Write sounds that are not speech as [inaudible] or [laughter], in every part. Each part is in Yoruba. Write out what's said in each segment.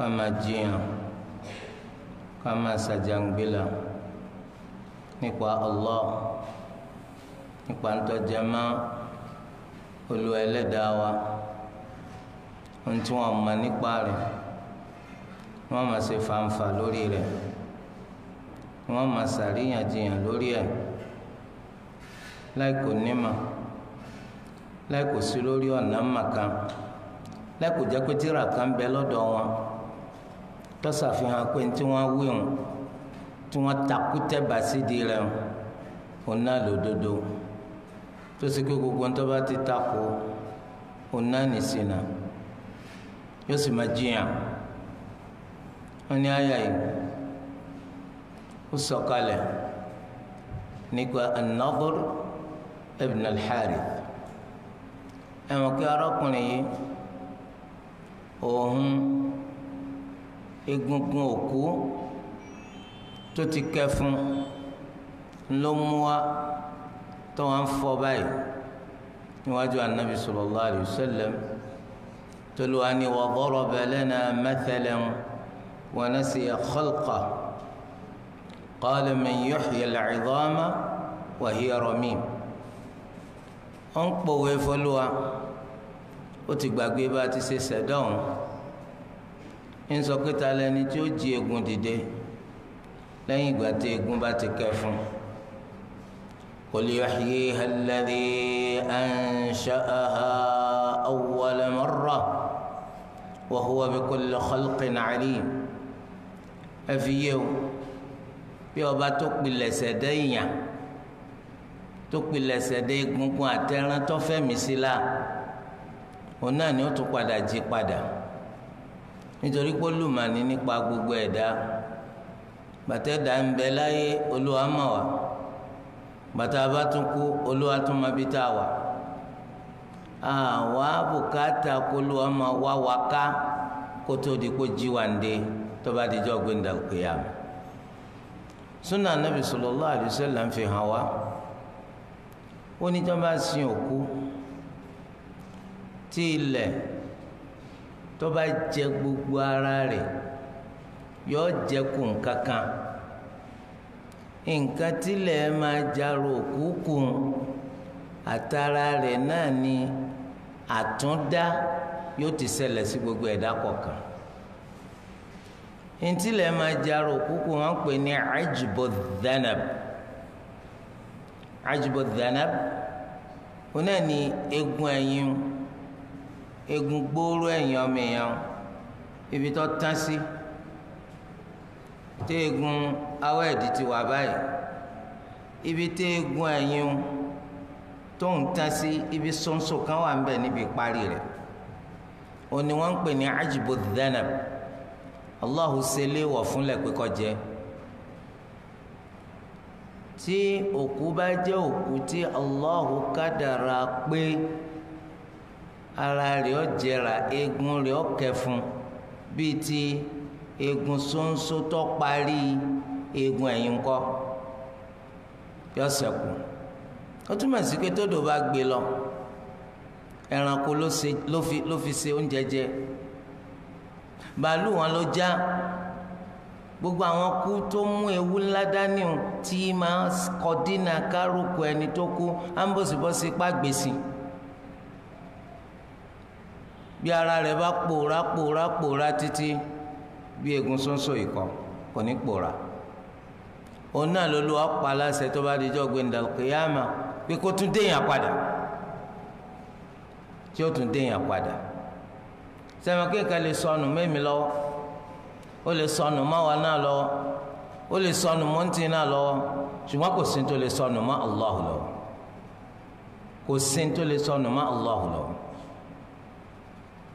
ká máa jiyàn ká máa ṣàjàngbìlà nípa Allah nípa ntọ́jàmá olú ẹlẹ́dàá wa ohun tí wọ́n mọ̀ nípa rẹ̀ wọ́n máa ṣe fàǹfà lórí rẹ̀ wọ́n máa ṣàríyànjiyàn lórí ẹ̀ láì kò nímọ̀ láì kò sí lórí ọ̀nà màkà láì kò jẹ́ pé tíra kan bẹ lọ́dọ̀ wọn tó ṣàfihàn pé tí wọ́n wí hùn tí wọ́n takútẹ́ bá sídìí rẹ̀ hùn náà lòdodo tó sì pé gbogbo ń tó bá ti takò hùn náà nìsínà yóò sì máa jiyàn wọ́n ní àyà yìí ó sọ̀kalẹ̀ nípa an ibn al ẹ̀wọ̀n kí arákùnrin yìí òun egungun òkú tó ti kẹfun ló mú wa tó wá ń fọ báyìí níwájú anabi sallallahu alayhi wa sallam tolúwa ni wa daraba lana mathalan wa nasiya khalqah qala man yuhyi al-'idhama wa ó ń pòwe fọlúwa ó ti gbàgbé bá ti ṣe ṣẹ̀dá ń sọ pé ta lẹni tí ó jí egun dìde lẹ́yìn ìgbà tí egun bá ti kẹ́ fún qul yuhyiha alladhi ansha'aha awwala marra wa huwa bikulli khalqin alim ẹ fi yé o bí ọba tó pilẹ̀ sẹ̀dẹ̀ ìyàn tó pilẹ̀ sẹ̀dẹ̀ egungun àtẹ̀rán tó fẹ́mi sí la òun ni ó tún padà jí padà nítorí pé olùmọ̀ọ́nì nípa gbogbo ẹ̀dá bàtẹ́dà ń bẹ láyé olúwa mọ̀ wá bàtà bá olúwa tún máa bí tá a wà àwa bùkátà kólúwa máa wá wa ká kó tó di kó jí wa ń dé tó bá dijọ́ gbẹ̀ndà òkèèyà súnà anábì sallallahu alaihi wasallam fi hàn wá ó sin òkú tí ilẹ̀ tó bá jẹ gbogbo ara rẹ̀ yọ jẹ kù nǹkankan nǹkan tilẹ̀ máa jarò kúkùn àtara rẹ̀ náà ni àtúndá yóò ti ṣẹlẹ̀ sí gbogbo ẹ̀dá kọ̀ọ̀kan ntilẹ̀ máa jarò kúkùn wọn pè ní ajibo dhanab ajibo dhanab wọn náà ni egun ẹ̀yìn. egun gbóòrò ẹ̀yìn ọmọ èèyàn ibi tó tán sí tí egun awọ ti wà báyìí ibi tí egun ẹ̀yìn tó ń tán sí ibi sọ́nsọ́ kan wà ń bẹ̀ níbi parí rẹ̀ òní wọ́n ń pè ní ajibu dhanab Allahu ṣe léèwọ̀ fúnlẹ̀ pé tí òkú bá jẹ́ òkú tí Allahu kádàrá pé. ara rẹ̀ ọ jẹrà eegun rẹ̀ ọ kẹfun bíi ti eegun ṣóńṣó tó parí eegun ẹ̀yìn kọ́ yọ sẹ̀kù ó túmọ̀ sí pé tódò bá gbé lọ ẹranko ló fi ṣe oúnjẹ jẹ bàálù wọn ló já gbogbo àwọn kú tó mú ewu ńlá dání tí máa kọ dínà kárùkù ẹni tó kú á ń bọ̀sibọ́sí bí ara rẹ bá pòórá pòórá pòórá títí bí egun ṣóńṣó ìkọ kò ní pòórá òun náà lolú ọ̀pá aláṣẹ tó bá dijọ́ gbẹ̀ndà kìyàmà pé kó tún déyàn padà tí ó tún déyàn padà sẹ́mi kéèké lè sọnù mẹ́mi lọ́wọ́ ó lè sọnù máwa náà lọ́wọ́ ó lè sọnù mọ́ntì náà lọ́wọ́ ṣùgbọ́n kò sí tó lè sọnù mọ́ lọ́wọ́ kò sí tó lè sọnù mọ́ lọ́wọ́.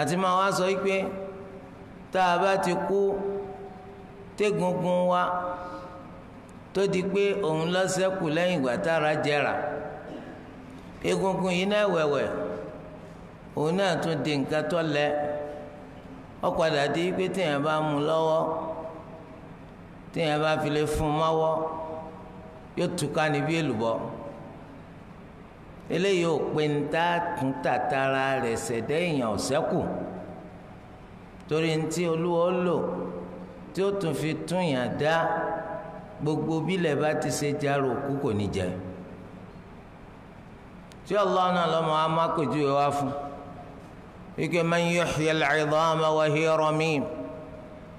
àti máa wá sọ wípé tá a bá ti kú tégungun wa tó di pé òun lọ ṣẹ́kù lẹ́yìn ìgbà tára jẹrà egungun yìí náà wẹ̀wẹ̀ òun náà tún di nǹkan tó lẹ ó padà di pé bá mú lọ́wọ́ téèyàn bá fi lè fún mọ́wọ́ yóò túká níbi èlùbọ́. eléyìí ò pe ń tá tún tàtàrà rẹ̀ ṣẹ̀dẹ́ èèyàn ọ̀sẹ́kù torí ń tí olúwa lò tí ó gbogbo bílẹ̀ bá ti ṣe járó òkú kò ní jẹ tí Allah náà lọ́mọ amákojú wa fún Ike man yuhyi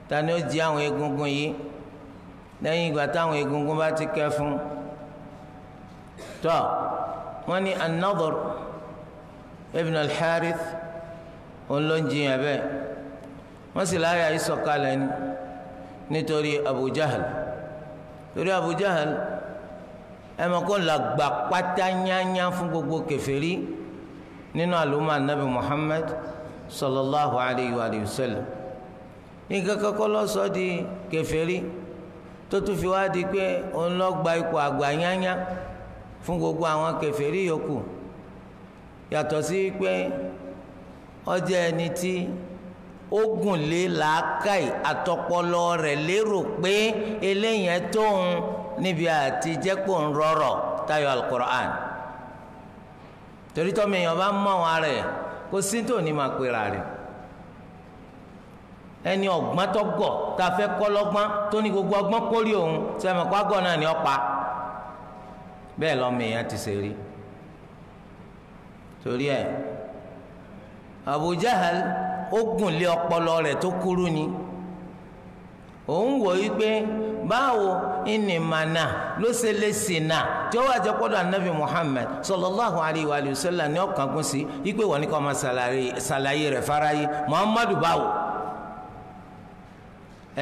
ta ni ó jí àwọn egungun yìí lẹ́yìn ìgbà táwọn egungun bá ti kẹ́ fún tọ́. wọ́n ní an-Nadhr ibn al-Harith òun ló ń jiyàn bẹ́ẹ̀ wọ́n sì láyà ìsọ̀kalẹ̀ ni nítorí Abu Jahal torí Abu Jahal ẹ mọ̀ kó la gbà pátá nyányá fún gbogbo kèfèrí nínú àlùmọ́ anabi Muhammad sallallahu alayhi wa sallam nǹkan kọ́kọ́ ló sọ di kèfèrí tó tún fi wá di pé òun ló gba ipò àgbà nyányá. fún gbogbo àwọn kèfèrí yòókù yàtọ̀ sí pé ó jẹ́ ẹni tí ó gùn lé làákàì àtọpọlọ rẹ̀ lérò pé eléyìí tóun níbi àti jẹ́pọ̀ ń rọrọ̀ tayọ alukur'an torí tọ́mọ èèyàn bá mọ̀ wọn rẹ̀ kó síntò ní máa pera rẹ̀ ẹni ọgbọ́n tó gọ̀ tá kọ́ lọ́gbọ́n tó ní gbogbo ọgbọ́n kórè òun sẹ́mi kó àgọ́ náà ni ó pa. bẹ́ẹ̀ lọ́mọ èèyàn ti ṣe rí torí ẹ̀ Abu Jahal ó gùn lé ọpọlọ rẹ̀ tó kúrú ni òun wò yí pé báwo ìnìmànà ló ṣe lè sìnà tí ó wà jẹ́ pọ́dọ̀ anabi Muhammad sallallahu alayhi wa ní ọ̀kan kún sí ipe wọ́n ní kọ́ máa ṣàlàyé rẹ̀ fáráyé Muhammadu báwo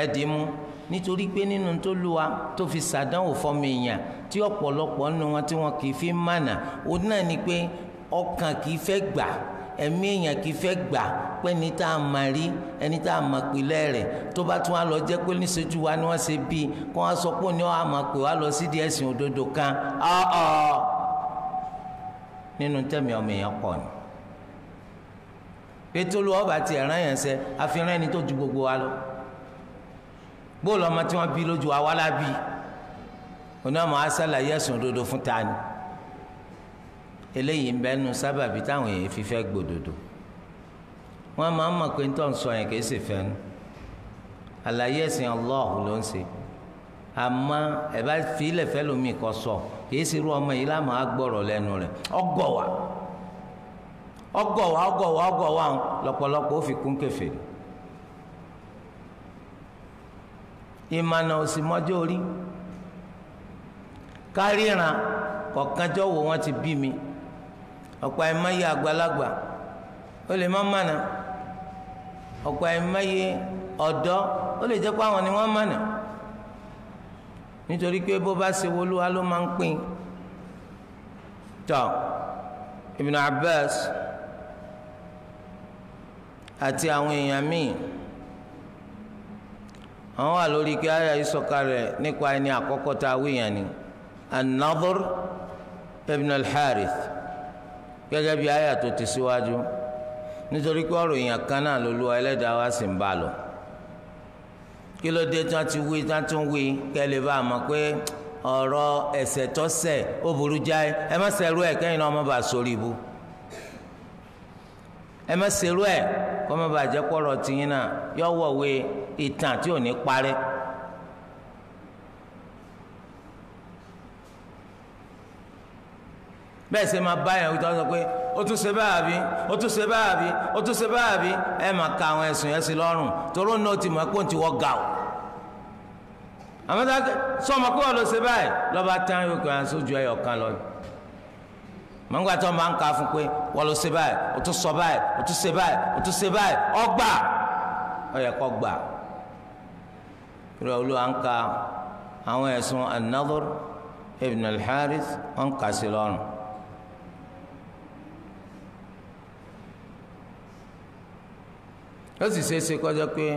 ẹ̀ dì í mú. nítorí pé nínú tó lùwà tó fi sàdánwò fọmọ èèyàn tí ọ̀pọ̀lọpọ̀ nínú wọn tí wọn kì í fi mànà òun náà ni pé ọkàn kì í fẹ́ gbà ẹ̀mí èèyàn kì í fẹ́ gbà pé ní tá a mà rí ẹni tá a mà pìlẹ̀ rẹ̀ tó bá tún wá lọ jẹ́ pé níṣojú wa ni wọ́n ṣe bí kó wọ́n sọ pé ní wọ́n á mà pè wá lọ sídìí ẹ̀sìn òdodo kan ọ̀ọ́ nínú tẹ̀mí ọmọ èèyàn pọ̀ ni pétólú ọba ti ẹ̀ràn sẹ́ àfihàn ẹni tó ju gbogbo wa lọ bóòlù ọmọ tí wọ́n bí lójú àwa la bí oní ọmọ asálàyé ẹ̀sùn òdodo fún ta ni eléyìí ń bẹ nu sábàbí táwọn èèyàn fi fẹ́ gbòdodo wọ́n máa ń mọ̀ pé nítorí sọ yẹn kìí ṣe fẹ́nu àlàyé ẹ̀sìn ọlọ́ọ̀hún ló ń ṣe àmọ́ ẹ̀ bá fi ilẹ̀ fẹ́ lómi kọ sọ kìí ṣe irú ọmọ yìí láàmú agbọ̀rọ̀ lẹ́nu rẹ̀ ọgọ̀wà ọgọ̀wà ọgọ̀wà ọgọ̀wà lọ́pọ̀lọpọ̀ ó fi kún kẹfẹ́ ni. ìmànà òsì mọ́jọ́ orí káríran kọ̀ọ̀kanjọ́ wo wọ́n ti bí mi ọ̀pọ̀ àìmọye àgbàlagbà ó lè má mànà ọ̀pọ̀ àìmọye ọ̀dọ́ ó lè jẹ́ pé àwọn ni wọ́n mànà nítorí pé bó bá ṣe wolúwa ló máa ń pín tọ Ibn Abbas àti àwọn èèyàn míì àwọn wà lórí kí àyà yìí sọ̀kalẹ̀ nípa ẹni àkọ́kọ́ tá a wíyàn ni an-Nadhr ibn al-Harith gẹ́gẹ́ bí àyà tó ti síwájú nítorí pé ọ̀rọ̀ èèyàn kan náà l'Olúwa ẹlẹ́dàá wa sì ń bá lọ kí ló dé tí wọ́n ti wí tí wọ́n tún wí kẹ́lẹ́ bá a mọ̀ pé ọ̀rọ̀ ẹ̀ṣẹ̀ tọ́ṣẹ̀ ó burú jáì ẹ má ṣerú ẹ̀ kẹ́yìn náà ọmọ bá a sórí ibu ẹ má ṣerú ẹ̀ kó má bàa tìyín náà yọ wọ̀wé ìtàn tí ò ní parẹ́. bẹ́ẹ̀ ṣe máa bá yẹn wíjọ́ sọ pé ó tún ṣe báyà bí ó tún ṣe báyà bí ó tún ṣe báyà bí ẹ máa ka àwọn ẹ̀sùn yẹn sí lọ́rùn torí ó ná ti mọ̀ pé ó ti wọ́ ga o. àmọ́ sọ́mọ pé wọ́n lọ ṣe báyìí lọ́ba tán yóò kí wọ́n aṣojú ẹ̀yọ̀ kan lọ́yìn mọ̀ngbà tó máa ń ka fún pé wọ́n lọ ṣe báyìí o tún sọ báyìí o tún ṣe báyìí o tún ṣe báyìí ọgbà ó yẹ kó gbà rẹ olúwa ń ka àwọn ẹ̀sùn an-Nadhr ibn al-Harith wọ́n ń kà sí lọ́rùn. ó sì ṣeé ṣe kọjá pé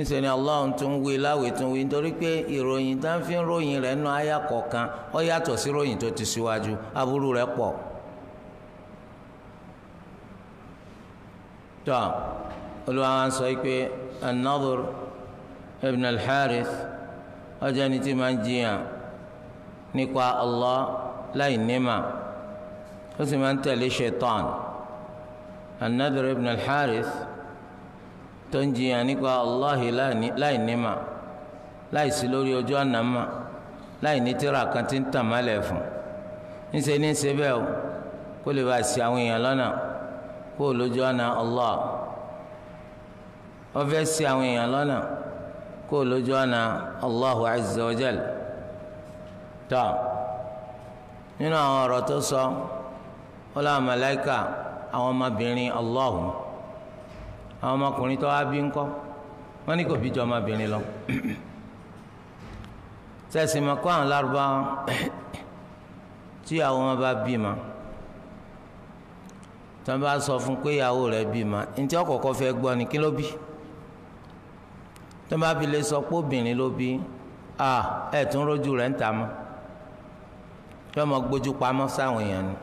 níṣẹ́ ni ọlọ́run tún wí láwì tún wí nítorí pé ìròyìn tá ń fi ń ròyìn rẹ̀ nú àyà kọ̀ọ̀kan ó yàtọ̀ sí ròyìn tó ti síwájú aburú rẹ̀ pọ̀. tọ́ olúwa wa ń sọ pé an ibn al-Harith ọjọ́ ni tí máa ń jiyàn nípa Allah láì nímà ó sì máa ń tẹ̀lé Shaitan an ibn al-Harith tó ń jiyàn nípa Allah láì nímà láì sí lórí ojú ọ̀nà mà láì ní tíra kan tí ń tàn málẹ̀ fún ńṣe ní ṣe bẹ́ẹ̀ o kó lè bá a ṣì àwọn èèyàn lọ́nà kó o lójú ọ̀nà Allah ó fẹ́ ṣì àwọn èèyàn lọ́nà kó o lójú ọ̀nà Allahu azza tó nínú àwọn ọ̀rọ̀ tó sọ ó láwọn màláíkà àwọn ọmọbìnrin Allahu àwọn ọmọkùnrin tó wá bí ńkọ́ wọ́n ní kò bí jọ ọmọbìnrin lọ tẹ̀sí ma kọ́ àwọn lárúbáwá tí àwọn ọmọ bá bí ma tí wọ́n bá sọ fún pé ìyàwó rẹ̀ bí ma ntí ọkọ̀ọ̀kọ̀ fẹ́ gbọ́ ni kí ló bí tí wọ́n bá fi lè sọ pé obìnrin ló bí ẹ̀ tún rójú rẹ̀ ń ta mọ́ tí wọ́n mọ gbójú pamọ́ sáwọn èèyàn ni.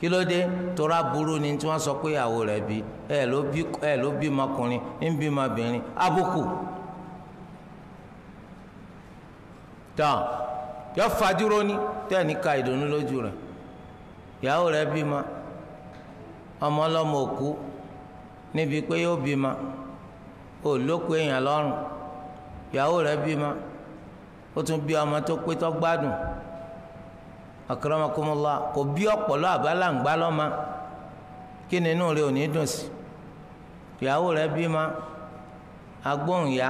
kí ló dé tora burú ni tí wọ́n sọ pé ìyàwó rẹ̀ bí ẹ ló bí ẹ ló bí ọmọkùnrin ń bí ọmọbìnrin abúkù tán yọ ní ka ìdùnnú lójú rẹ̀ ìyàwó rẹ̀ bímọ ọmọ ọmọ tó pé akramakumullah kò bí ọpọlọ abalangba lọ́mọ kí ni inú rẹ ò ní dùn bí ma agbóhùn ya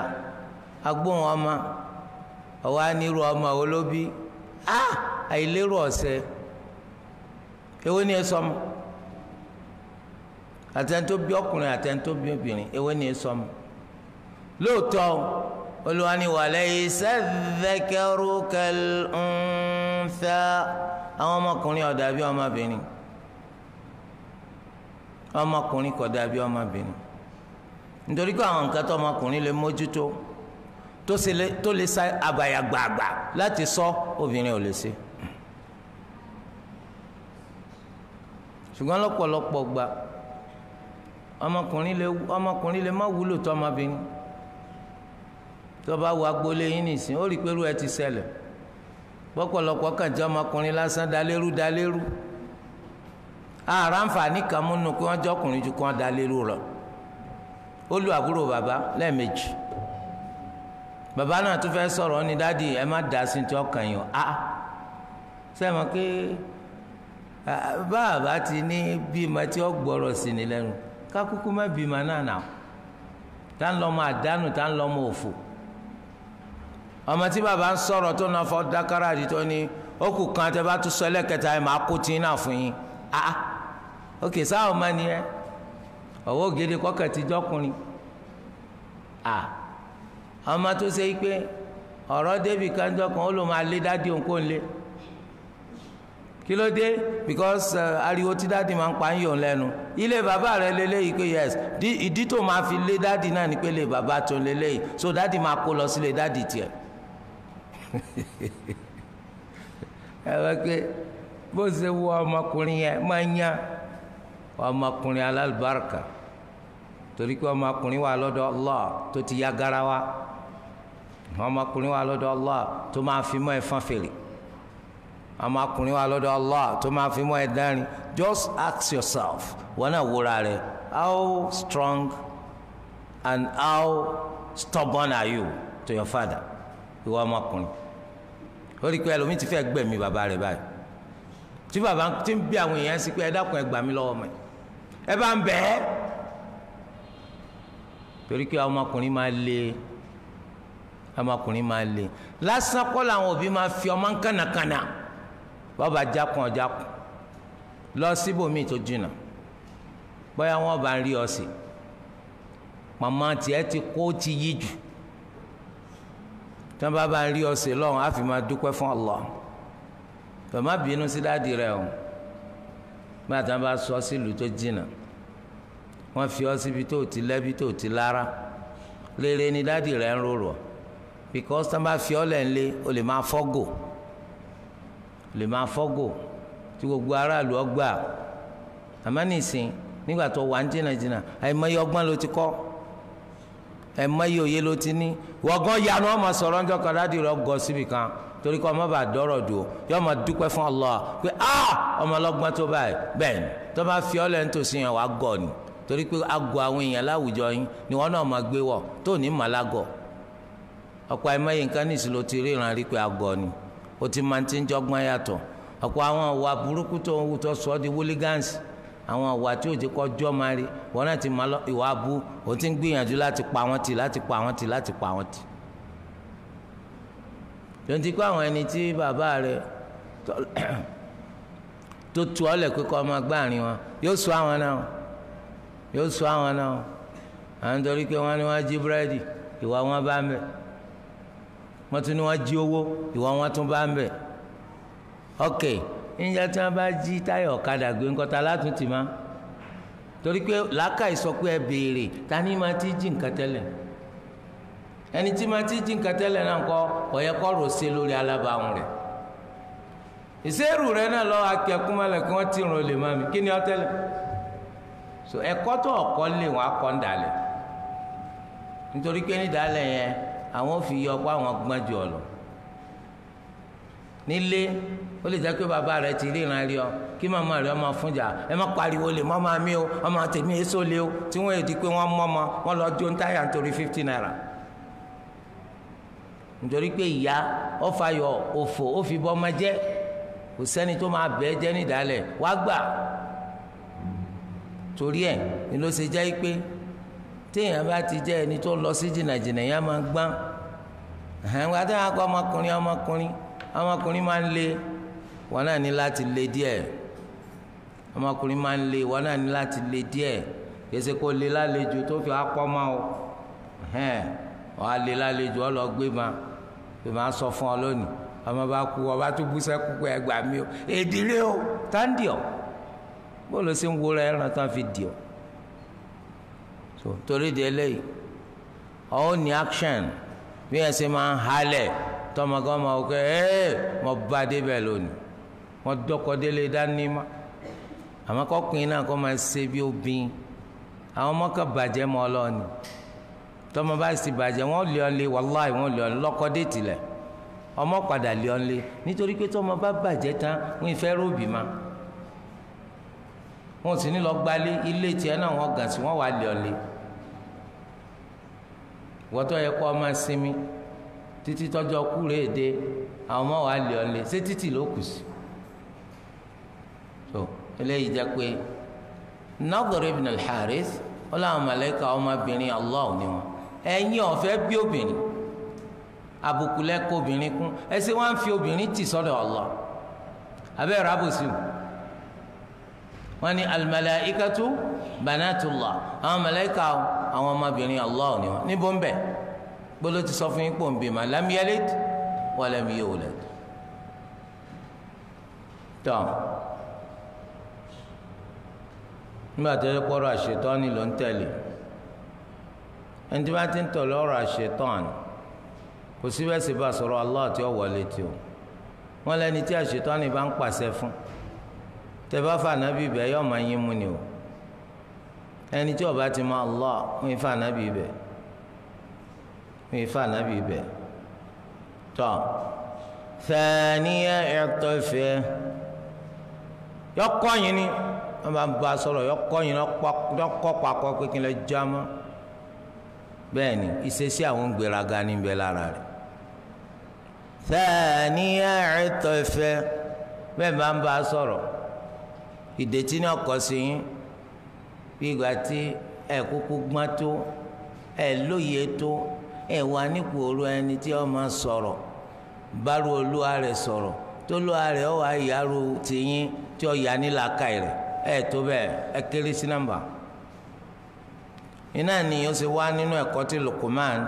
agbóhùn ọma ọwọ́ anirú ọmọ wo a àìlérò ọ̀sẹ̀ ewé ni esọ àtẹnudó bí ọkùnrin àtẹnudó bí obìnrin ewé ni lóòótọ́ Olúwa ní walaysa dhakaru kal-untha àwọn ọmọkùnrin ò dàbí ọmọbìnrin ọmọkùnrin kò dàbí ọmọbìnrin nítorí pé àwọn nǹkan tó ọmọkùnrin lè mójútó tó lè sa àbàyà gbàgbà láti sọ obìnrin ò lè ṣe. ṣùgbọ́n lọ́pọ̀lọpọ̀ gbà ọmọkùnrin lè má wúlò tó ọmọbìnrin tọ́ba wo agboolé yín nìsín ó rí i pé irú ẹ ti ṣẹlẹ̀ pọ́pọ̀lọpọ̀ kàn jẹ́ ọmọkùnrin lásán dalérú dalérú ààrà àǹfààní kan múnú kí wọ́n jọkùnrin ju kí wọ́n dalérú lọ ó lu àbúrò bàbá lẹ́ẹ̀mejì bàbá náà tún fẹ́ sọ̀rọ̀ ọ́ ní dádì ẹ má dá sí ti ọkàn yìí ah sẹ́mi ah. pé ah, ah, bàbá ti ní bímọ tí ó gbọ́rọ̀ sí ni lẹ́nu kákúkú má bímọ náà nà tá ń lọ́mọ àdánù tá ń lọ́mọ òfò ọmọ tí bàbá ń sọ̀rọ̀ tó náà fọ́ dákàrà àdì tó ní ó kù kan tẹ bá tún sọ ẹlẹ́kẹta ẹ̀ máa kó tìǹà fún yín ah, ah. ok sáà ọmọ ni ẹ ọwọ́ gidi kọ́kẹ́ ti jọ́kùnrin ah ọmọ tó ṣe pé ọ̀rọ̀ débi kanjọ́ kan ó ló máa lé dádì òun kó lé kí ló dé because uh, ariwo tí dáàdi máa ń pa ń yọ̀ lẹ́nu ilé bàbá rẹ lélẹ́yìí pé yes ìdí tó máa fi lé dáàdi náà ni pé lè bàbá tó lélẹ́yìí so dáàdi máa kó lọ sílé dáàdi tiẹ̀. [laughs] ẹ bó ṣe wọ ọmọkùnrin yẹn máa ń yá ọmọkùnrin alálùbáríkà torí pé ọmọkùnrin wà lọ́dọ̀ Allah tó ti ya garawa ọmọkùnrin wà lọ́dọ̀ Allah tó máa fi mọ́ ẹ̀fọn fèrè ọmọkùnrin wà lọ́dọ̀ Allah tó máa fi mọ́ ẹ̀dárin just ask yourself wọn náà wúra rẹ how strong and how stubborn are you to your father ìwọ ọmọkùnrin lórí pé ẹlòmíì ti fẹ́ gbẹ̀mí bàbá rẹ̀ báyìí tí bàbá ti ń bí àwọn èèyàn sí pé ẹ dákun ẹ gbà mí lọ́wọ́ mọ̀ ẹ bá ń bẹ̀ ẹ́ torí pé ọmọkùnrin máa le ọmọkùnrin máa le lásán kọ́ làwọn òbí máa fi ọmọ ń kànàkànà bàbá jákun ọ̀jákun lọ síbòmíì tó jìnnà bóyá wọn bá ń rí ọ sí màmá tiẹ̀ ti kó ti yí jù tí wọ́n bá bá rí ọ̀sẹ̀ lọ́hùn á fi máa dúpẹ́ fún Allah bàmá bínú sí dáàdi rẹ o bá àtàwọn bá sọ sílùú tó jìnnà wọ́n fi ọ síbi tó ti lẹ́bi tó ti lára rere ni dáàdi rẹ ń rorò because tí wọ́n bá fi ọ lẹ́ńlé o lè máa fọ́gò o lè máa fọ́gò tí gbogbo aráàlú ọgbà àmọ́ nìsín nígbà tó wà ń jìnnà jìnnà àìmọye ọgbọ́n ló ti kọ́ ẹ mọyì òye ló ti ní wọgán yanu ọmọ sọ̀rọ̀ ńjọ kan láti rọ gọ síbi kan torí kọ ọmọ bá dọrọ dùn yọ ọmọ dúpẹ́ fún Allah pé a ah, ọmọ ọlọ́gbọ́n tó báyìí bẹ́ẹ̀ ni tó bá fi ọlẹ nítòsí yẹn wàá gọ ni torí pé agọ àwọn èèyàn láwùjọ yín ni wọn náà máa gbé wọ tó ní màlágọ ọ̀pọ̀ àìmọye nǹkan ní ìṣòro ti ríran rí pé agọ ni o ti máa ti ń jọgbọ́n yàtọ̀ ọ̀pọ̀ àwọn ìwà burúkú tó ń wù tó sọ ọ́ di wúlígánsì àwọn àwa tí ò ti kọjọ́ máa rí wọn náà ti máa lọ ìwà abú ó ti ń gbìyànjú láti pa wọn tì láti pa wọn tì láti pa wọn tì. lóńtí pé àwọn ẹni tí bàbá rẹ tó tu ọ́lẹ̀ pé ọmọ gbáàrin wọn yóò sọ àwọn náà yóò sọ àwọn náà àwọn torí pé wọ́n ní wọ́n jí búrẹ́dì ìwà wọn bá ń bẹ̀ wọ́n tún ní wọ́n jí owó ìwà wọn tún bá ń bẹ̀ okay níjà tí wọ́n bá jí táyà ọ̀kadà gbé ńkọ́ta látún tì má torí pé làákàyè sọ ta ni ma ti jí nǹkan tẹ́lẹ̀ ẹni tí ti jí nǹkan tẹ́lẹ̀ náà kọ́ ọ̀yẹ́ kọ́ rò ṣe lórí alábàáhùn rẹ̀ ìṣerú rẹ̀ náà lọ́wọ́ akẹ́kùn mọ́lẹ̀ kí wọ́n ti ràn olè má mi ni ọ tẹ́lẹ̀ so ẹ̀kọ́ tó ọ̀kọ́ lè wọ́n akọ́ ń fi yọ pé àwọn gbọ́n ọ lọ nílé ó lè jẹ́ pé bàbá rẹ̀ ti ríran rí ọ kí màmá rẹ̀ ọmọ fúnjà ẹ má pariwo lè mọ́ o ọmọ tèmi èso o tí wọ́n èdè pé wọ́n mọ́ ọmọ wọ́n lọ jó ń táyà nítorí fifty naira nítorí pé ìyá ọ̀fàyọ̀ òfò ó fi bọ́ jẹ́ kò sẹ́ni tó máa bẹ́ẹ̀ jẹ́ nídàálẹ̀ wá gbà torí ẹ̀ ni ló ṣe jẹ́ pé téèyàn bá ti jẹ́ ẹni tó lọ sí jìnnàjìnnà yẹn máa gbọ́n àwọn wọn náà ní láti lé díẹ̀ ọmọkùnrin máa ń lé wọn náà ní láti lé díẹ̀ kèsì kò lé lálejò tó fi akpọ́mọ o hẹ́n wọ́n á lé lálejò ọ lọ gbé ma pé sọ fún ọ lónìí ọmọ bá kú ọba tó bú sẹ́kù pé ẹ gbà o èdìrè o táǹdì ọ bóòlù sí ń wúra ẹran tán fi dì ọ torí de eléyìí ọ ní action bí ẹ ṣe máa ń halẹ̀ tọmọgán máa wọ pé ẹ mọ bá débẹ̀ lónìí. wọ́n dọ́kọ̀délé dání ma àmọ́ kọ́kùnrin náà kọ́ máa ṣe bí obìnrin àwọn ọmọ kan bàjẹ́ mọ ọlọ́ọ̀ni tọ́mọ bá sì bàjẹ́ wọ́n lé ọ lé wàláì wọ́n lé ọ lé tilẹ̀ ọmọ padà lé ọ nítorí pé ma wọn sì ní lọ gbalé ilé náà gà sí wà lé ọ lé yẹ ọmọ sinmi títí so eléyìí jẹ́ pé Nadhr ibn al-Harith ó láwọn mọ̀lẹ́kà ọmọbìnrin Allah ni wọn ẹ̀yin ọ̀fẹ́ bí obìnrin àbùkù lẹ́kọ̀ọ́ obìnrin kún ẹsẹ̀ wọn fi obìnrin tì sọ́dọ̀ Allah abẹ́ rabosi wọn ni al-malaikatu banatullah àwọn mọ̀lẹ́kà àwọn ọmọbìnrin Allah ni wọn níbo ń bẹ̀ gbọ́dọ̀ ti sọ fún yín pò ń bímọ lam yalid wa tọ́ nígbà tó yẹ kọ́rọ̀ àṣetọ́ni ló ń tẹ̀lé ẹni tí wọ́n ti ń tọ̀lé ọ̀rọ̀ àṣetọ́ni kò síbẹ̀sì bá sọ̀rọ̀ Allah tí ó wọlé tí o wọ́n lẹ́ni tí àṣetọ́ni bá ń pàṣẹ fún tẹ bá fà nábì máa yín mú ni o ẹni tí ọba ti mọ Allah ń ifá nábì bẹ́ẹ̀ ń ifá nábì bẹ́ẹ̀ tọ́ thaniya i'tafa yọkọ́ yín ni wọn bá ba sọ̀rọ̀ yọ kọyìn lọkọ pakọ pínpín lọ jámọ bẹ́ẹ̀ ni ìṣesí àwọn gbéraga níbẹ̀ lára rẹ̀ thaniya itifa bẹ́ẹ̀ bá ń ba sọ̀rọ̀ ìdètí ní ọkọ sí yín bí ìgbà tí ẹ kúkú gbọ́n tó ẹ lóye tó ẹ wà nípò orú ẹni tí ọ máa sọ̀rọ̀ bá ru olúwa rẹ̀ sọ̀rọ̀ tó lọ́wọ́ rẹ̀ ọ wà yàrá tìyín tí ọ yà ní làákàyè rẹ̀ ẹ tó bẹ́ẹ̀ ẹ kéré sí nàmbà iná ni ó sì wá nínú ẹ̀kọ́ tí Luqman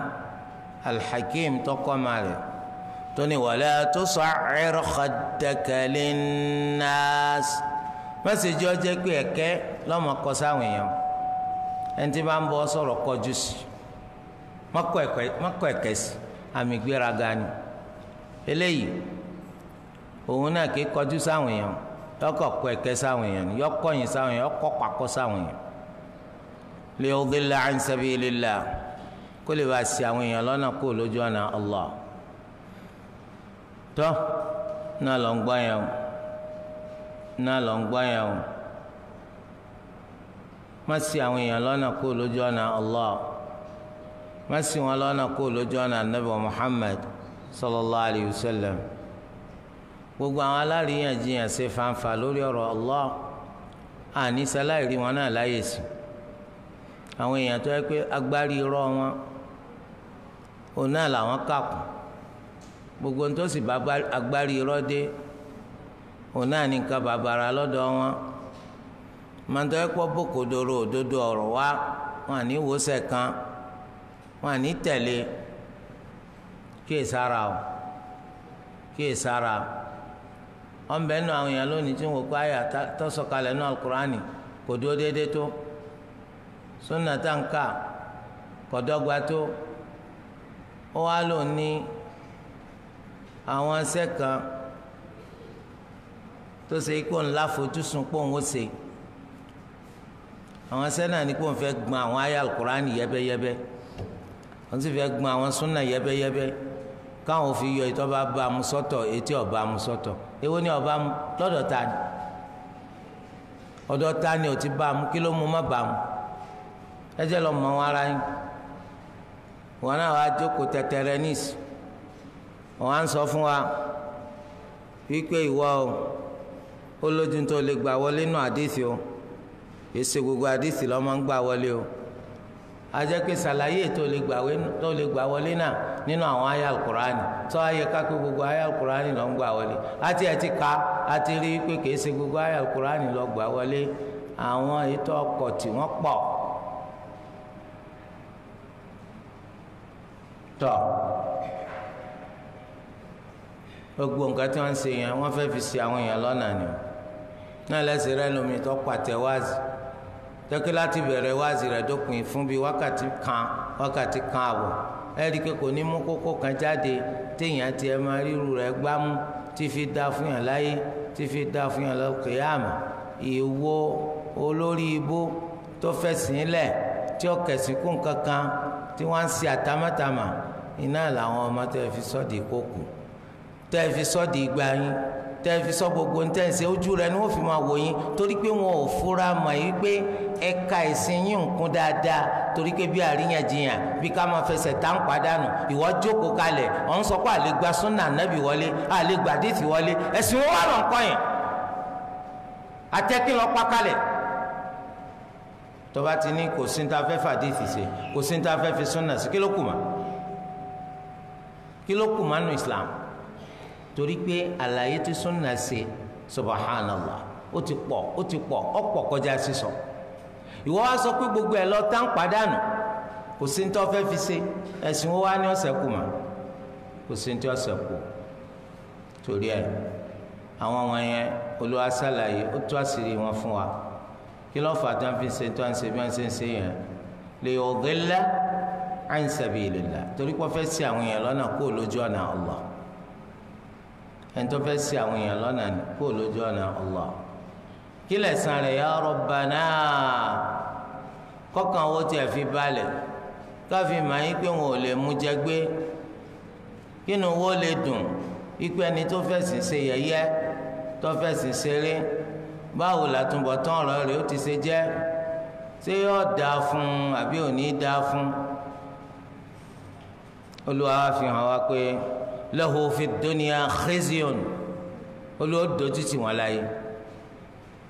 al-Hakim tọkọ máa rẹ̀ tó ní wala tusa'ir khaddaka linnas mẹ́sàgì ọjọ́ pé ẹ̀kẹ́ lọ́mọ kọ sáwọn èèyàn ẹni tí bá ń bọ́ sọ̀rọ̀ kọjú sí mọ́kọ ẹ̀kẹ́ sí àmì ìgbéraga ni yọkọ kọ ẹkẹ sáwọn èèyàn ni yọkọ yìn sáwọn èèyàn yọkọ pàkọ sáwọn èèyàn li yudilla an sabilillah kó lè bá sí àwọn èèyàn lọ́nà kó lójú ọ̀nà Allah tọ́ náà lọ ń gbọ́ yẹn o náà lọ ń gbọ́ yẹn o má sí àwọn èèyàn lọ́nà kó lójú ọ̀nà Allah má sí wọn lọ́nà kó lójú ọ̀nà Nabi Muhammad sallallahu alayhi wa sallam. gbogbo àwọn aláríyànjiyàn ṣe fanfa lórí ọ̀rọ̀ a àníṣe aláìrí wọn náà láyè sí àwọn èèyàn tó yẹ pé agbárí rọ wọn òun náà làwọn kàkùn gbogbo tó sì bá agbárí rọ dé òun náà ní nǹkan bàbàrà lọ́dọ̀ wọn mọ̀tọ́ ẹ̀pọ̀ bòkòdòrò òdodo ọ̀rọ̀ wa wọn kan wọn àní tẹ̀lé kí o. wọn bẹ nù àwọn èèyàn lónìí tí wọn kó àyà tó sọ̀kalẹ̀ nù alukurani kò dúró déédéé tó sunna tá n kà kò dọ́gba tó ó wá lò ní àwọn ẹsẹ kan tó ṣe kó ńlá fojúsùn pò ń wọ́sẹ̀ àwọn ẹsẹ náà ni kó ń fẹ́ gbọ́n àwọn àyà alukurani yẹ́bẹ́yẹ́bẹ́ wọ́n sì fẹ́ gbọ́n àwọn sunna yẹ́bẹ́yẹ́bẹ́ káwọn fi yọ ìtọ́ bá ba àmúsọ́tọ̀ etí ọ̀ba àmúsọ́tọ̀. Ewo ni ọba mu lọdọ ta ni Ọdọ ta ni o ti ba mu kí ló mu má bá mu lọ mọ̀ wọn ara yín wọn náà jókòó níìsì sọ fún wa wípé ìwọ o ó lójú tó lè gbà wọlé nù àdìsí o gbogbo àdìsí lọ́mọ ń gbà wọlé o. ajẹ́ pé sàlàyé tó lè gbà wọlé náà nínú àwọn ayé alukurani tó ayé kápé gbogbo ayé alukurani ló ń gbà wọlé àti ẹ̀tí ká àti rí i pé kìí ṣe gbogbo ayé alukurani ló gbà wọlé àwọn ètò ọkọ̀ tí wọ́n pọ̀ tọ̀ gbogbo nǹkan tí wọ́n ń ṣe yẹn wọ́n fẹ́ fi ṣe àwọn èèyàn lọ́nà ni náà lẹ́sìn rẹ́ lómi tó pàtẹ́wáàzì tẹ́kí láti bẹ̀rẹ̀ wáàzì rẹ̀ dópin fún bíi wákàtí kan wákàtí kan àbọ̀ ẹ̀rí pé kò ní mú kókó kan jáde téèyàn tiẹ̀ máa ríru rẹ̀ gbámú tí fi da fún yàn láyé tí fi da fún yàn lọ́kẹ́yàmù ìwo olórí ibó tó fẹ̀sìn lẹ̀ tí ó kẹ̀sìn kún kankan tí wọ́n ń ṣe àtàmátàmà iná làwọn ọmọ tẹ́ fi sọ́ọ̀dì kókò tẹ́ fi sọ́ọ̀dì gbáyín tẹ́ fi sọ gbogbo ń tẹ̀sí ojú rẹ ni wọ́n fi máa wò yín torí pé wọn ò fura mọ̀ yìí pé ẹ̀ka ìsìn yín ń kún dáadáa torí pé bí àríyànjiyàn bí ká máa fẹsẹ̀ tá ń padànù ìwọ jókòó kalẹ̀ ọ̀n sọ pé àlè gba súnà nábì wọlé àlè gbàdéètì wọlé ẹ̀sìn wọn wà lọ́n kọ́ yẹn àtẹ́kí lọ́ọ́ kalẹ̀ tọ́ba ti ní kò sí ní ta fẹ́ fàdéètì ṣe kò sí ní ta fẹ́ fi súnà sí kí ló nù Islam torí pé àlàyé tí súnà ṣe subahánàlá ó ti pọ̀ ó ti pọ̀ ọ̀pọ̀ kọjá sísọ ìwọ wá sọ pé gbogbo ẹ̀ lọ tán pàdánù kò sí ní tó fẹ́ fi ṣe ẹ̀sìn wo wá ní ọ̀sẹ̀ kù mà kò sí ní tí ọ̀sẹ̀ kù torí ẹ̀ àwọn wọn yẹn olúwa ṣàlàyé ó tú àṣírí wọn fún wa kí ló fà tán fi ṣe tó à ń ṣe bí wọ́n ṣe ń ṣe yẹn lè ọ̀gẹ́lá àìsàbí ìlẹ̀lá torí pé wọ́n fẹ́ ṣì àwọn yẹn lọ́nà kó lójú ọ̀nà Allah ẹni tó fẹ́ sí àwọn èèyàn lọ́nà kó lójú ọ̀nà Allah kí lẹ̀san rẹ̀ ya Rabbana kọ́kàn owó tí ẹ fi balẹ̀ káfí màá yín pé wọn ò lè mú jẹ gbé kínú owó lè dùn ikú ẹni tó fẹ̀sìn ṣe yẹ̀yẹ́ tó fẹ̀sìn ṣeré báwo làtúbọ̀tán ọ̀rọ̀ rẹ̀ ó ti ṣe jẹ́ ṣé yóò dáa fún àbí ò ní fún un fi hàn wá pé lahu fi dunya khizyun olóòdójú tì wọ́n láyé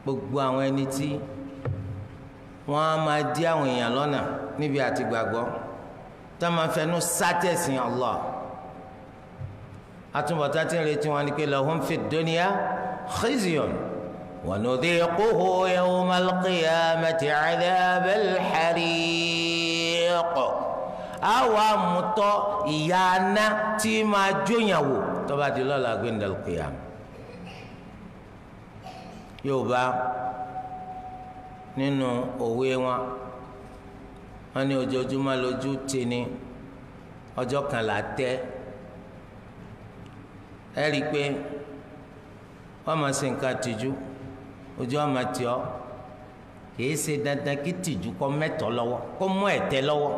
gbogbo àwọn ẹni tí wọ́n á máa dí àwọn èèyàn lọ́nà níbi àti gbàgbọ́ tá a máa fẹnu sátẹ̀sìn Allah atúbọ̀tá tí ń retí wọn ni pé lahum fi dunya khizyun wa nudhiquhu yawmal qiyamati adhabal hariq a wà á mú tọ́ ìyá aná tí máa jóyàn wò tó bá di lọ́la gbẹ̀ndàlùkìyà yorùbá nínú òwe wọn wọn ní ojoojúmọ́ lójú tì ní ọjọ́ kan là tẹ́ ẹ rí i pé wọ́n máa ṣe nǹkan tìjú ojú wọn máa tì kì í ṣe dandan kí tìjú kọ́ mẹ́tọ́ lọ́wọ́ kó mú ẹ̀tẹ́ lọ́wọ́.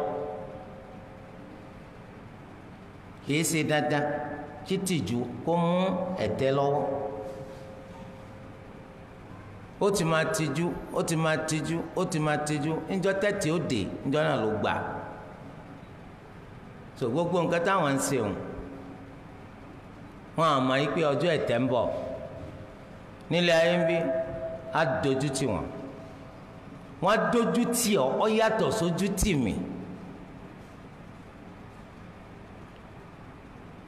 kìí ṣe dáadáa kí tìjú kó mú ẹ̀tẹ́ lọ́wọ́ ó ti máa tìjú ó ti máa tìjú ó ti máa tìjú níjọ́ tẹ́tì ó dé níjọ́ náà ló gbà so gbogbo nǹkan táwọn ń ṣe wọn àmọ́ yìí pé ọjọ́ ẹ̀tẹ́ ń bọ̀ nílẹ̀ ayé ń bí á dojú tì wọ́n wọ́n á dojú tì ọ́ ọ́ yàtọ̀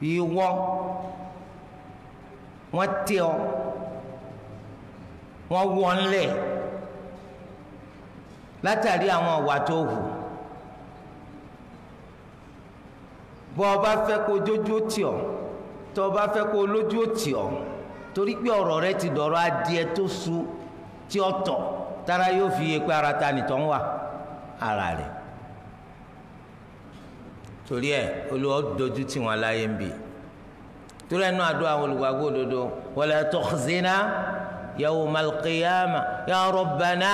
ìwọ wọ́n tẹ ọ wọ́n wọ ńlẹ̀ látàrí àwọn ọ̀wà tó hù bọ́ ọ bá kó jójú tì ọ́ tọ́ ọ bá kó lójú tì ọ́ torí pé ọ̀rọ̀ rẹ ti dọ̀rọ̀ adìẹ tó su tí ọ tọ̀ tára yóò fi yé pé ara ta nìtọ́ ń wà ara rẹ̀ torí ẹ olùwà dojú tì wọn láyé ń bì torí ẹnu àdó àwọn olùgbàgbọ́ òdodo wala tukhzina yawmal qiyama ya rabbana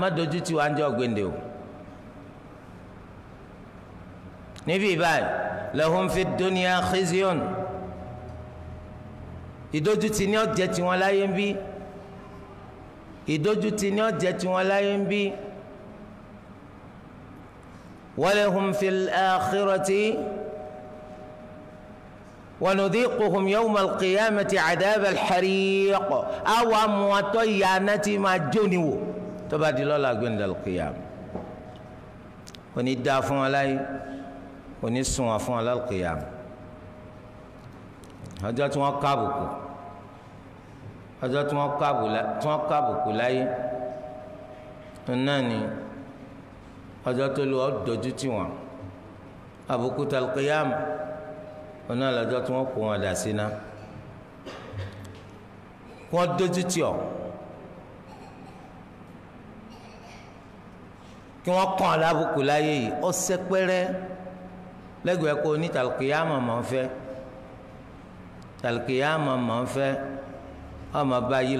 má dojú tì wọn jọ gbèndé o níbí báyìí lahum fid dunya khizyun ìdójútì ni ó jẹ́ tiwọn láyé ń bí ìdójútì ni ó jẹ́ tiwọn láyé ń bí. ولهم في الآخرة ونذيقهم يوم القيامة عذاب الحريق أو موتيانة ما جنوا تبادل الله عند القيامة وندافع عليه ونسوا فون على القيامة هذا توقابك هذا توقابك لا توقابك لا ناني ọjọ́ tó lu ọdọjú tì wọn àbùkù talqiyam ọ̀nà àlọ́jọ́ tí wọ́n kó wọn dà sí ná wọ́n dójú tì ọ́ kí wọ́n kàn án lábùkù láyé yìí ó sẹ́pẹ́rẹ́ lẹ́gbẹ̀ẹ́ kó ní talqiyam mọ̀ fẹ́ talqiyam mọ̀ fẹ́ ọmọ bá yí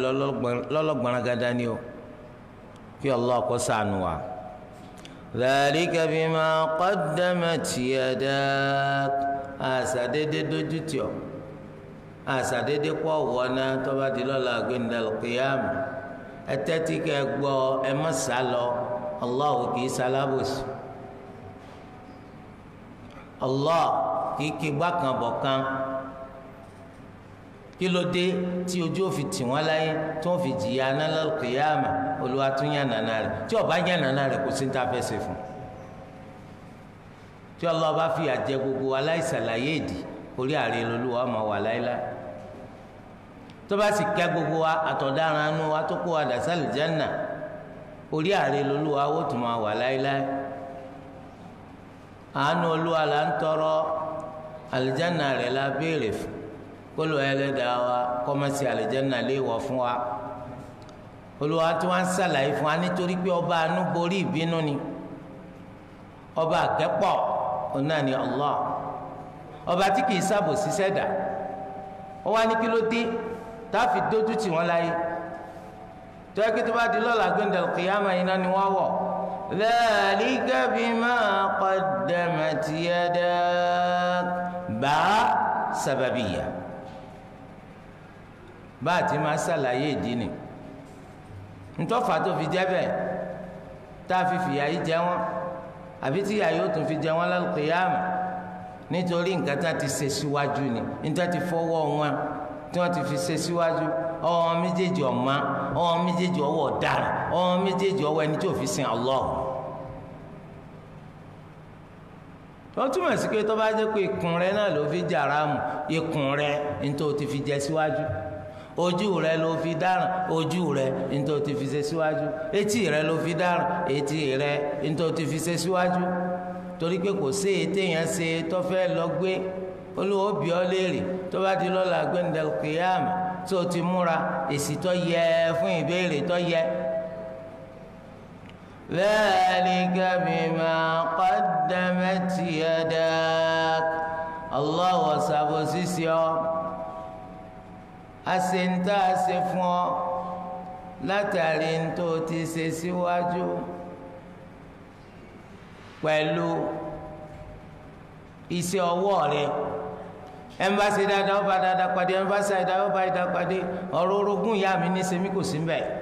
lọ́lọ́gbọ̀n gada ni o kí Allah kó wa. ذلك بما قدمت يداك àṣàdédé dójú tì ọ́ àṣàdédé kọ wọnà tó bá di lọ́la gbẹndàlù kìyàmù ẹ tẹ́tí kẹ́ gbọ́ ẹ má sá lọ Allah kì í sálábòsì Allah kì í kí gbàkànbọ̀ kan kí ló dé tí ojú òfin tì wọ́n láyé tí wọ́n fi jìyà anáná kìyàmà olúwa tún yàn nàná rẹ̀ tí ọba yàn nàná rẹ̀ kò sí ní ta fẹ́ ṣe fún un tí ọlọ́wọ́ fi àjẹ gbogbo aláìsàlàyé ìdì orí ààrẹ lolúwa ọmọ wà láéláé tó bá sì kẹ́ gbogbo wa àtọ̀daràn anú wa tó kó wa dàsálì jẹ́nà orí ààrẹ lolúwa ó tún máa wà láéláé àánú olúwa là ń tọrọ àlìjẹ́nà rẹ̀ la béèrè fún kólu ẹlẹ́dàá wa kọ́mẹ́sì àlìjẹ́nà lè wọ̀ fún wa olùwà tí wọ́n ń sàlàyé fún wa nítorí pé ọba àánú borí ìbínú ni ọba àkẹ́pọ̀ òun náà ni Allah ọba tí kìí sábò ṣiṣẹ́ dà ó wá ní kí ló dé táàfì dójú tì wọ́n láyé tó yẹ tó bá di lọ́la gbẹ̀ndẹ̀ kìyàmà iná ni wọ́n wọ̀ dhalika bima qaddamat yadak bá sábàbíyà bá a ti máa ṣàlàyé ìdí ni ntọ́fà tó fi jẹ́ bẹ́ẹ̀ tá a fi fìyà yìí jẹ wọ́n àbí tí ìyà yóò tún fi jẹ wọ́n lálùkìyàmù nítorí nǹkan tá a ti ṣe síwájú ni níta ti fọwọ́ wọn tí wọ́n ti fi ṣe síwájú ọ̀hún méjèèjì ọ̀ma ọ̀hún méjèèjì ọwọ́ ọ̀daràn ọ̀hún méjèèjì ọwọ́ ẹni tí ò fi sin Allah. wọ́n túmọ̀ sí pé tó bá jẹ́ pé ikùn rẹ náà ló fi jàrá mu ikùn rẹ nítorí o ti fi jẹ síwájú. Si ojú rẹ ló fi dáràn ojú rẹ nítorí ti fi ṣe síwájú etí rẹ ló fi dáràn etí rẹ nítorí ti fi ṣe síwájú torí pé kò sí ètéyàn ṣe tọ́fẹ́ lọ gbé olówó bí ọ léèrè tó bá di lọ́la gbẹ̀ndẹ̀kìyàmù tó ti múra èsì tó yẹ fún ìbéèrè tó yẹ. Dhalika bima qaddamat yadak Allah wa sàbòsí sí ọ ase ń tá a ṣe fún ọ látàrí ń tó ti ṣe síwájú pẹ̀lú iṣẹ́ ọwọ́ rẹ ẹnbàṣẹ dáadáa ọba dáadáa pàdé ẹnbàṣẹ dáadáa ọba dáadáa pàdé ọ̀rọ̀ orogún ìyá mi ní sẹ́mi kò sí mbẹ́ẹ̀.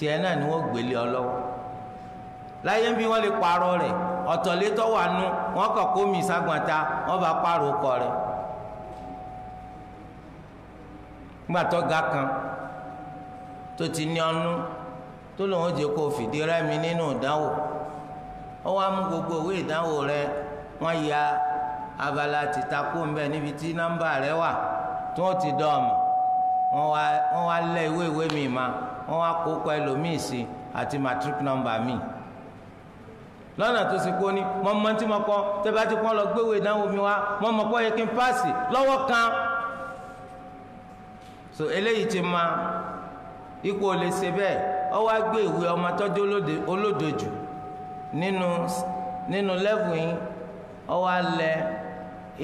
tiẹ̀ náà ni wọ́n gbélé ọ lọ́wọ́ láyé ń bí wọ́n lè parọ́ rẹ̀ ọ̀tọ̀létọ́ wà nú wọn kàn kó mi ságbọ̀ntà wọ́n bá kọ rẹ. gbàtọ́ ga kan tó ti ní ọnú tó lòun jẹ kó fìdí nínú ìdánwò ó wá mú gbogbo ìdánwò rẹ ya abala tìtakó ńbẹ níbi tí wà tó ti dọọmọ wá lẹ ìwé mi máa. wọ́n wá kó kọ ẹlòmíì sí àti matric number mi lọ́nà tó sì kó ní mọ́ mọ́ tí mo kọ́ tẹ́ bá ti kọ́ lọ gbéwò ìdánwò mi wá mọ́ mọ́ kọ́ yẹ kí n páàsì lọ́wọ́ kan so eléyìí ti ma ipò lè ṣe bẹ́ẹ̀ ọ wá gbé ìwé ọmọ tọ́jú olódojù nínú nínú lẹ́fù yín ọ wá lẹ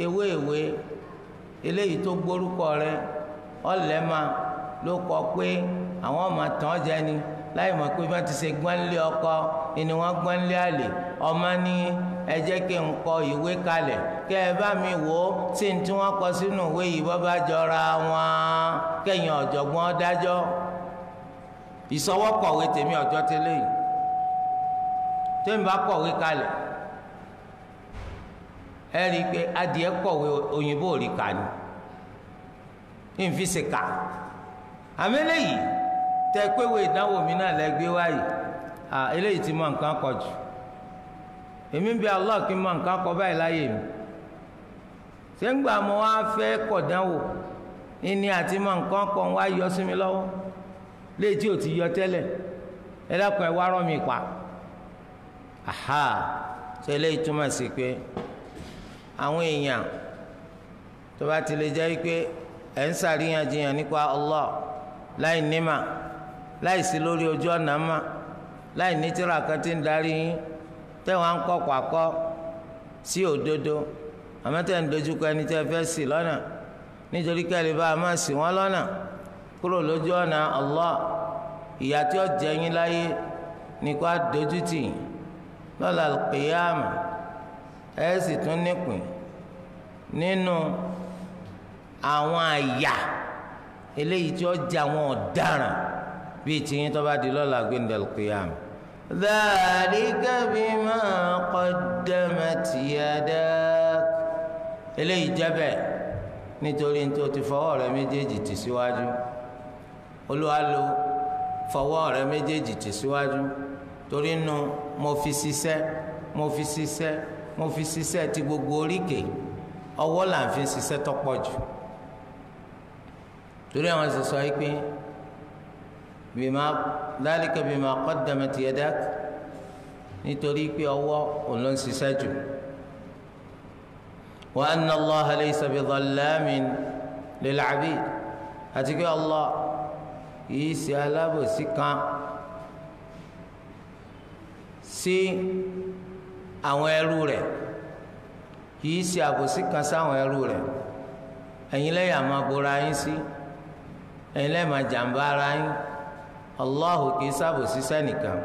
ewé ìwé eléyìí tó gbórúkọ rẹ ọ lẹ́ ma ló kọ pé àwọn ọmọ tán jẹ ni láì mọ̀ pé bá ti ṣe gbọ́nlé ọkọ ni wọ́n gbọ́nlé àlè ọmọ ní ẹ jẹ́ kí n kọ ìwé kalẹ̀ kẹ́ ẹ bá mi wò ó tí n tí wọ́n kọ sínú ìwé yìí bọ́ bá jọra wọn kẹ́yìn ọ̀jọ̀gbọ́n dájọ́ ìsọwọ́kọ̀wé tèmi ọ̀jọ́ tẹ́lẹ̀ yìí tèmi bá kọ̀wé kalẹ̀ ẹ rí i pé adìẹ kọ̀wé òyìnbó rí ka ni nfi ṣe ka àmì lẹ́yìn tẹ péwé ìdánwò mi náà lẹ gbé wáyé à eléyìí ti mọ nǹkan kọ jù èmi ń bi Allah kí n mọ nǹkan kọ báyìí láyé mi ṣé ń gbà mo wá fẹ́ kọ̀dánwò ìní àti mọ nǹkan kọ ń wá yọ sí mi lọ́wọ́ léèjì ò ti yọ tẹ́lẹ̀ ẹ dákun ẹ wá rọ́ mi pa aha ṣe eléyìí túmọ̀ sí pé àwọn èèyàn tó bá ti lè jẹ́ pé ẹ̀ ń ṣàríyànjiyàn nípa Allah láì nímà láìsí lórí ojú ọ̀nà mà láì ní tírà kan tí ń darí yín tẹ́wọ̀n ń kọ́ pàkọ́ sí òdodo àmọ́ tẹ́ ń dojúkọ ẹni tẹ́ fẹ́ ṣì lọ́nà nítorí kẹ́lẹ́ bá a máa ṣì wọ́n lọ́nà kúrò lójú ọ̀nà Allah ìyà tí ó jẹ yín láyé nìkan àdójútì lọ́la al-qiyama ẹ̀ sì tún nípìn nínú àwọn àyà eléyìí tí ó jẹ àwọn ọ̀daràn bíi tiyín tó bá di lọ́la gbẹ̀ndẹ̀ lùkìyàm. dhalika bima qaddamat yadak. eléyìí jẹ́ bẹ́ẹ̀ nítorí ní o ti fọwọ́ rẹ méjèèjì tì síwájú olúwa lo fọwọ́ rẹ méjèèjì tì síwájú torí nu mo fi ṣiṣẹ́ mo fi ṣiṣẹ́ mo fi ṣiṣẹ́ ti gbogbo oríkèé ọwọ́ là ń fi ṣiṣẹ́ tọ́pọ̀ jù torí àwọn ṣe yìí pé bima dhalika bima qaddamat yadak nítorí pé ọwọ́ òun ló ń ṣiṣẹ́ jù wa anna Allaha laysa bidhallamin lil'abid àti pé Allah kìí ṣe alábòsí kan sí àwọn ẹrú rẹ̀ kìí ṣe àbòsí kan sáwọn ẹrú rẹ̀ ẹ̀yin lẹ́yìn àmọ́ yín sí ẹ̀yin lẹ́yìn àmọ́ ara yín. Si, allahu kì í ṣàbòsí sẹ́nìkan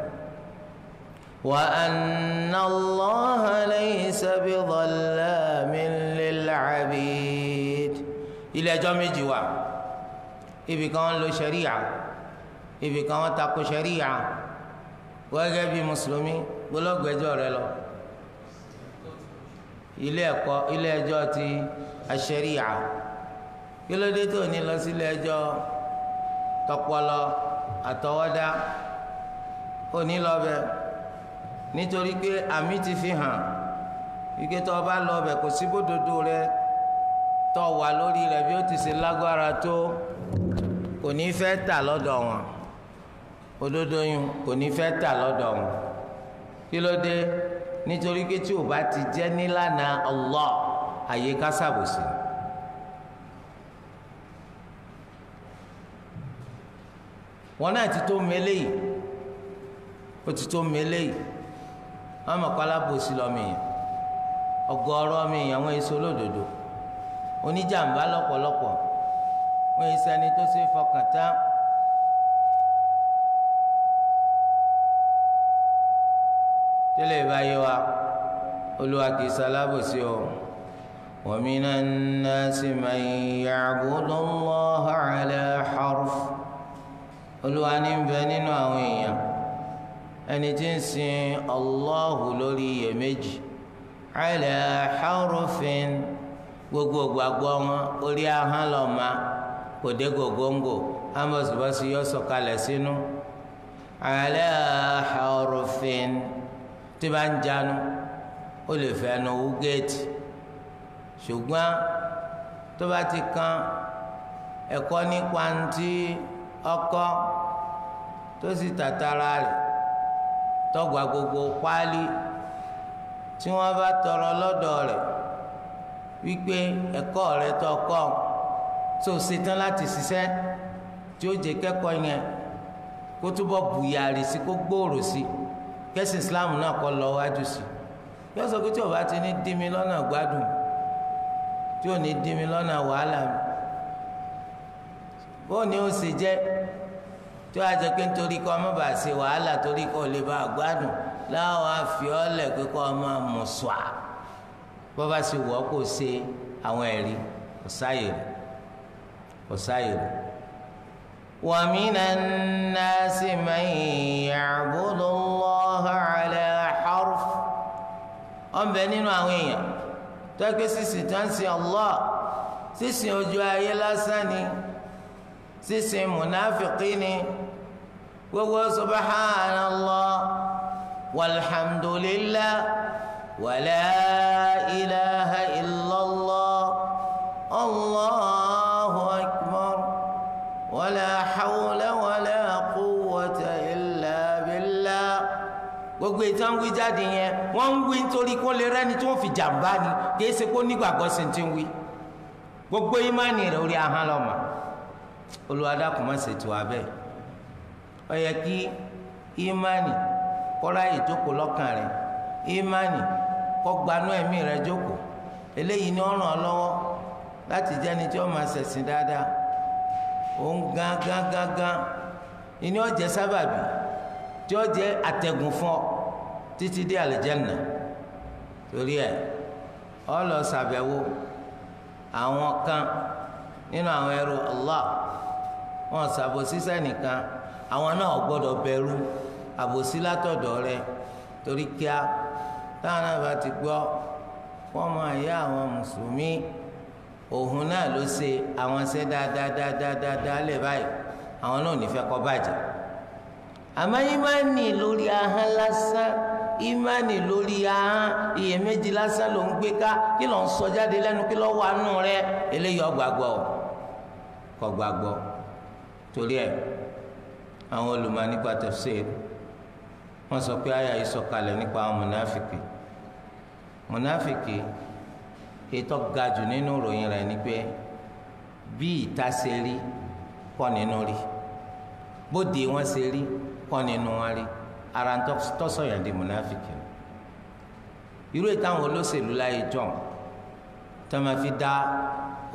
wa anna allaha laysa bi dhallamin lil abid ilé ẹjọ́ méjì wà ibì kan ń lo ṣẹ̀ríyà ibì kan wọ́n tako ṣẹ̀ríyà gẹ́gẹ́ bí mùsùlùmí gbọ́lọ́gbẹ́jọ́ rẹ lọ ilé ẹ̀kọ́ ilé ẹjọ́ ti àṣẹríyà kí ló dé tó ní lọ sí ilé ẹjọ́ tọpọlọ àtọwọ́dá òní lọ́bẹ̀ nítorí pé àmì ti fi hàn ike tó o bá lọ́bẹ̀ kò sí bódodo rẹ tó wà lórí rẹ bí ó ti ṣe lágbára tó kò ní fẹ́ tà lọ́dọ̀ wọn òdodo yun kò ní fẹ́ tà lọ́dọ̀ wọn kí ló dé nítorí pé tí o bá ti jẹ́ nílànà Allah àyè wọn náà ti tó mele yìí ó ti tó mele yìí wọn mọ̀ kọ́ alábòsí lọ́mọ yẹn ọgọ́rọ́ ọmọ yẹn àwọn èso olódodo oníjàmbá lọ́pọ̀lọpọ̀ wọn èso ẹni tó ṣe fọkàn tán. tẹ́lẹ̀ báyìí wa olúwa kì í sálábòsí o wa minan nasi man ya'budu Allaha ala harf olúwa ní bẹ nínú àwọn èèyàn ẹni tí ń sin Allahu lórí iyèméjì ala harufin gbogbo gbàgbọ́ wọn orí ahọ́n lọ́ma kò dé gògóńgò amọ̀sibọ́sí yọ sọ̀kalẹ̀ sínú ala harufin tí bá ń janu ó lè fẹnu wú géètì ṣùgbọ́n tó bá ti kan ẹ̀kọ́ nípa ntí. E ọkọ tó sì tàtàrà rẹ̀ tọgbà gbogbo páálí tí wọ́n bá tọrọ lọ́dọ̀ rẹ̀ wípé ẹ̀kọ́ rẹ̀ tó kọ́ tó ṣetán láti ṣiṣẹ́ tí ó jẹ́ kẹ́kọ̀ọ́ yẹn kó túbọ̀ bùyàrì sí kó gbòòrò sí kẹ́sì islam náà kọ́ lọ wájú sí yọ sọ pé tí o bá ti ní dí mi lọ́nà gbádùn tí ò ní dí mi lọ́nà wàhálà mi bó ni ó sì jẹ́ tí wàá jẹ pé nítorí kọ́ ọmọ bá ṣe wàhálà torí kọ́ lè bá gbádùn láwọn àfiọ́lẹ̀ pé kọ́ ọmọ mùsùà bó bá ṣe wọ́ kó ṣe àwọn ẹ̀rí ọ̀sáyèrè ọ̀sáyèrè. ومن الناس من يعبد الله على حرف ọ̀nbẹ nínú àwọn èèyàn tó ẹ pé sísìn tó ń sin sísìn mùnàfíkì ni gbogbo subhanallah walhamdulillah wàlá ilaha illallah allahu akbar wàlá hawla wàlá quwwata illa billah gbogbo ìtàn ń wí jáde yẹn wọ́n ń wí nítorí kó lè rẹ́ni tó ń fi jàǹbá ni kì í ṣe kó nígbàgbọ́ sí ti ń wí gbogbo ìmánì rẹ̀ orí ahọ́n lọ́mọ. Olúwa dákun má ṣe tiwa bẹ́ẹ̀ ó yẹ kí ìmánì kọ́ra ìjókòó lọ́kàn rẹ̀ ìmánì kó gbanú ẹ̀mí rẹ̀ jókòó eléyìí ni ó ràn ọ́ lọ́wọ́ láti jẹ́ni tí ó máa ṣẹ̀sìn dáadáa òun gán gán gán gán ìní ó jẹ́ sábàbí tí ó jẹ́ àtẹ̀gùn fún ọ títí dé àlùjánnà torí ẹ̀ ọ lọ ṣàbẹ̀wò àwọn kan nínú àwọn ẹrú Allah wọn ṣàbòsí sẹ́nìkan àwọn náà gbọ́dọ̀ bẹ̀rù àbòsí látọ̀dọ̀ rẹ torí kíá táwọn náà bá ti gbọ́ wọ́n máa yá àwọn mùsùlùmí òhun náà ló ṣe àwọn ṣe dáadáadáadáa lè báyìí àwọn náà ò ní fẹ́ kó bàjẹ́ àmọ́ ìmánì lórí ahọ́n lásán ìmánì lórí ahọ́n iyèméjì lásán ló ń gbé ká kí ló ń sọ jáde lẹ́nu kí ló wà nù rẹ eléyìí ọgbàgbọ́ kò gbàgbọ́ torí ẹ̀ àwọn olùmọ̀ nípa tafsir wọ́n sọ pé àyà yìí sọ̀kalẹ̀ nípa àwọn mùnáfìkì mùnáfìkì ètò gajù nínú ìròyìn rẹ̀ ni pé bí ìta ṣe rí kọ́ nínú rí bóde wọn ṣe rí kọ́ nínú wọn rí ara tọ́sọ̀yàn di mùnáfìkì irú ìtàwọn olóṣèlú láyé jọ tó máa fi dá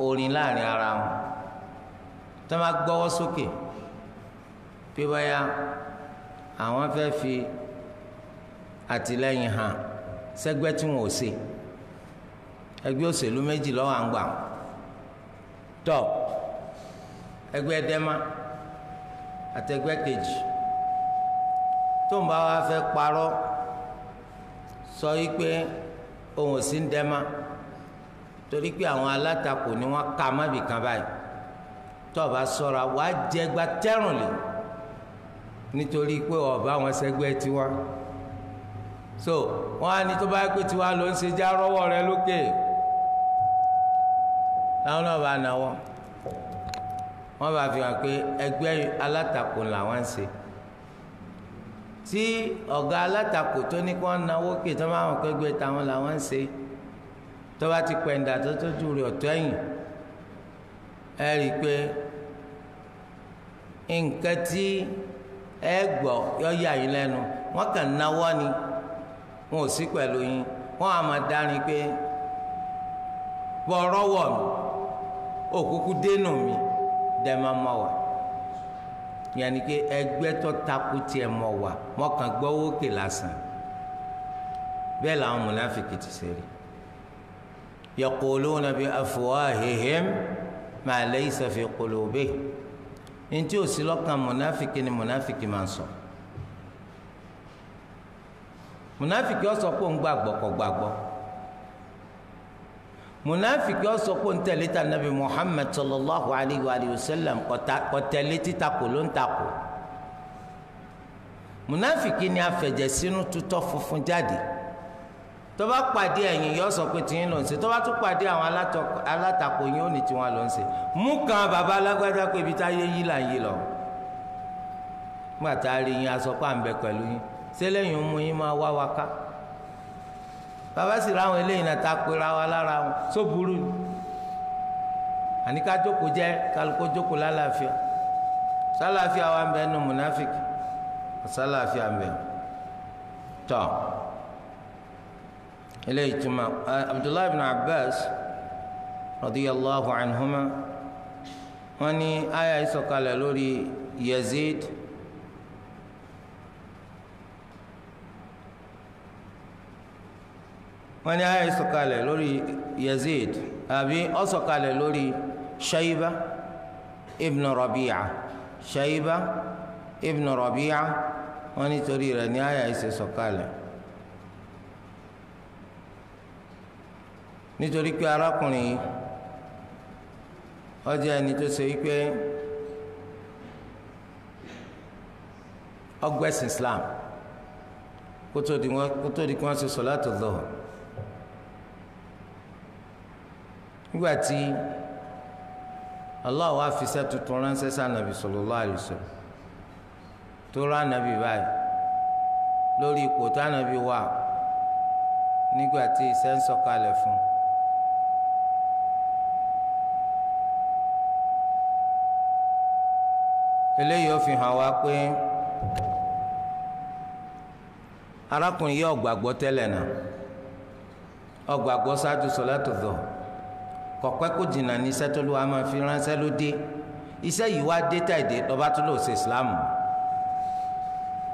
orin láàrin ara wọn tó máa gbọ́wọ́ sókè pé báyà àwọn fẹ́ fi àtìlẹ́yìn hàn sẹ́gbẹ́ tí wọn ò ṣe ẹgbẹ́ òṣèlú méjì lọ́wọ́ à ń gbà tọ́ ẹgbẹ́ dẹ́mà àtẹgbẹ́ kejì tó ń bá wa fẹ́ parọ́ sọ yìí pé òun ò sí ń dẹ́mà torí pé àwọn alátakò ni wọ́n ka mábìkan báyìí tó o bá ṣọ́ra wàá jẹ gba tẹ́rùn lè nítorí pé ọba àwọn sẹgbẹ́ tiwa so wọn á ní tó bá pé tiwa ló ń ṣe já rọ́wọ́ rẹ lókè táwọn náà bá nà wọn wọn bá fi hàn pé ẹgbẹ́ alátakò làwọn ń ṣe tí ọ̀gá alátakò tó ní kí wọ́n náwó kè tó máa hàn pé ẹgbẹ́ táwọn làwọn ń ṣe tó bá ti pẹ̀ǹdà tó tó ju rẹ̀ ọ̀tọ́ ẹ̀yìn ẹ rí i pé nǹkan tí ẹ gbọ́ yọ yà yín lẹ́nu wọ́n kàn náwọ́ ni wọn ò sí pẹ̀lú yín wọ́n á dárin pé bọ̀rọ̀ wọ̀ mí òkúkú dénú mi dẹ́ máa mọ̀ wá yàní pé ẹgbẹ́ tó takú tiẹ̀ mọ̀ kàn kè lásán ntí òsì lọ́kàn mọ̀náfìkì ni mọ̀náfìkì máa ń sọ mọ̀náfìkì ọ̀sọ̀ pé ń gbàgbọ́ kọ̀ gbàgbọ́ mọ̀náfìkì ọ̀sọ̀ pé ń ta nabi Muhammad sallallahu alayhi wa sallam kọ̀ tẹ̀lé títakò ló ń takò mọ̀náfìkì ni afẹ̀jẹ̀sínú tutọ́ funfun jáde tó bá pàdé ẹ̀yìn yọ sọ pé tìyín ló ń ṣe tó bá tún pàdé àwọn alátakò yín ó ní tiwọn ló ń ṣe mú kan bàbá alágbádá pé ibi tá yé yín là ń yí lọ gbàtà rí yín aṣọ pàǹbẹ pẹ̀lú yín sẹ́lẹ̀yìn mú yín máa wá wa ká bàbá sì ráwọn eléyìí náà ta pera wa lára wọn só burú ni àní ká jókòó jẹ kálukó jókòó lálàáfíà sálàáfíà wa ń bẹ nù múnáfíkì sálàáfíà ń bẹ tọ́ eléyìí túmọ̀ abdullahi ibn abbas radiyallahu anhuma wọ́n ní àyà ìsọ̀kalẹ̀ lórí yazid wọ́n ní àyà ìsọ̀kalẹ̀ lórí yazid àbí ọ̀sọ̀kalẹ̀ lórí shayba ibn rabi'a shayba ibn rabi'a wọ́n nítorí rẹ̀ ní àyà ìsọ̀kalẹ̀. nítorí pé arákùnrin yìí ó jẹ́ ẹni tó ṣe wípé ó gbẹ́sìn Islam kótó di kí wọ́n ṣe sọ̀láàtù Zuhr nígbà tí Allah wá fi iṣẹ́ tuntun ránṣẹ́ sí ànàbì sallallahu alaihi wasallam tó rán ànàbì báyìí lórí ipò tí ànàbì wà nígbà tí iṣẹ́ ń sọ̀kalẹ̀ fún un. eléyìí ó fi hàn wá pé arákùnrin yóò gbàgbọ́ tẹ́lẹ̀ náà ọgbàgbọ́ ṣáájú sọ̀látù zuhr kọ̀pẹ́ kò jìnnà ní iṣẹ́ tó lùwà máa fi ránṣẹ́ ló dé iṣẹ́ yìí wá dé tàìdé lọ́ba tó lò ṣe islam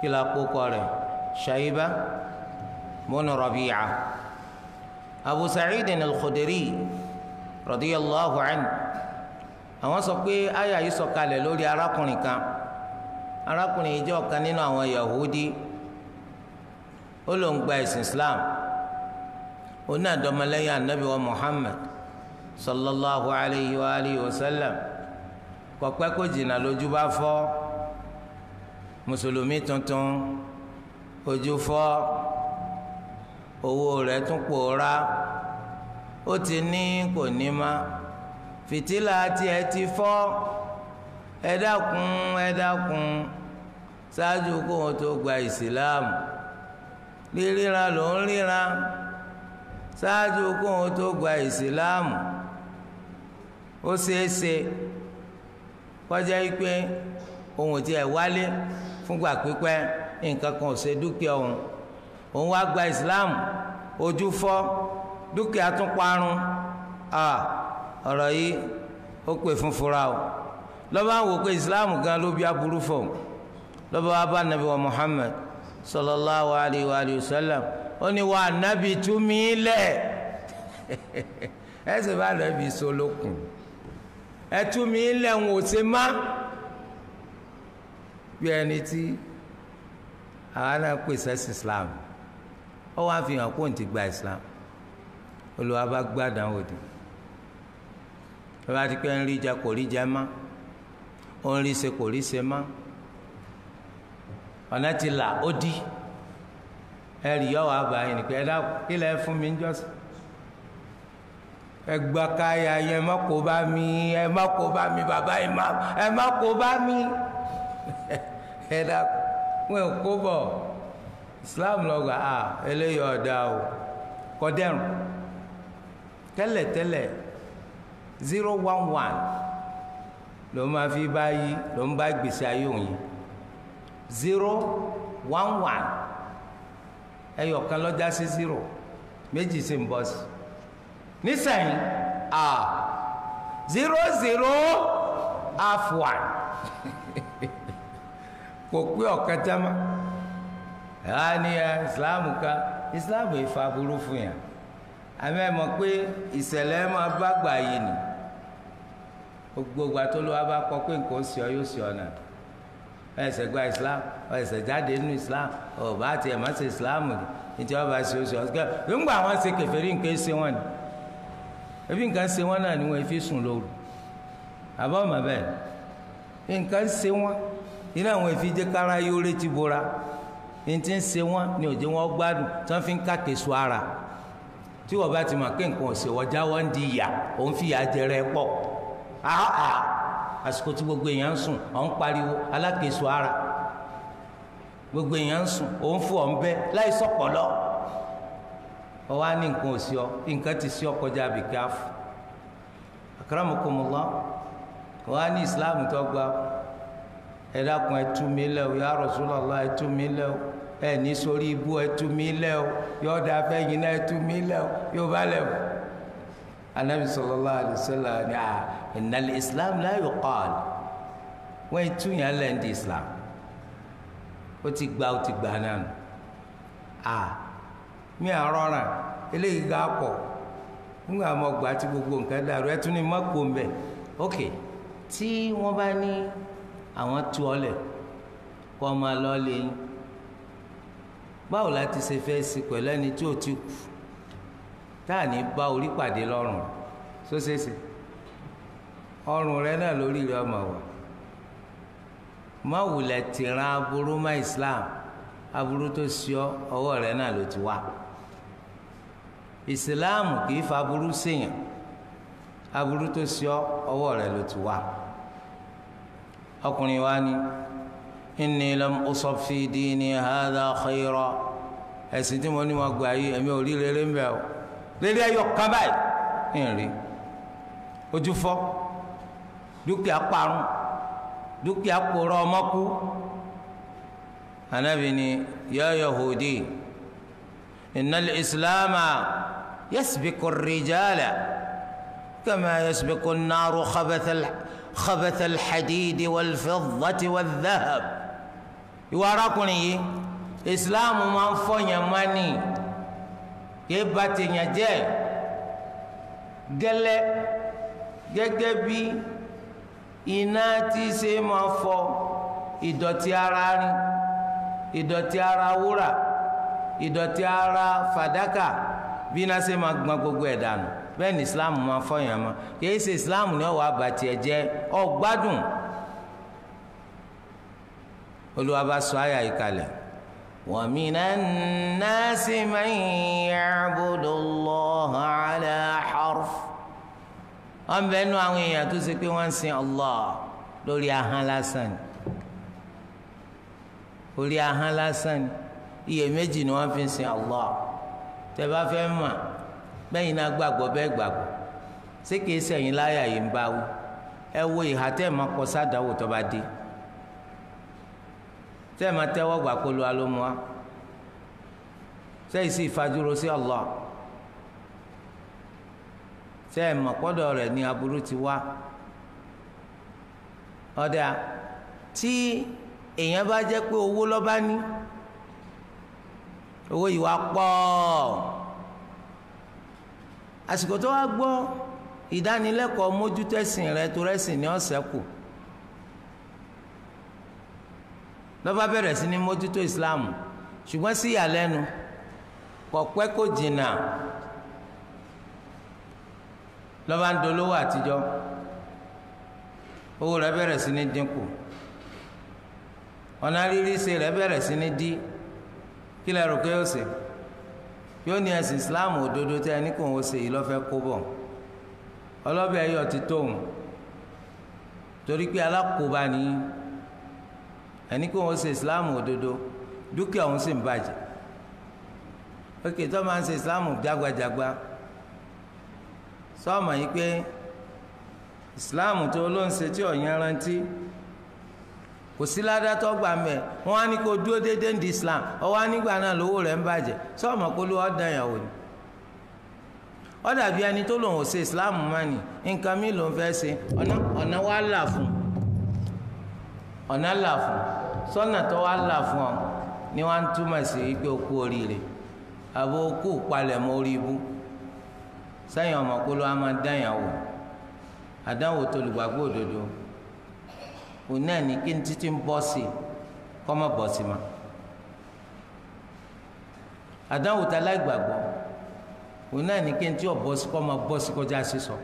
kí la kó kọ rẹ̀ ṣàyíbá múnú rọ̀bìyà abu sa'id al-khudiri radiyallahu anhu. àwọn sọ pé àyà yìí sọ̀kalẹ̀ lórí arákùnrin kan arákùnrin yìí jẹ́ ọ̀kan nínú àwọn Yahudi ó ló ń gba ẹ̀sìn Islam ó ní àdọ́mọlẹ́yìn anabi wa Muhammad sallallahu alayhi wa alayhi wa sallam kò kó jìnnà lójú bá fọ́ mùsùlùmí tuntun ojú fọ́ owó rẹ̀ tún pòórá ó ti ní kò ní má. fìtílà tiẹ̀ ti fọ́ ẹ dákun ẹ dákun ṣáájú kó o tó gba ìsìláàmù ríríran ló ń ríran ṣáájú kó o tó gba ìsìláàmù ó ṣeéṣe kọjá pé ohun tí ẹ wálé fúngbà pípẹ́ nǹkan kan ò ṣe dúkìá òun òun wá gba ìsìláàmù ojú fọ́ dúkìá tún parun. Ah ọ̀rọ̀ yìí ó pè fún fura o lọ́ba wò pé islam gan ló bí aburú fọ̀ lọ́ba wa bá nabi wa muhammad sallallahu alayhi wa alayhi wa sallam ó ní wa nabi tú mi lẹ̀ [laughs] ẹ sì bá nabi solókun ẹ tú mi lẹ̀ ń wò ṣe má bí ẹni tí àwa náà pèsè islam ó wá fi hàn kó n ti gba islam olùwà bá gbàdánwò dùn. bàbá ti pẹ́ ń rí ja kò rí ja má ó ń rí ṣe kò rí ṣe má ọ̀nà ti là ó dí ẹ rí yọ wà báyìí nìkan ẹ dákun kí lẹ fún mi jọ́sìn ẹ gba káyà yẹn ẹ má kó bá mi ẹ má kó bá mi bàbá ẹ má ẹ má kó bá mi [laughs] ẹ dákun wọn kó bọ̀ Islam lọ́gà à eléyìí ọ̀dà o kọ́ dẹ́rùn tẹ́lẹ̀tẹ́lẹ̀. zero one one bá yí ló ń bá gbèsè ayé zero one one sí zero méjì sí ń sí a zero zero half one [laughs] kò pé ọ̀kan ni islam kan islam ìfa burú fún yàn àmì ẹ̀ mọ̀ pé ìṣẹ̀lẹ̀ máa bá gbà yìí nìyí. gbogbo ìgbà tó lọ́wọ́ bá kọ pé nǹkan sì ọ yóò sì ọ nà ẹsẹ̀ gba islam ẹsẹ̀ jáde nínú islam ọba àti ẹ̀ má ṣe islam ni tí wọ́n bá ṣe oṣù ọ̀sẹ̀ nígbà wọn ṣe kèfèrí nǹkan ṣe wọn ni ebi nǹkan ṣe wọn náà ni wọn fi sùn lóru àbọ̀ ọmọ bẹ́ẹ̀ ni nǹkan ṣe wọn iná wọn fi jẹ́ yóò létí bora ní ti wọn ni òjò wọn gbádùn tí wọ́n fi ń kàkè sọ ara tí wọ́n bá ti mọ̀ kí nǹkan ọ̀sẹ̀ wọ́n jáwọ́ ń di ìyà òun fi ìyà jẹrẹ pọ̀ àhà àsìkò tí gbogbo èèyàn ń sùn ọ̀ ń pariwo alákèso ara gbogbo èèyàn ń sùn òun fún ọ̀ ń bẹ́ láì sọ̀pọ̀lọ́ ọ wá ní nǹkan ò sí ọ nǹkan ti sí ọ kọjá àbíkẹ́ àfọ̀ akramakumullah ọ wá ní ìsìláàmù tó gba ẹ dákun ẹ tú mi lẹ́ o ya Rasulullah ẹ tú mi lẹ́ o ẹ ní sórí ibú ẹ tú mi lẹ́ o yọ̀ọ́dà fẹ́yìn náà ẹ tú mi lẹ́ o yóò bá lẹ́ o anabi sallallahu alaihi wasallam ni a ah, innal islam la yuqal wọ́n ètú yẹn lẹ́ǹdì islam ó ti gba ó ti gba náà nù a ah, mi àrọ́ràn eléyìí ga pọ̀ nígbà mọ̀ gbà tí gbogbo nǹkan dàrú ẹ tún ní mọ́kò ń ok tí wọ́n bá ní àwọn tú ọ lẹ̀ kọ́ ọ máa báwo la ti ṣe fẹ́ sí pẹ̀lú ẹni tí ò ti kù táà ní bá orí pàdé lọ́rùn sóṣèṣe ọrùn rẹ náà lórí rẹ ọmọ wà má wulẹ̀ tìran aburú má Islam aburú tó sí ọ ọwọ́ rẹ náà ló ti wá Islam kì í fa aburú sèyàn aburú tó sí ọ ọwọ́ rẹ ló ti wá ọkùnrin wa ni inni lam usab fi dini hadha khayra tí mo ní mo gbà yí ẹ̀mí ò rí rere ń bẹ̀ o. lérí ẹyọ kan báyìí ìrìn ojú fọ́ dúkìá parun dúkìá kpọrọ ọmọ kú anabi ni ya yahudi innal islama yasbiku rijala kama yasbiku naaru khabatha alhadidi walfidati waldahab ìwà arákùnrin yìí islam máa ń fọyàn mánì. kìí ba tèèyàn jẹ́ gẹ́lẹ́ gẹ́gẹ́ bí iná tí ṣe máa fọ ìdọ̀tí ara rin ìdọ̀tí ara wúrà ìdọ̀tí ara fàdákà bí iná ṣe máa gbọn gbogbo ẹ̀ dànù bẹ́ẹ̀ ni islam máa fọyàn ma kìí ṣe islam ni ọ̀wọ́ àbàtì ẹ̀ jẹ́ ọ̀gbádùn olùwàbà sọ àyà ìkàlẹ̀. ومن الناس من يعبد الله على حرف wọ́n bẹ nú àwọn èèyàn tó ṣe pé wọ́n ń sin Allah lórí ahọ́n lásán ni orí ahọ́n lásán ni iyèméjì ni wọ́n fi ń sin Allah tẹ́ bá fẹ́ mọ̀ bẹ́yìn náà gbàgbọ́ bẹ́ẹ̀ gbàgbọ́ ṣé kìí sẹ́yìn láyà yìí ń báwí ẹ wo ìhà tẹ́ ẹ̀ máa kọ sádàáwò tó bá dé ṣé ẹ máa tẹ́wọ́ gbà pé Olúwa ló mú wa ṣé ẹ sì fajúro sí Allah ṣé ẹ mọ̀ pọ́dọ̀ rẹ̀ ní aburú ti wá ọ̀dà tí èèyàn bá jẹ́ pé owó lọ́ba ní owó yìí wá pọ̀ àsìkò tó wá gbọ́ ìdánilẹ́kọ̀ọ́ mójútẹ́sìn rẹ̀ tó rẹ́sìn ní ọ̀sẹ̀ kù. lọ́ba bẹ̀rẹ̀ sí ní mójútó islam ṣùgbọ́n sí ìyàlẹ́nu kò pẹ́ kò jìnnà lọ́ba ń dolówó àtijọ́ owó rẹ̀ bẹ̀rẹ̀ sí ní dínkù ọ̀nà rírí ṣe rẹ̀ bẹ̀rẹ̀ sí ní dí kí lẹ rò pé ó ṣe yóò ní ẹ̀sìn islam òdodo tẹ́ ẹ ní kò ń ṣe yìí lọ́fẹ́ kó bọ̀ ọlọ́bẹ̀ ẹ̀yọ̀ ti tóun torí pé alákòóbá nìyí. ẹni pé wọ́n ṣe islam òdodo dúkìá òun sì ń bàjẹ́ ok tó máa ń ṣe islam jágbajàgba sọ́ọ̀mọ̀ yìí pé islam tó ló ń ṣe tí ọ̀yàn rántí kò sí ládàá tó gbà mẹ́ wọ́n á ní kó dúró di islam ọwọ́ á nígbà náà lówó rẹ̀ ń bàjẹ́ sọ́nà tó wá là fún ọ ni wọ́n á túmọ̀ sí wípé o kú oríire àbò o kú palẹ̀mọ́ orí ibú sẹ́yìn ọmọ kó ló wá máa dáyàn wò àdánwò tó lùgbàgbọ́ òdodo òun náà ní kí n títí ń bọ́ sí kọ́ mọ́ bọ́ sí ma àdánwò tá láìgbàgbọ́ òun náà ní kí n tí ò bọ́ sí kọ́ mọ́ bọ́ sí kọjá sísọ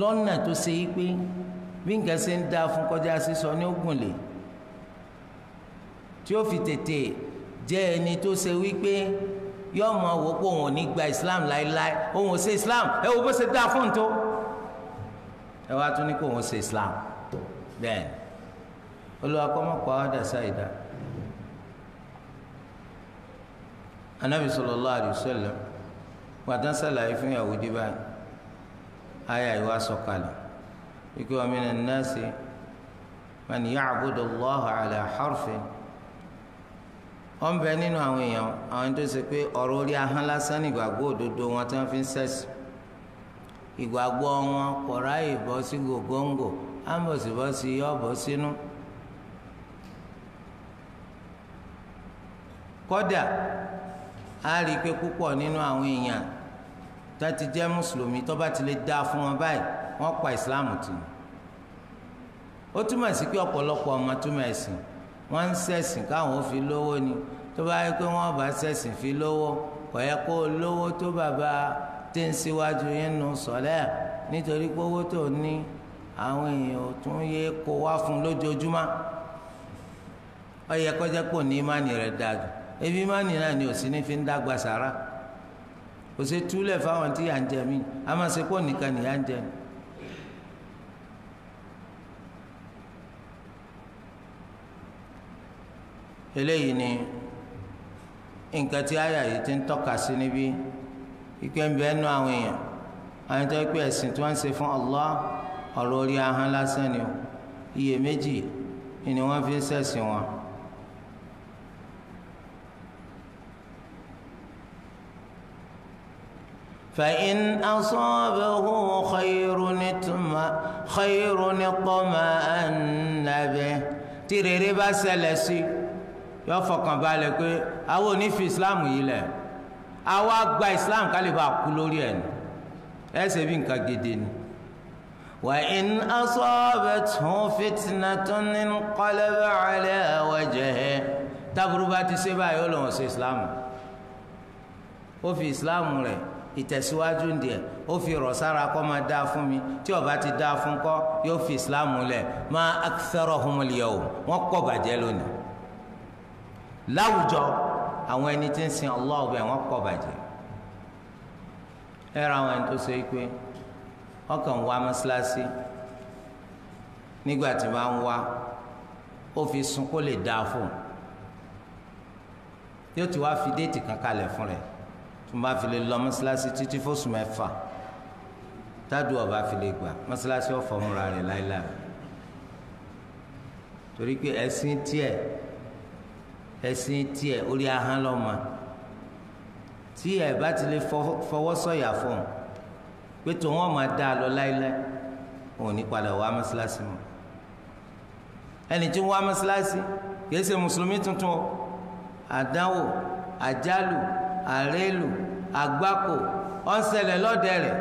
lọ́nà tó ṣe yí pé bí nǹkan ṣe ń dá fún kọjá sísọ ní ó gùn lè tí ó fi tètè jẹ́ ẹni tó ṣe wípé yóò mọ wò pé òun ò ní gba islam láéláé òun ò ṣe islam ẹ wo bó ṣe dáa fún un tó ẹ wá tún ní kó òun ṣe islam bẹ́ẹ̀ olùwà kọ́mọ́kọ́ àdàsá ìdá anabi sallallahu alaihi wasallam wàtán sàlàyé fún Yahudi báyìí àyà ìwà sọ̀kalẹ̀ wípé wa minan nasi man ya'budu Allaha ala harfin wọ́n bẹ nínú àwọn èèyàn àwọn tó ṣe pé ọ̀rọ̀ orí ahọ́n lásán ní ìgbàgbọ́ òdodo wọn tí wọ́n fi ń ṣẹ̀sìn ìgbàgbọ́ wọn kò ráàyè sí gògóńgò ámbọ̀sibọ́sí yọ bọ́ sínú. kódà a rí i pé púpọ̀ nínú àwọn èèyàn tó ti jẹ́ mùsùlùmí tó bá ti lè dá fún wọn báyìí wọ́n pa ìsìláàmù tì ó túmọ̀ sí pé ọ̀pọ̀lọpọ̀ ọmọ túmọ̀ ẹ̀sìn wọ́n ń ṣẹ̀sìn káwọn ó fi lówó ni tó bá yẹ pé wọ́n bá ṣẹ̀sìn fi lówó kò yẹ kó lówó tó bàbá tí ń síwájú yín nu sọ̀lẹ́ nítorí pé owó tó ní àwọn èèyàn ò tún yẹ kó wá fún lójoojúmọ́ ó yẹ kó jẹ́ pò ní ìmánì rẹ̀ dàgbù ebi ìmánì náà ni òsín ní fi ń dàgbà sára kò sí túlẹ̀ fáwọn tí yà ń jẹ mí a máa pò nìkan nìyà ń jẹ mí. eléyìí ni nǹkan tí àyà yìí ti ń tọ́ka sí níbí ìpè ń bẹ ẹnu àwọn èèyàn àwọn tó ń pè ẹ̀sìn tí wọ́n ń ṣe fún Allah ọ̀rọ̀ orí ahọ́n lásán ni o iyèméjì ni wọ́n fi ń ṣẹ̀sìn wọn. فإن أصابه خير خير اطمأن به تريري بس لسي yọ fọkàn balẹ̀ pé àwọn onífi islam yìí lẹ̀ àwa gba islam kálífà kú lórí ẹ̀ ní ẹ̀ bí nǹkan gidi ni. وإن أصابته فتنة انقلب على وجهه táburú bá ti ṣe báyìí ó lòun ṣe ìsìláàmù ó fi ìsìláàmù rẹ̀ ìtẹ̀síwájú ń diẹ ó fi rọ̀ sára kọ́ máa dáa fún mi tí ó ti dáa fún kọ́ yóò fi ìsìláàmù lẹ̀ ma أكثرهم اليوم wọ́n pọ̀ bàjẹ́ lónìí láwùjọ àwọn ẹni tí ń sin Allah ọbẹ̀ wọn pọ̀ bàjẹ́ ẹ ra àwọn ẹni tó ṣe é pé ọkàn wá mọ́ṣáláṣí nígbà tí wọ́n á ń wá ó fi sun kó lè dáa fún un yóò ti wá fi déètì kan kalẹ̀ fún rẹ̀ tó bá fi lè lọ mọ́ṣáláṣí títí fóṣù mẹ́fà tádùú ọba fi lè gbà mọ́ṣáláṣí ọ̀fọ̀ múra rẹ̀ láéláé torí pé ẹ̀sìn tiẹ̀ ẹ̀sìn tiẹ̀ orí ahọ́n lọ́mọ tí ẹ bá ti lè fọwọ́ sọ̀yà fún un pé tòun ọ̀ máa dá a lọ láéláé òun ní padà wá mọ́sálásí mọ́ ẹni tí ń wá mọ́sálásí kìí ṣe mùsùlùmí tuntun o àdánwò àjálù àrélù àgbákò ọ̀sẹ̀lẹ̀ lọ́dẹ rẹ̀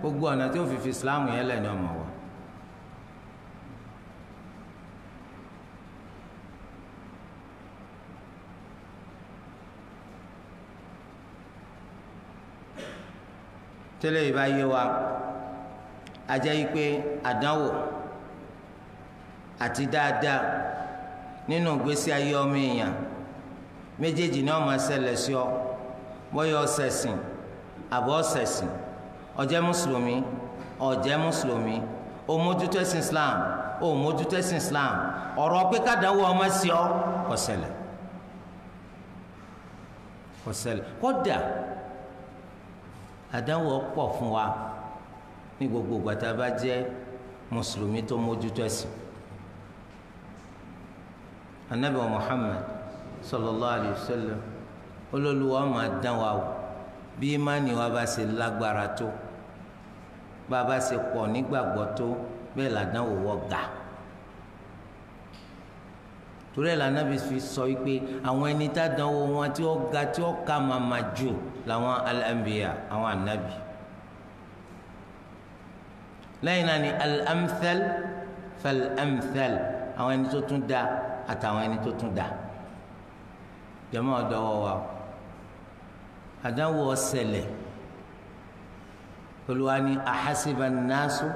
gbogbo ọ̀nà tí ó fi fi islam yẹn lẹ́nu ọmọ wa. tẹ́lẹ̀ ìbá yé wa ajá yí pé àdánwò àti dáadáa nínú ìgbésí ayé ọmọ èèyàn méjèèjì ni wọ́n máa ṣẹlẹ̀ sí ọ bóyá ọsẹsìn àbọ̀ ọsẹsìn ọjẹ mùsùlùmí ọjẹ mùsùlùmí o mójútó ẹ̀sìn Islam o mójútó ẹ̀sìn Islam ọ̀rọ̀ pé kádàáwó ọmọ sí ọ kò ṣẹlẹ̀ kò ṣẹlẹ̀ kódà àdánwò pọ̀ fún wa ní gbogbo gbàtà bá jẹ́ mùsùlùmí tó mójútó ẹ̀sìn anabi muhammad sallallahu alayhi wa sallam olólùwà máa dán wa wò bí imáni wa bá ṣe lágbára tó bá a bá ṣe pọ̀ nígbàgbọ́ tó bẹ́ẹ̀ làdánwò wọ́ gà torí ẹ̀ lànà bí fi sọ pé àwọn ẹni tá dánwò wọn tí ó ga tí ó ka màmá jù làwọn al-anbiya àwọn ànábì lẹ́yìn náà ni al-amthal fal-amthal àwọn ẹni tó tún da àtàwọn ẹni tó tún da jẹ́mọ́ ọ̀dọ́wọ́ wa àdánwò ọ̀sẹ̀lẹ̀ olùwà ni ahasiba an-nasu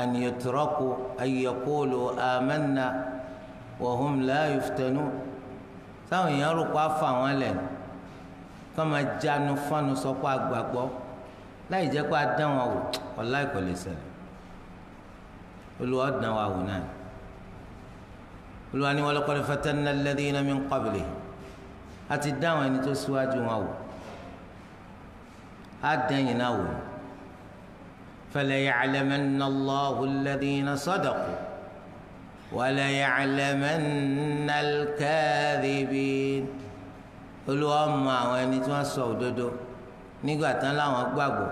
an yutraku an wọ̀hún láàyò fìtẹ́nu táwọn èèyàn rò pa fà wọ́n lẹ̀ kọ́ máa jánu fánu sọ́kọ́ àgbàgbọ́ láì jẹ́ pé a dán wọn wò ọ̀la ìkọ̀ lè ṣẹlẹ̀ olùwà dán wa wò náà olùwà ni wọn lọ́kọ́ lè fẹ́tẹ́ lẹ́dí iná mi ń kọ́bìlì a ti dán àwọn ẹni tó síwájú wọn wò á dẹ́yìn náà wò fẹlẹ́ yàlẹ́mẹ́ nà lọ́hùn lẹ́dí iná sọ́dọ̀kù wàlẹ̀yàlẹ̀mẹ́nà kẹ́ẹ̀dìbì olùwà mọ àwọn ẹni tí wọ́n sọ òdodo nígbà tán láwọn gbàgbọ́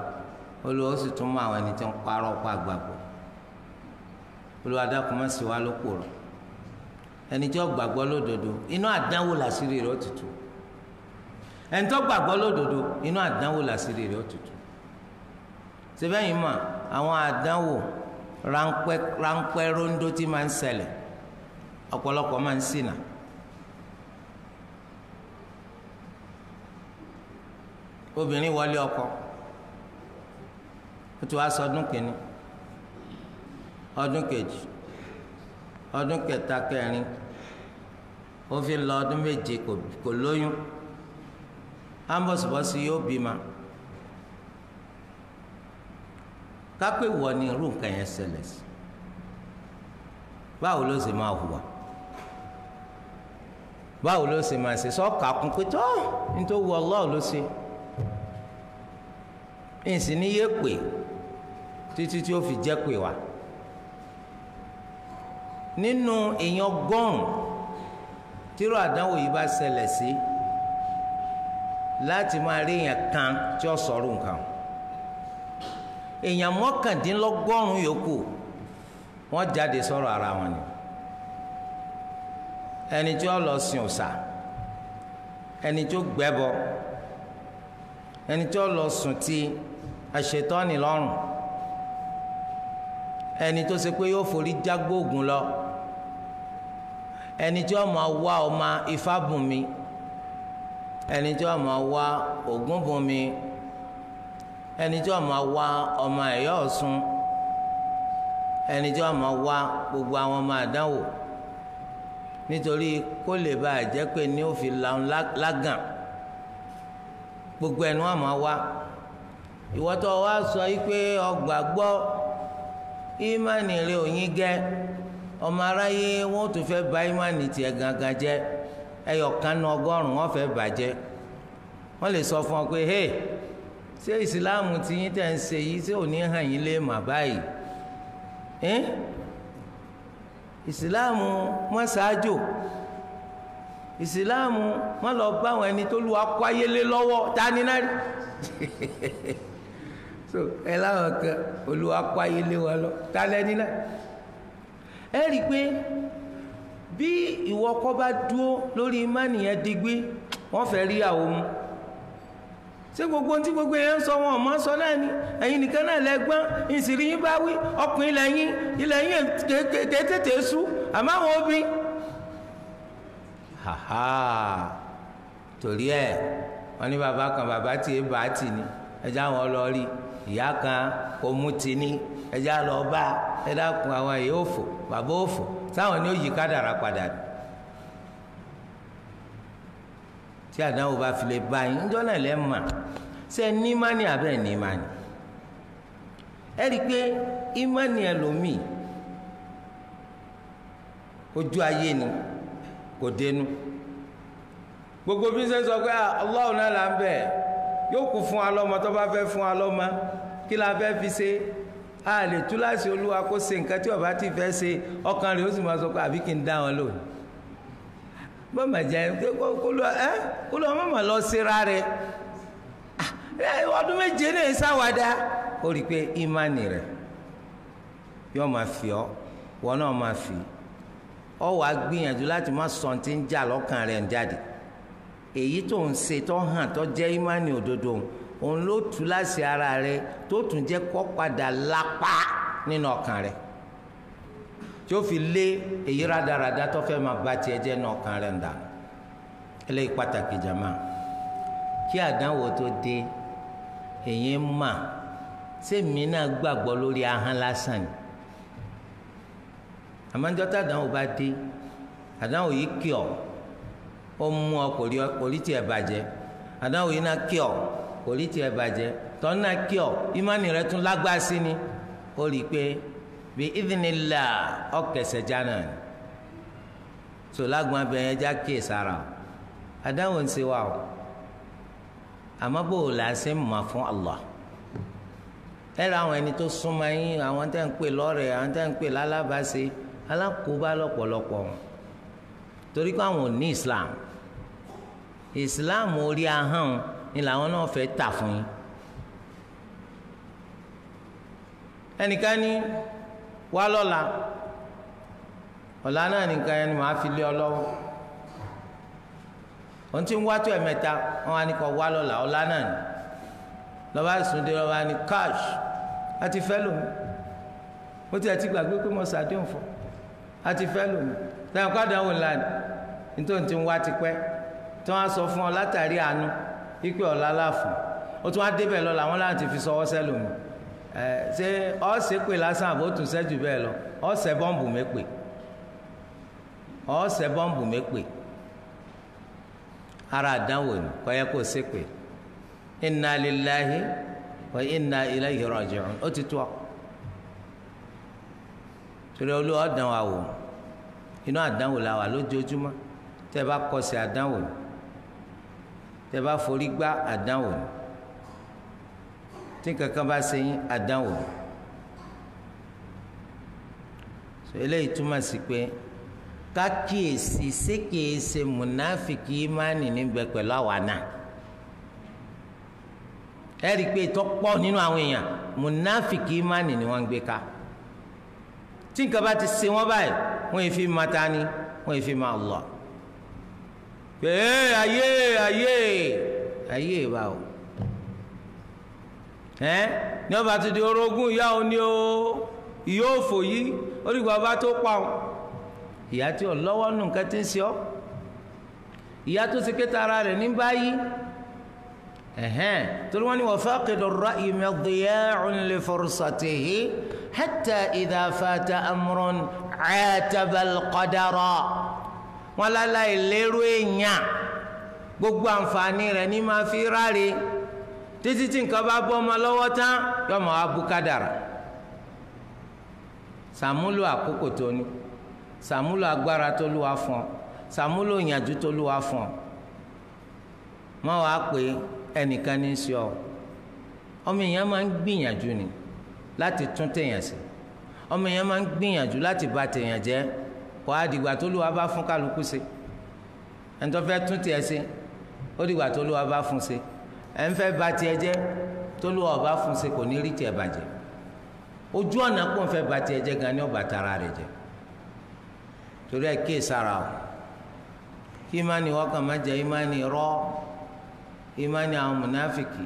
olùwà ó sì tún mọ àwọn ẹni tí wọ́n parọ́ pa gbàgbọ́ olùwà dákun má ṣì wá lóko rọ̀ ẹni tí wọ́n gbàgbọ́ lódodo inú àdánwò làṣírí rẹ̀ òtútù ẹni tó gbàgbọ́ lódodo inú àdánwò làṣírí rẹ̀ òtútù ṣe yìí mọ̀ àwọn àdánwò ránpẹ́ ránpẹ́ róńdó tí máa ń ṣẹlẹ̀ ọ̀pọ̀lọpọ̀ máa ń ṣìnà. obìnrin wọlé ọkọ ó ti wá sọ ọdún kìíní ọdún kejì ọdún kẹta kẹrin ó fi lọ ọdún méje kò lóyún ambọ̀sibọ́sí yóò bímọ. kápẹ́ wọ ni irú nǹkan yẹn ṣẹlẹ̀ sí báwo ló ṣe máa hùwà báwo ló ṣe máa ṣe sọ́ọ̀kà kún pé tó nítorí wọ ọlọ́ọ̀ ló ṣe ìsìn ní yé pè títí tí ó fi jẹ́ pè wá nínú èèyàn ọgọ́rùn-ún tíró àdánwò yìí bá ṣẹlẹ̀ sí láti máa rí èèyàn kan tí ó sọ̀rọ̀ nǹkan èèyàn mọ́kàndínlọ́gọ́rùn yòókù wọ́n jáde sọ̀rọ̀ ara wọn ni ẹni tí ó lọ sin òòṣà ẹni tí ó gbẹ́bọ ẹni tí ó lọ sùn ti àṣetọ́ni lọ́rùn ẹni tó ṣe pé yóò forí jágbóògùn lọ ẹni tí ó máa wá ọmọ ifá bùnmi ẹni tí ó máa wá ògúnbùnmi ẹni tí wọ́n máa wá ọmọ ẹ̀yọ́ ọ̀sùn ẹni tí wọ́n máa wá gbogbo àwọn ọmọ àdánwò nítorí kó lè bá a jẹ́ pé ní òfin làwọn lágàn gbogbo ẹnu àmọ́ wa ìwọ́tọ̀ wa sọ pé ọgbà gbọ́ ìmánì rẹ òyìn gẹ́ ọmọ aráyé wọn ò tún fẹ́ bà ìmánì tiẹ̀ gangan jẹ́ ẹyọ kanu ọgọ́rùn-ún wọn fẹ́ bàjẹ́ wọ́n lè sọ fún ọ pé hey ṣé ìsìláàmù tí yín tẹ̀ ń ṣe yìí ṣé ò ní hàn yín lé mà báyìí ìsìláàmù mọ́ ṣáájò ìsìláàmù mọ́ lọ bá àwọn ẹni tó lu akọ ayé lé lọ́wọ́ tani náà [laughs] so ẹ láwọn kan olùwà akọ ayé lé wọn lọ tani ẹni náà ẹ rí i pé bí ìwọ kọ́ bá dúró lórí ìmánìyàn digbí wọ́n fẹ́ rí àwọn ohun ṣé gbogbo tí gbogbo èèyàn sọ wọn ọmọ sọ náà ni ẹ̀yin nìkan náà lẹ́gbọ́n ìsìrí yín bá wí ọkùnrin lẹ́yìn ilẹ̀ yín tètè sú àmọ́ àwọn òbí. torí ẹ wọn ní bàbá kan bàbá tí ì bá tì ní ẹjẹ àwọn lọ rí ìyá kan kò mú tì ní ẹjẹ àlọ bá ẹ dákun àwọn èèyàn òfò bàbá òfò sáwọn ni ó yí kádàrá tí àdáwò bá fi lè bá yín ńjọ́ náà lẹ́ mà ṣe ní mani. abẹ́ ní mání ẹ rí i pé ìmání ẹlòmíì ojú ayé ni kò dénú gbogbo bí ṣe ń sọ pé ọlọ́run náà là ń bẹ̀ yóò kú fún alọ́mọ tó bá fẹ́ fún alọ́mọ kí la fẹ́ fi ṣe a lè túláṣì olúwa kó ṣe nǹkan tí ọba ti fẹ́ ṣe ọkàn rẹ̀ ó sì máa sọ pé àbí kí n dá wọn lónìí bó jẹ kólú ẹ ọmọ ma lọ síra rẹ ah, ọdún méje náà sáwádà ó rí i pé imani rẹ yóò máa fi ọ wọn náà máa fi ọ wàá gbìyànjú láti má sọ ti ń jà lọ́kàn rẹ ń jáde èyí tó ń ṣe tó hàn tó jẹ imani òdodo ara rẹ tó tún kó padà lápá nínú tí ó fi lé èyí rádaràda tó fẹ́ máa ba tiẹ̀ jẹ́ náà kan rẹ̀ ń dà eléyìí pàtàkì jama kí àdánwò tó dé èyí mà sẹ́mi náà gbàgbọ́ lórí ahọ́n lásán ni àmọ́jọ́ tá àdánwò bá dé àdánwò yìí kì ọ́ ó mú ọ kò rí tiẹ̀ bàjẹ́ àdánwò yìí náà kò tọ́ náà ìmánì rẹ tún lágbá sí ni ó rí bí ìdínilá ọ̀kẹsẹ̀ jánà ni so lágbọn abẹ́yẹn já kíyè sára adáwò ń ṣe wá o àmọ́ bò ó là á ṣe mọ̀ fún Allah ẹ ra àwọn ẹni tó súnmọ́ yín àwọn tẹ́ ń pè lọ́rẹ̀ẹ́ àwọn tẹ́ ń pè lálábàáṣe alákòóbá lọ́pọ̀lọpọ̀ torí pé àwọn ò ní Islam Islam orí ahọ́n ni làwọn náà fẹ́ tà fún yín ẹnìkan ní wá lọ́la ọ̀la náà nìkan yẹn ni màá fi lé ọ lọ́wọ́ òun ti ń wá tó ẹ̀mẹ́ta wọn wá ní kọ wá lọ́la ọ̀la náà ni lọ́ba ìsúndé lọ́ba ní cash àti fẹ́ lòun ó ti àti gbàgbé pé mo ṣàdéhùn fún àti fẹ́ lòun táwọn kọ́ àdánwò ńlá ni nítorí ti ń wá tipẹ́ tí wọ́n á sọ fún ọ látàrí àánú ikú ọ̀la láàfún ó tún wá débẹ̀ lọ́la wọn láti fi sọwọ́ sẹ́lòmíì ṣé ọ̀sẹ̀ pè lásán àbò tún sẹ́jú bẹ́ẹ̀ lọ ọ̀sẹ̀ bọ́ǹbù mẹ́pè ọ̀sẹ̀ bọ́ǹbù mẹ́pè ara àdánwò ni kọ́yẹ́ kó ṣépè inna lillahi wa inna ilayhi raji'un ó ti tó ọ torí olúwa ọ̀dàn wa wò inú àdánwò la wà lójoojúmọ́ tẹ́ bá kọsẹ̀ àdánwò tẹ́ bá forí gbá àdánwò ni tí kankan bá ṣe yín àdánwò so eléyìí túmọ̀ sí pé kákìyèsí ṣé kìí ṣe mùnáfìkì ìmánì níbẹ̀ pẹ̀lú àwa náà ẹ rí i pé tó pọ̀ nínú àwọn èèyàn mùnáfìkì ìmánì ni wọ́n ń gbé ká tí nǹkan bá ti ṣe wọ́n báyìí wọ́n yìí fi máa ta ni wọ́n yìí fi máa lọ. pé ayé ayé ayé báwo ẹ ní ọba tó di orogún ìyá òun ni ó ìyá òfò yìí ó dìgbà ọba tó pa òun ìyá tí ò lọ́wọ́ nù nǹkan tí ń ṣe ọ́ ìyá tó ṣe kéta ara rẹ̀ ní báyìí ẹ̀hẹ́n torí wọ́n ní wọ́n fẹ́ kéde ọ̀rọ̀ ìmẹ̀gbẹ̀yẹ́ ònlẹ̀ fọ̀rọ̀sọ̀tì yìí hẹ́tà ìdáfàtà amúrún ẹ̀ẹ́tàbẹ̀lẹ́kọ̀dárọ̀ wọn láláì lérò èèyàn gbogbo àǹfààní rẹ̀ ní máa fi ráre títí tí nǹkan bá bọ́ ọmọ lọ́wọ́ tán yọmọ abúkádàrà sàmúlò àkókò tó ní sàmúlò agbára tó lù wá fún ọ sàmúlò ìyànjú tó lù wá fún ọ mọ wàá pé ẹnìkan ní í ṣe ọ ọmọ èèyàn máa ń gbìyànjú ni láti tún tèèyàn sí ọmọ èèyàn máa ń gbìyànjú láti bà tèèyàn jẹ́ kó a tó lù wá bá fún kálukú ṣe ẹni tún tiẹ̀ ṣe ó dìgbà tó lù wá bá fún ṣe. ẹ ń fẹ́ ba tiẹ̀ jẹ́ tólú ọba fún ṣe kò ní rí tiẹ̀ bàjẹ́ ojú ọ̀nà kó ń fẹ́ ba tiẹ̀ gan ni ọba tara rẹ̀ je. torí ẹ kí sara o kí imani wọn má jẹ imani rọ imani àwọn mùnáfìkì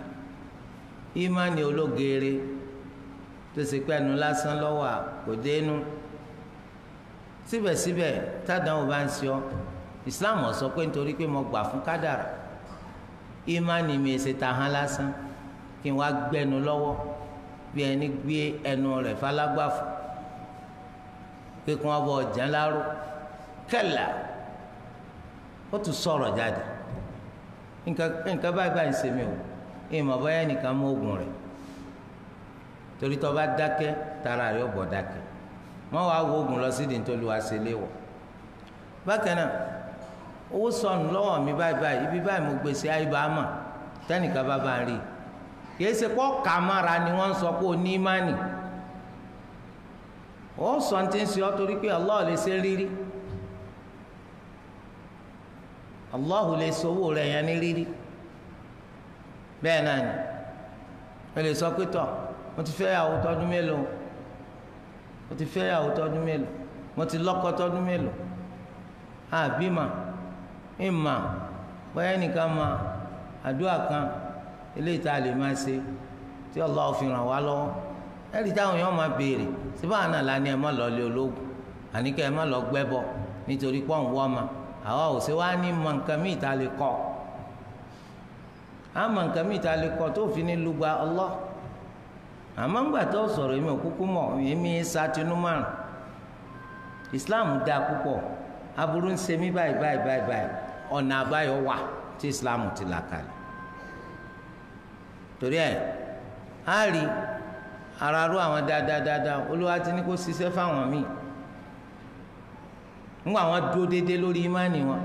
imani ológeere tó ṣe pé ẹnu lásán lọ́wọ́ kò dénú síbẹ̀síbẹ̀ tádàn ò ń ṣe ọ Islam ó sọ pé nítorí pé mo gbà fún kádàrà. Imani mi èsì ta hàn lásán kí n wá gbẹnu lọ́wọ́ bí ẹni gbé ẹnu rẹ̀ falágbàfọ̀ pé kí wọ́n bọ̀ jẹ́ láró kẹlà ó tún sọ̀rọ̀ jáde nǹkan báyìí báyìí ṣe mi o ìmọ̀ bọ́yá nìkan mú oògùn rẹ̀ torí tó bá dákẹ́ tara rẹ̀ ó bọ̀ dákẹ́ wọ́n wá wo oògùn lọ sídìí nítorí wá sí wọ̀ bákan náà. owó sọnù lọ́wọ́ mi báyìí báyìí ibi báyìí mo gbèsè àìbámọ̀ tẹ́nìkan bá bá ń rí kìí ṣe pọ́ kàmára ni wọ́n ń sọ pé o ní ìmánì ó sọ ní ti ń ṣe ọ́ torí pé Allah lè ṣe rírí Allah lè ṣe owó rẹ̀ yẹn ní rírí bẹ́ẹ̀ náà ni o lè sọ pé tọ̀ mo ti fẹ́ yàwó tọdún mélòó mo ti fẹ́ yàwó tọdún mélòó mo ti lọ́kọ tọdún mélòó àbí mà. ìmà bóyá ma àdúrà kan eléyìí tá a lè máa ṣe tí Allah fi ràn wá lọ́wọ́ ẹ̀rí táwọn èèyàn máa béèrè síbá àná la ni ẹ má lọ lé gbẹ́bọ nítorí pọ́ùn wọ́ ma àwa ò wá ní mọ nǹkan míì tá a lè kọ́ nǹkan míì tá a lè kọ́ tó fi ní lùgbà àmọ́ ńgbà tó sọ̀rọ̀ èmi ò kúkú mọ̀ èmi sa tinú márùn Islam dáa púpọ̀ aburú ń ṣe mí báyìí ọ̀nà àbáyọ wà tí islam ti là kalẹ̀ torí ẹ̀ á rí ara rú àwọn dáadáa olúwa ti ní kó ṣiṣẹ́ fáwọn míì ńgbà wọn dúró déédéé lórí imáàní wọn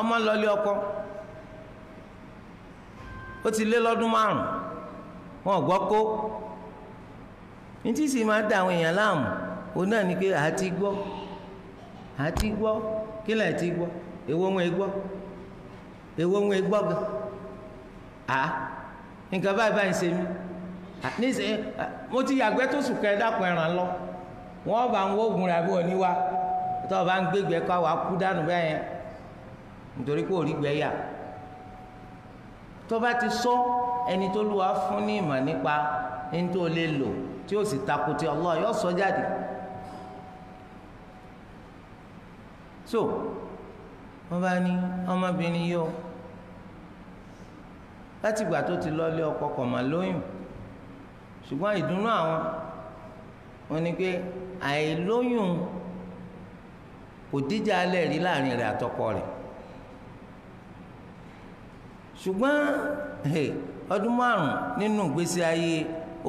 ọmọ lọlé ọkọ ó ti lé lọ́dún márùn wọn gbọ́ kó ní da àwọn èèyàn láàmú òun náà ni pé gbọ́ ti gbọ́ kílẹ̀ ti gbọ́ èwo wọn gbọ́ m gan A nǹkan báyìí báyìí ṣe mí níṣẹ́ mo ti yàgbẹ́ tó sùn kẹ́ dákun ẹ̀ràn lọ wọ́n bá ń wóògùn rẹ̀ àbí wọ́n tó o bá ń gbégbé kọ́ ti sọ ẹni tó lù wá fún ní ìmọ̀ nípa ní tó lè lò tí sì sọ jáde. so wọ́n bá ní ọmọbìnrin yìí o láti ìgbà tó ti lọ́lé ọkọ kọ̀ mà lóyún ṣùgbọ́n ìdùnnú àwọn wọ́n ní pé àìlóyún kò díjà alẹ́ rí láàrin rẹ̀ àtọkọ rẹ̀ ṣùgbọ́n ọdún márùn nínú ìgbésí ayé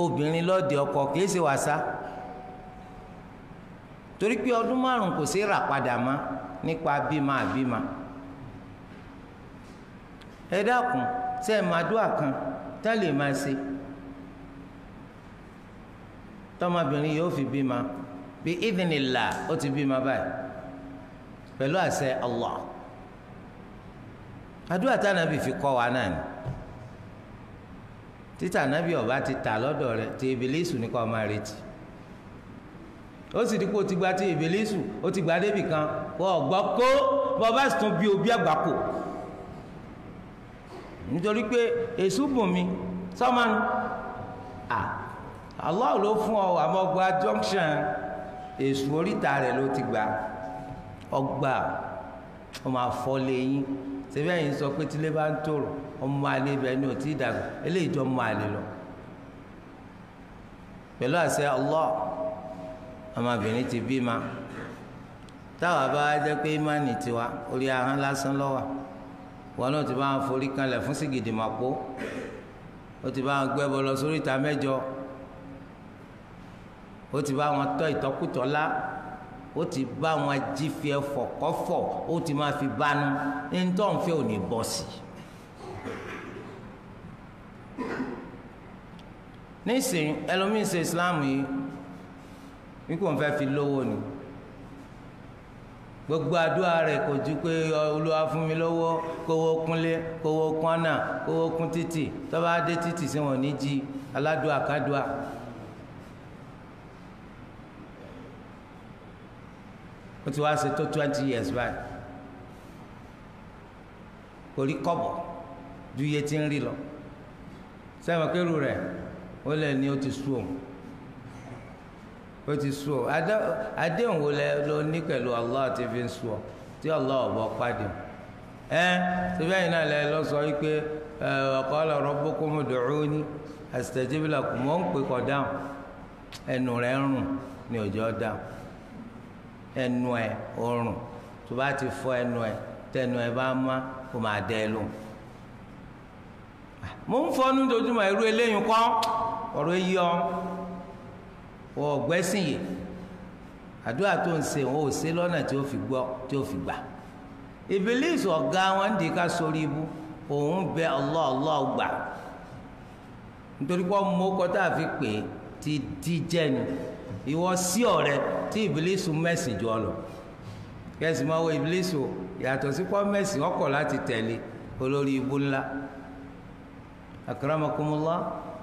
obìnrin lọ́ọ̀dẹ̀ ọkọ kìí ṣe wàsá torí pé ọdún márùn kò sí rà padà nípa bímọ àbímọ ẹ dákun ṣe é máa dúà kan tá lè máa ṣe tọmọbìnrin yóò fi bímọ bí idinilá ó ti bímọ báyìí pẹ̀lú àṣẹ Allah àdúrà tá nàbì fi kọ́ wa náà ni títà nàbì ọba ti tà lọ́dọ̀ rẹ̀ ti ìbílísù ní kọ́ máa retí ó sì dípò ti gba ti ìbílísù ó ti gba débì kan wọ́n gbọ́ kó bọ́ bá sì tún bí obi àgbákò nítorí pé èṣù bùn mi sọ́mọ́nu à Allah ló fún ọ àmọ́ gba junction èṣù oríta rẹ̀ ló ti gbà ọgbà ọmọ àfọlẹ̀ yín sẹ́fẹ́ yìí sọ pé tílé bá ń tòrò ọmọ àlè ibẹ̀ ni ò tí ì dàgbà eléyìí jọ ọmọ àlè lọ pẹ̀lú àṣẹ Allah ọmọbìnrin ti bí ma táwa bá jẹ́ pé ìmánì tiwa orí ahọ́n lásán lọ́wà wọn náà ti bá wọn forí kanlẹ̀ fún sìgìdì màpó ó ti bá wọn gbẹ́bọ lọ sórí ìta mẹ́jọ ó ti bá wọn tọ́ ìtọ́kùtọ́ lá ó ti bá wọn jí fi ẹfọ̀ kọ́fọ̀ ó ti máa fi bánu ní tó ń fẹ́ ò ní bọ́ sí i. nísìnyí ẹlòmíín ṣe Islam yìí wípé òun fẹ́ fi lówó ni gbogbo àdúrà rẹ̀ kò ju pé olúwa fún mi lọ́wọ́ kówó kúnlé kówó kúnánà kówó kún títì tọ́ba dé títì sí wọn ní jí aládùá kádùá. ó ti wá ṣe tó twenty years báyìí kò rí kọ́bọ̀ ju iye tí ń rí lọ sẹ́wọ̀n kérù rẹ̀ ó lè ní ó ti sú òun ó ti sú ọ àdéhùn wo lẹ lọ ní pẹ̀lú Allah ti fi ń sú ọ tí Allah ọ̀bọ pàdé ẹ síbẹ̀ yìí náà lẹ lọ sọ wípé qala rabbukum ud'uni astajib lakum mọ̀ ń pè kọ̀ dáhùn ẹnu rẹ̀ ń rùn ní ọjọ́ dáhùn ẹnu ẹ̀ òórùn tó bá ti fọ ẹnu ẹ̀ tẹnu ẹ̀ bá má kó máa dẹ́ ẹ lóhùn ah, mo ń fọnú dojúmọ̀ irú eléyìí kọ́ ọ̀rọ̀ eyí ọ wọ́n ọ̀gbẹ́sìn yìí àdúrà tó ń ṣe wọn ò ṣe lọ́nà tí ó fi gbọ́ tí ó fi gbà ìbílísì ọ̀gá wọn di ká sórí ibú òun bẹ gbà nítorí pé ọmọ tá a fi pè é ti di jẹni ìwọ sí ọ̀rẹ́ tí ìbílísì mẹ́sì jọ lọ máa wọ yàtọ̀ sí pọ́ ọkọ̀ láti tẹ̀lé olórí ńlá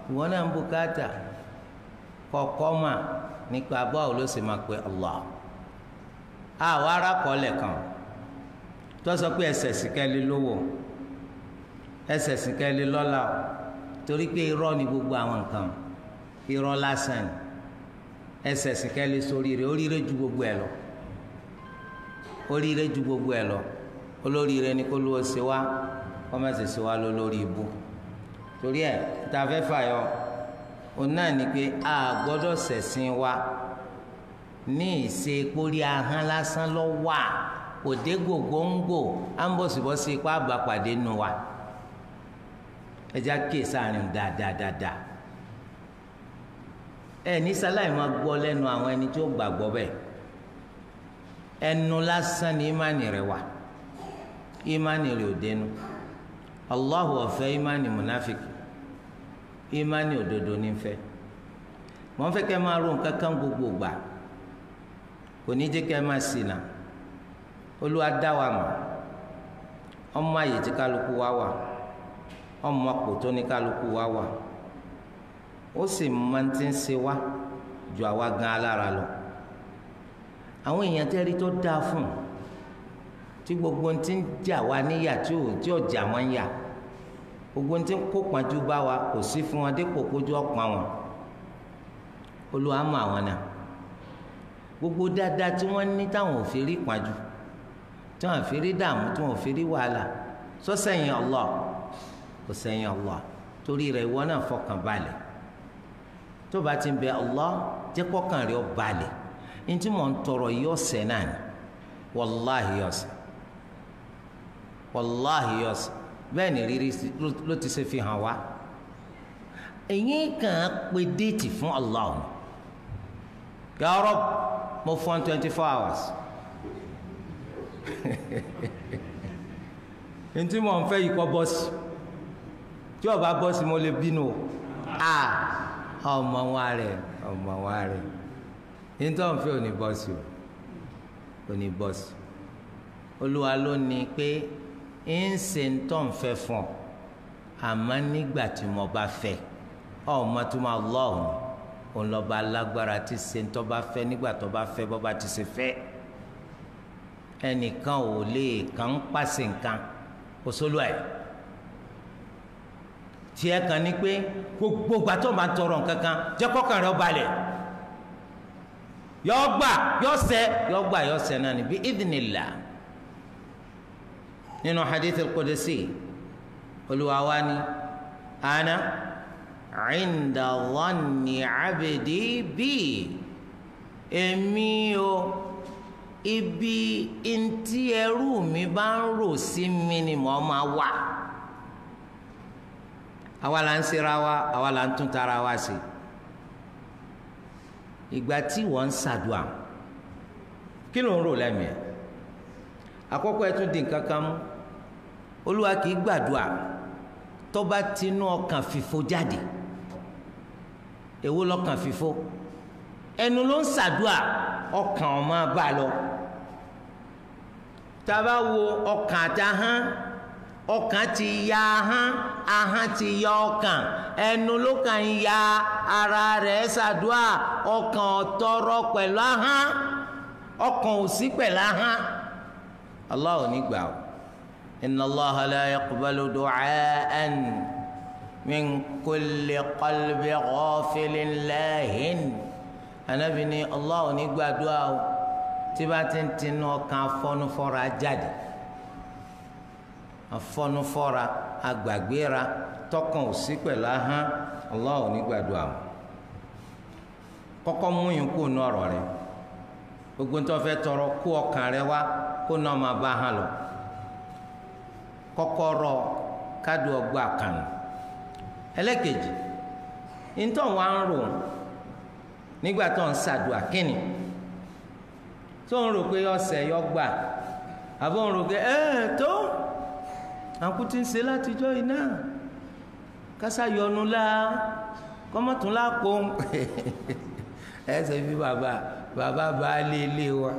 ìwọ náà kọ́kọ́ mà nípa báwo ló sì máa pe Allah àwọn arákọ̀ọ́lẹ̀ kan tó sọ pé ẹsẹ̀ sìkẹ́lì lówó ẹsẹ̀ sìkẹ́lì lọ́lá torí pé irọ́ ni gbogbo àwọn nǹkan irọ́ lásán ẹsẹ̀ sìkẹ́lì sóríire oríire ju gbogbo ẹ̀ lọ oríire ju gbogbo ẹ̀ lọ olóríire ni kó lówó ṣe wá kọ́mẹ́sì ṣe wá lólórí ibú torí ẹ̀ tá a fẹ́ fà yọ. ona ni pé a gbọdọ sẹsin wa ní ìṣe pórí ahọ́n lásán lọ wà òde gògóńgò à ń bọ̀sibọ́sí ipá àgbàpàdé nu wa ẹja kíyè sáàrin dáadáadáa ẹ ní sáláì máa gbọ́ lẹ́nu àwọn ẹni tó gbàgbọ́ bẹ́ẹ̀ ẹnu lásán ni ìmánì rẹ wà ìmánì rẹ ò dénú Allahu ọ̀fẹ́ ìmánì monafik. ìmánì òdodo ní fẹ́ mọ̀ ń fẹ́ kẹ́ máa ro nǹkan kan gbogbo gbà kò ní jẹ́ kẹ́ máa ṣìnà olúwa dá wa mọ̀ ọmọ àyè tí kálukú wa wà ọmọ àpò tó ní kálukú wa wà ó sì máa ti ń ṣe wá ju àwa gan alára lọ àwọn èèyàn tẹ́rí tó dáa fún tí gbogbo ti ń jà wá níyà tí ò jà wọ́n ń yà gbogbo ní tí kó pọ́njú bá wa kò sí fún wọn dípò kójú ọ̀pọ̀ wọn olúwa mọ̀ àwọn náà gbogbo dáadáa tí wọ́n ní táwọn ò fi rí pọ́njú tí wọ́n fi rí dààmú tí wọ́n fi rí wàhálà sọ́sẹ̀yìn Allah kò sẹ́yìn Allah torí rẹ̀ ìwọ náà fọkàn balẹ̀ tó bá ti ń bẹ Allah jẹ́ kọ́kàn rẹ̀ ọ balẹ̀ ní tí mò ń tọrọ yìí ọ̀sẹ̀ náà ni wàláhì ọ̀sẹ̀ wàláhì ọ̀sẹ̀ bẹ́ẹ̀ ni rírí ló ti ṣe fi hàn wá èyí kàn pé déètì fún Allah ya Rabb mo fọ́n twenty four hours [laughs] ntí mò ń fẹ́ yìí kọ́ bọ́ọ̀sì tí ọba bọ́ọ̀sì mo lè bínú a ọmọ wa rẹ̀ ọmọ wa rẹ̀ ntí mò ń fẹ́ òní bọ́ọ̀sì òní bọ́ọ̀sì olúwa ló ní pé ń ṣe ń tọ́ ń fẹ́ fún ọ àmọ́ nígbà tí mo bá fẹ́ ọ mọ tó máa lọ ọ̀hún òun lọ́ba alágbára ti ṣe ń tọ́ bá fẹ́ nígbà tó bá fẹ́ bọ́ bá ti ṣe fẹ́ ẹnìkan ò lè kàn ń pàṣẹ nǹkan kò sólù àyè tiẹ̀ kan ní pé gbogbo ìgbà tó máa tọrọ nǹkan kan jẹ́ kọ́kàn rẹ̀ balẹ̀ yọ gbà yọ sẹ yọ gbà yọ sẹ náà nínú hadith al-Qudsi Olúwa wa ni ana inda dhanni abdi bi èmi o ibi ntí ẹrú mi bá ń rò sí mi ni mo máa wà àwa là ń ṣera wa àwa là ń tún tara wa sí ìgbà tí wọ́n ń ṣàdúà kí ló ń rò lẹ́mìí àkọ́kọ́ ẹ tún di nǹkan kan mú olúwa kì í gbàdúrà tó bá tinú ọkàn fìfo jáde èwo lọ́kàn fìfo ẹnu ló ń ṣàdúà ọkàn ọ̀ máa bá lọ tàbá wo ọkàn àtàhán ọkàn ti ya ahán ahán ti ya ọkàn ẹnu ló kàn ń ya ara rẹ̀ ṣàdúà ọkàn ọ̀tọ̀rọ̀ pẹ̀lú ahán ọkàn òsì pẹ̀lú ahán Allah ní gbà o إن الله لا يقبل دعاء من كل قلب غافل لاهن Ànábì ní Allah ò ní gba àdúà o tí bá ti ń tinú ọkàn afọnufọ́ra jáde afọnufọ́ra agbàgbéra tọkàn ò sí pẹ̀lú ahọ́n Allah ò ní gba àdúà o kọ́kọ́ múyìn kú nù ọ̀rọ̀ rẹ gbogbo ń tọ́ fẹ́ tọrọ kó ọkàn rẹ wá kó náà máa bá ahọ́n lọ kọ́kọ́rọ́ káàdì ọgbà àkànù ẹlẹ́kejì ntọ́ wa ń rò nígbà tó ń ṣàdùà kínni tó ń rò pé ọ̀sẹ̀ yọ gbà àbọ̀ ń rò pé ẹ̀ tó àkú ti ń ṣe látijọ́ yìí náà kásá yọnu la kọ́mọ́tún la kó [laughs] ẹ ṣe fi bàbá bàbá baálé ilé wa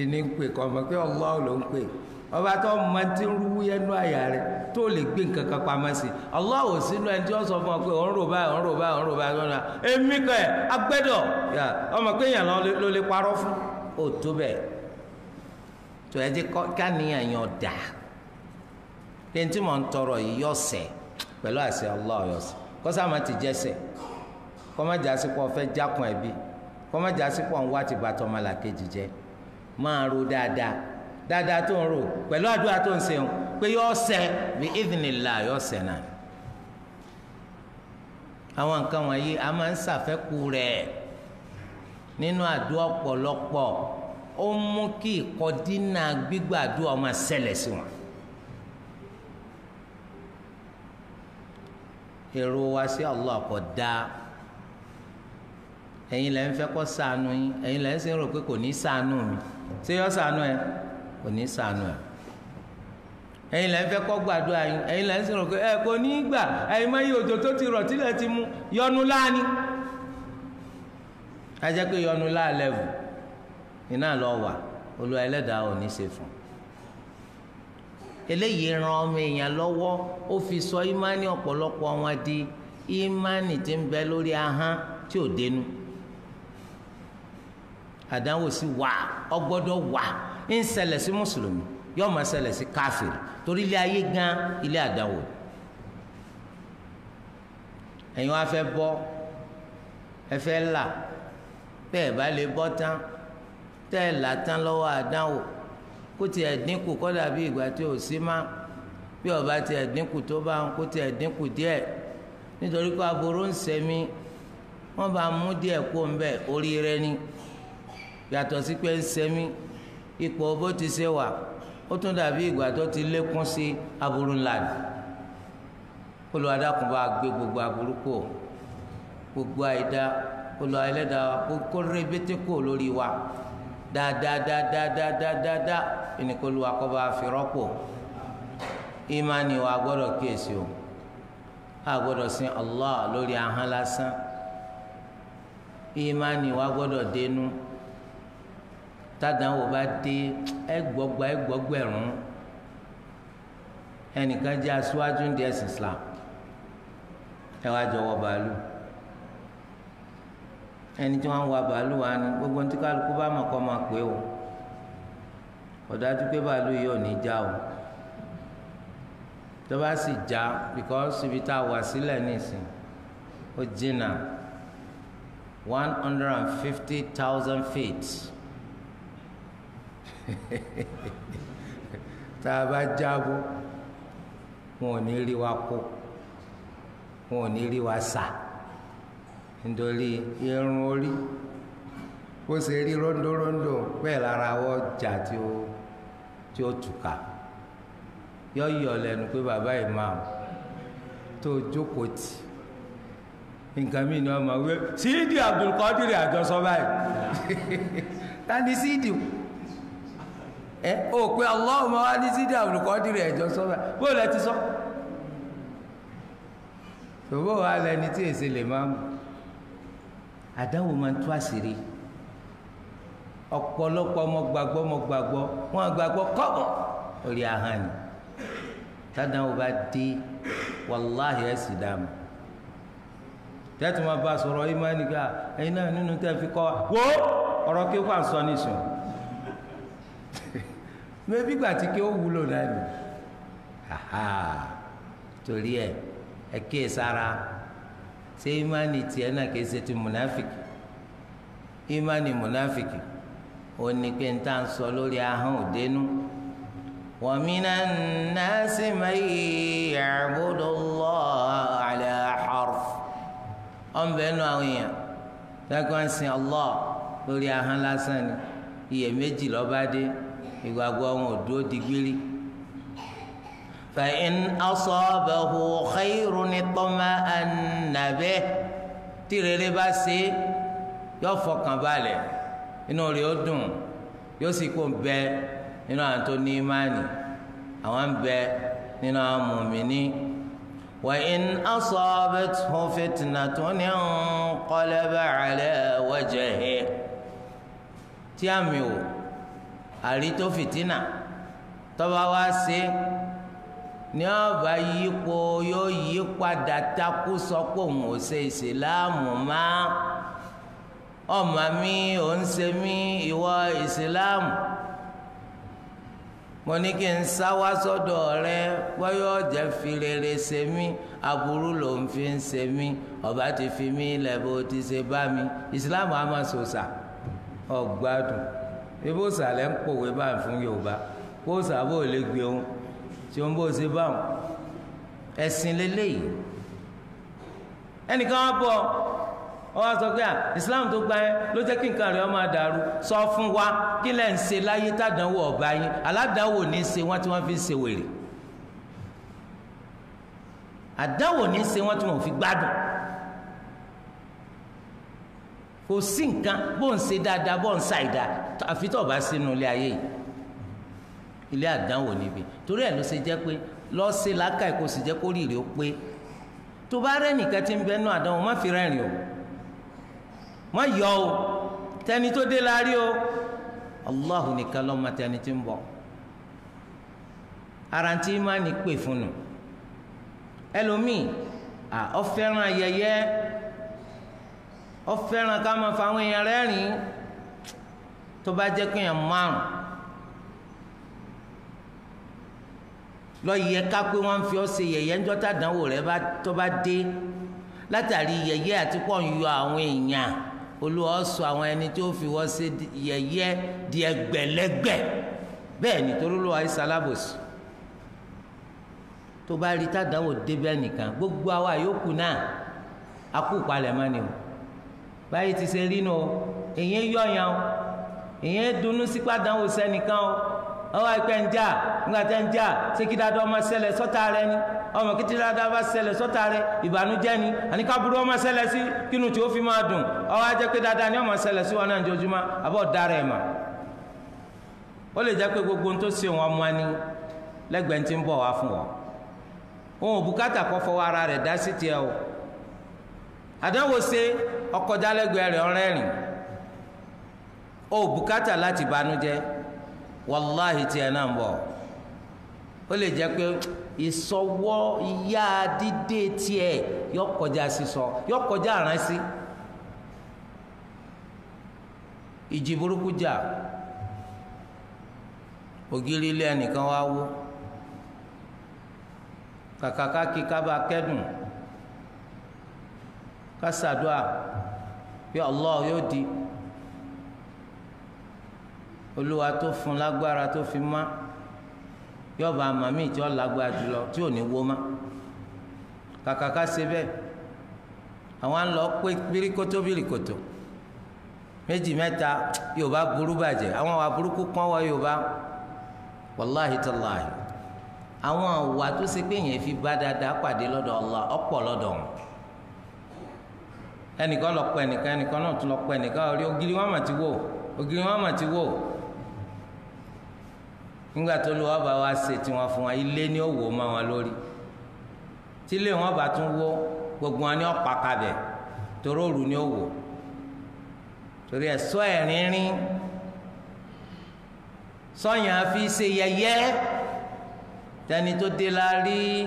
ìní pè kọ́mọ pé ọlọ́ọ̀ ló ń pè ọba tó mọ tí ń rúwú yẹnu àyà rẹ tó lè gbé nǹkan kan pamọ́ sí Allah ò sínú ẹni tí wọ́n sọ fún ọ pé òun rò báyìí òun rò báyìí òun rò báyìí òun rò báyìí èmi kọ ẹ agbẹ́dọ̀ ọmọ pé èèyàn ló lè parọ́ fún ò tó bẹ́ẹ̀ tó ẹ jẹ́ káníyàn yàn dà pé tí mò ń tọrọ yìí yọ sẹ̀ pẹ̀lú àṣẹ Allah yọ sẹ̀ kọ́sá máa ti jẹ́sẹ̀ kọ́mọ́jà sípò ọ̀fẹ́ jákun ẹ̀bí kọ́mọ́jà sípò dáadáa tó ń rò pẹ̀lú àdúrà tó ń ṣeun pé yọ ṣẹ bí ìdìnnìlà yọ ṣẹ náà àwọn nǹkan wọ̀nyí a máa ń ṣàfẹ́kù rẹ̀ nínú àdúrà ọ̀pọ̀lọpọ̀ ó mú kí ìkọdínà gbígbàdúrà máa ṣẹlẹ̀ sí wọn. èrò wa sí Allah kò dáa ẹ̀yin lẹ fẹ́ kó ṣàánú yín ẹ̀yin rò pé kò ní ṣàánú mi ṣé yọ ẹ̀. òní sànù ẹ̀ ẹ̀yin lẹ́yìn fẹ́ kọ́ gbàdúrà yín ẹ̀yin lẹ́yìn sọ̀rọ̀ pé ẹ̀ kò ní í gbà ẹ̀yin mọ́ iye òjò tó ti rọ̀ tílẹ̀ ti mú yọnu láàánú ajẹ́ pé yọnu láàlẹ́vù iná lọ wà olúwa ẹlẹ́dàá ò ṣe fún eléyìí ran ọmọ èèyàn lọ́wọ́ ó fi sọ ìmánì ọ̀pọ̀lọpọ̀ wọn di ìmánì tí ń bẹ lórí ahọ́n tí ò dénú àdánwò sí wà ọgbọ́dọ̀ wà. ń ṣẹlẹ̀ sí mùsùlùmí yóò máa ṣẹlẹ̀ sí káfíìrì torí ilé ayé gan ilé àdánwò ẹ̀yin wá fẹ́ bọ́ ẹ fẹ́ là tẹ́ ẹ̀ bá lè bọ́ tán tẹ́ ẹ̀ là tán lọ́wọ́ àdánwò kó tiẹ̀ dínkù kọ́dà bí ìgbà tí ò sí má bí ọba tiẹ̀ dínkù tó bá ń kó tiẹ̀ dínkù díẹ̀ nítorí pé aburú ń sẹ́mi wọ́n bá mú díẹ̀ kó ń bẹ̀ oríire ni yàtọ̀ sí pé ń sẹ́mi ipò bó ti ṣe wà ó tún dàbí ìgbà tó ti lékún sí aburú ńlá ni olùwàdàkùn bá gbé gbogbo aburú kò gbogbo àìda olùwà ẹlẹ́dàá kó rébété kò lórí wa dáadáadáadáadáadáa ìníkolu akọba àfirọ́pò ìmánì wa gbọ́dọ̀ kíyèsí o a gbọ́dọ̀ sin Allah lórí ahọ́n lásán ìmánì wa gbọ́dọ̀ dénú tádàáwò bá dé ẹgbọgba ẹgbọgbẹrún ẹnìkan jẹ́ aṣíwájú ní ẹ̀sìn Islam ẹ wá jọ wọ bàálù ẹni tí wọ́n ń wa bàálù wa ni gbogbo ní tí kálukú bá mọ̀ kọ́ máa pé o ọ̀dájú pé bàálù yìí ò ní já o tó bá sì já because ibi tá a wà sílẹ̀ nìsín ó jìnnà one hundred and fifty thousand feet. [laughs] tá a bá jábọ́ wọn ò ní rí wa kó wọn ò ní rí wa sà nítorí irun orí bó ṣe rí rọ́ńdọ́rọ́ńdọ́ bẹ́ẹ̀ lára wọ́n jà tí ó tí ó tùkà yọ̀yọ̀ lẹ́nu pé bàbá imam tó jókòó tì nǹkan mi ni wọ́n máa wé sídìí Abdulkadir àjọsọ báyìí [laughs] tani sídìí. ẹ o pé Ọlọ́run máa wá ní sídìí àbùkọ́ dìrẹ̀ ẹ̀jọ́ sọ́ra bó lẹ ti sọ tòbó wa lẹni tí èsì lè máa mú àdáwò máa ń tú àṣírí ọ̀pọ̀lọpọ̀ ọmọ gbàgbọ́ ọmọ gbàgbọ́ wọn gbàgbọ́ kọ́bọ̀ orí ahọ́n ni tádàwọ̀ bá dé wàláhì ẹ̀ sì dá mi tẹ́tù máa bá sọ̀rọ̀ ìmánìkà ẹ̀yin náà nínú tẹ́ fi kọ́ wo ọ̀rọ̀ kí wọ́n sọ mẹbí gbà tí kí ó wúlò náà nù torí ẹ ẹ kíyè sára ṣé ìmánì tiẹ̀ náà kìí ṣe ti munafiki imani munafiki ó ní pé ń tà ń sọ lórí ahọ́n òdenu. ومن الناس من يعبد الله على حرف أم بأنه أويا لكن الله قل يا هلا سني iyèméjì lọ́ba dé ìgbàgbọ́ wọn ò dúró digbírí. fa'in asabahu khayrun itma'anna bih tí rere bá ṣe yóò fọkàn balẹ̀ inú rẹ̀ ó dùn yóò sì kó bẹ nínú àwọn tó ní imáàní àwọn ń bẹ nínú àwọn mùmíní. وإن أصابته فتنة انقلب على وجهه tí àmì ò àrító fìtínà tọ́ba wá sí ní ọba yípo yóò yí padà takú sọ òun ò ṣe ìsìláàmù má ọmọ mi ò ń ṣe mí ìwọ ìsìláàmù mo ní kí n sáwá sọ́dọ̀ rẹ bọ́yọ̀ ọ̀jẹ̀ fi rere ṣe mí aburú ló ń fi ń ṣe mí ọba ti fi mí lẹ̀ bó ti ṣe bá mi ìsìláàmù á máa sòsà. So ọgbádùn ibo sàlẹ̀ ń pòwe báyìí fún yorùbá kó sàbò lè gbé ohun tí ó ń bò sí báwọn ẹ̀sìn lélẹ́yìí ẹnìkan wá bọ̀ ọ wá sọ pé à islam tó gba yẹn ló jẹ́ kí nǹkan rẹ̀ ó máa dàrú sọ fún wa kí lẹ́ ń ṣe láyé tàdánwò ọ̀bá yín aládàáwò ní í ṣe wọ́n tí wọ́n fi ń ṣe wèrè àdáwò ní í ṣe wọ́n tí wọ́n fi gbádùn kò sí nǹkan bó ń ṣe dáadáa bó ń ṣàìdá àfi tó o bá sínú ilé ayé yìí ilé àdánwò níbi torí ẹ̀ ló ṣe jẹ́ pé lọ́ọ́ ṣe làákàyè kó sì jẹ́ kó rírì ó pé tó bá rẹ́ nìkan tí ń bẹ nú àdánwò má fi rẹ́rìn o má yọ̀ o tẹni tó dé láàrí o Allahu nìkan ló mọ̀ tẹni tí ń bọ̀ ara ti má ní pè fún un ẹlòmíì ọ̀fẹ́ràn ayẹyẹ ó fẹ́ràn ká máa fa àwọn èèyàn rẹ́rìn tó bá jẹ́ pé èèyàn márùn lọ yẹ ká pé wọ́n ń fi ọ́ ṣe yẹ̀yẹ́ ńjọ́ tàdánwò rẹ tó bá dé látàrí yẹ̀yẹ́ àti pọ̀ ń yọ àwọn èèyàn olúwa sọ àwọn ẹni tó fi wọ́n ṣe yẹ̀yẹ́ di ẹgbẹ̀lẹ́gbẹ̀ bẹ́ẹ̀ nítorí olúwa ìsàlábòsì tó bá rí tàdánwò débẹ̀ nìkan gbogbo àwa yòókù náà a palẹ̀ mọ́ o. báyìí ti ṣe rí nu o èyí yọ̀yàn o èyí dùnnú sípà dánwò sẹ́nìkan o ọwọ́ ẹgbẹ́ ń jà ńgbà tẹ́ ń jà ṣé ọmọ ni ọmọ ọmọ rẹ ni àní kábúrú ọmọ sí kínú fi máa dùn ọwọ́ ajẹ́ pé dáadáa ni ọmọ ṣẹlẹ̀ sí wọn náà dára ó lè gbogbo tó ṣe wọn ti ń wá fún wọn o àdánwò ṣe ọkọjálẹ́gbẹ̀ẹ́ rẹ̀ ọ̀rẹ́rìn o bukata láti banújẹ́ wàláhì tiẹ̀ náà ń bọ̀ ó lè jẹ́ pé ìsọwọ́ ìyá dídé tiẹ̀ yọ kọjá sísọ yọ kọjá àránsí ìjì burúkú jà ògiri ilé ẹnìkan wá wó kàkàkà kí ká bá ká a, Allah yóò di olúwa tó fún lágbára tó fi má yóò bá màmí tí ó lágbára jùlọ tí ò ní wó má kàkà ká ṣe bẹ́ẹ̀ àwọn ń lọ pé méjì mẹ́ta yorùbá burú bàjẹ́ àwọn àwa burúkú kán wọ yorùbá wàláhi tàláhi fi bá dáadáa pàdé lọ́dọ̀ ọ̀pọ̀ lọ́dọ̀ wọn. ẹnìkan lọ pọ ẹnìkan ẹnìkan náà tún lọ pọ ẹnìkan orí ògiri wọn mà ti wò ògiri wọn mà ti wò nígbà tó lu ọba wa ṣe tiwọn fún wa ilé ni ó wò ó mọ wọn lórí tílé wọn bá tún wó gbogbo wọn ni ó pa kabẹ torí òru ni ó wò torí ẹ sọ ẹrínrín sọyìn àfi ṣe yẹ̀yẹ́ tẹni tó dé la rí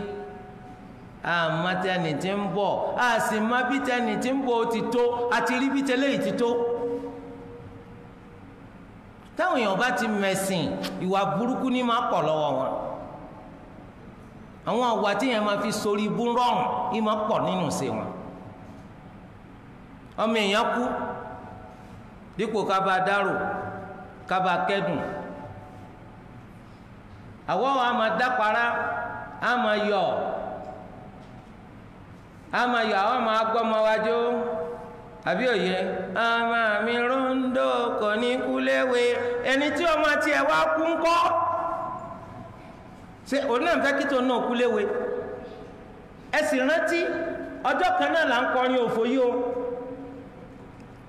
àmọ́tẹ́ni tí ń bọ̀ a sì mọ bí tẹ́ni tí ń bọ̀ ó ti tó àti rí bí tẹ́lẹ̀ yìí ti tó táwọn èèyàn bá ti mẹ̀sìn ìwà burúkú ní máa pọ̀ lọ́wọ́ wọn àwọn àwa tí yẹn máa fi sórí ibú rọrùn ní máa pọ̀ nínú ṣe wọn ọmọ èèyàn kú dípò ká dárò ká bá àwọ̀ wa máa dápara á máa yọ̀ ọ́. a máa yọ àwọn máa gbọ́ ọmọ wa jó àbí òye mi rondo kò ní kú léwe ẹni tí ọmọ tiẹ̀ wá kú ń kọ́ ṣe òun náà fẹ́ kí tó náà kú léwe ẹ sì rántí ọjọ́ kan náà là ń kọrin òfò yìí o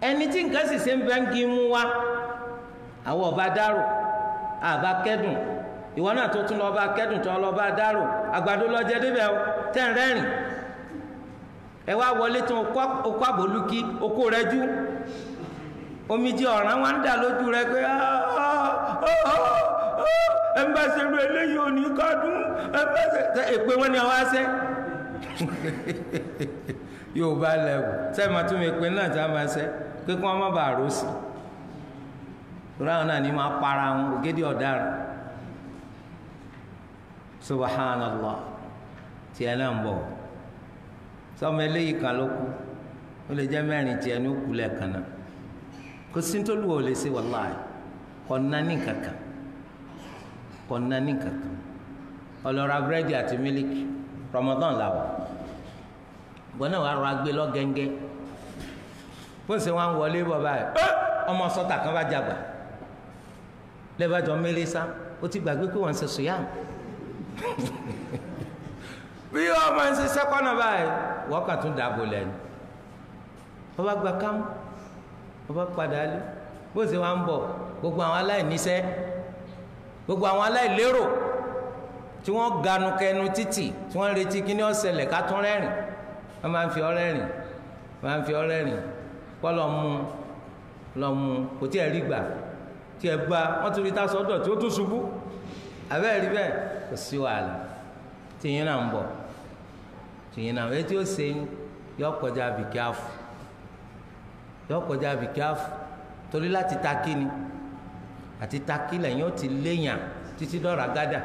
ẹni tí nǹkan sì ṣe ń ń gi mú wa àwọn ọba dárò àbá kẹ́dùn ìwọ náà tó tún lọ́ọ́ bá kẹ́dùn tó lọ́ọ́ bá dárò àgbàdo ń ẹ wá wọlé tí okó àbòlúkí okó rẹ jú omijì ọ̀ràn wá ń dà lójú rẹ pé ẹ bá ṣe òní kádùn ẹ èpè wọn ni ọwọ́ ṣe yóò bá lẹ́wù máa tún mi pé náà tá a máa ṣe pé kí wọ́n má bàa rò sí ráwọn náà ni máa para wọn ògèdè ọ̀daràn subhanallah tiẹ̀ náà ń bọ̀. sọmọ eléyìí kan ló kú ó lè jẹ́ mẹ́rin tiẹ̀ ní òkú lẹ́ẹ̀kan náà kò sí tó lù ọ́ lè ṣe wàláì kọ̀ọ̀nà ní kankan kọ̀ọ̀nà ní kankan ọlọ́ra búrẹ́dì àti mílíkì Ramadan làwọ̀ bọ́n náà wàá rọ agbé lọ́gẹ́ngẹ́ bó ṣe wá ń wọlé bọ̀ báyìí ọmọ sọ́tà kan bá jàgbà lẹ́bàjọ́ mélé sá ó ti gbàgbé pé wọ́n ń ṣe sùyàmù. [laughs] bí wọ́n máa ń ṣiṣẹ́ kọ́nà báyìí wọ́n kàn tún dàgbò lẹ́nu wọ́n bá gba kámú wọ́n bá padà lé bó ṣe wá ń bọ̀ gbogbo àwọn aláìníṣẹ́ gbogbo àwọn aláìlérò tí wọ́n ganu kẹnu títì tí wọ́n retí kí ni ó ṣẹlẹ̀ ká tún rẹ́rìn wọ́n máa ń fi ọ̀rẹ́ rìn wọ́n máa ń fi ọ̀rẹ́ rìn kọ́ lọ mú lọ mú kò tí ẹ̀ rí gbà tí ẹ bá wọ́n tún rí tásọ̀dọ̀ tí ó tún ṣubú àbẹ́ẹ̀ bẹ́ẹ̀ kò sí wàhálà tí yín náà ń bọ̀ tìyìn náà etí ó ṣe yọ kọjá bìkíáfù yọ kọjá bìkíáfù torí láti ta kíni àti ta kí lẹ́yìn ó ti léyàn títí dọ́ra gádà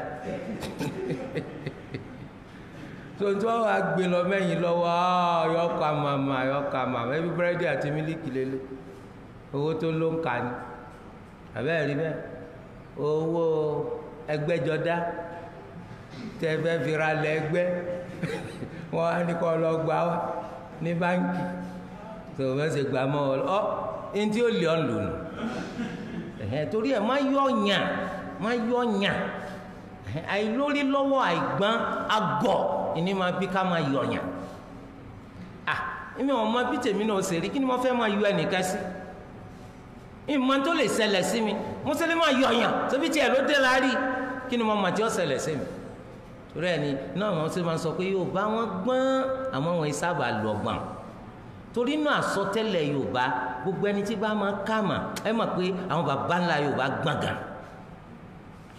tó ń tọ́ wa gbé lọ mẹ́yìn lọ́wọ́ yọ ọkọ àmàmà yọ ọkọ àmàmà ẹbí búrẹ́dì àti mílíkì lélẹ̀ owó tó ló ń kà ní àbẹ́ẹ̀ rí bẹ́ẹ̀ owó ẹgbẹ́jọdá tẹ́ fẹ́ fi ra lẹ́gbẹ́. [laughs] wọ́n á ní kọ́ lọ gbà ọ́ ní báńkì tó o fẹ́ ṣe gbà mọ́ ọ ọ́ ẹni tí ó lè ọ́ lò nù torí ẹ̀ má yọ̀ yàn má yọ̀ yàn àìlórí lọ́wọ́ àìgbọ́n agọ̀ ìní máa bí ká máa yọ̀ yàn èmi ò mọ bí tèmi náà ṣe rí kí ni mo fẹ́ máa yọ ẹnìkan sí ìmọ̀ tó lè ṣẹlẹ̀ sí mi mo ṣe lè tóbi tí ẹ̀ ló dé láárí kí ni mo mà tí ó ṣẹlẹ̀ sí mi torí ẹ ni iná àwọn ṣe máa ń sọ pé Yorùbá wọn gbọ́n àmọ́ wọn sábà lọ gbọ́n torí inú àsọtẹ́lẹ̀ Yorùbá gbogbo ẹni tí bá máa ká mà ẹ mọ̀ pé àwọn bàbá ńlá Yorùbá gbọ́n gan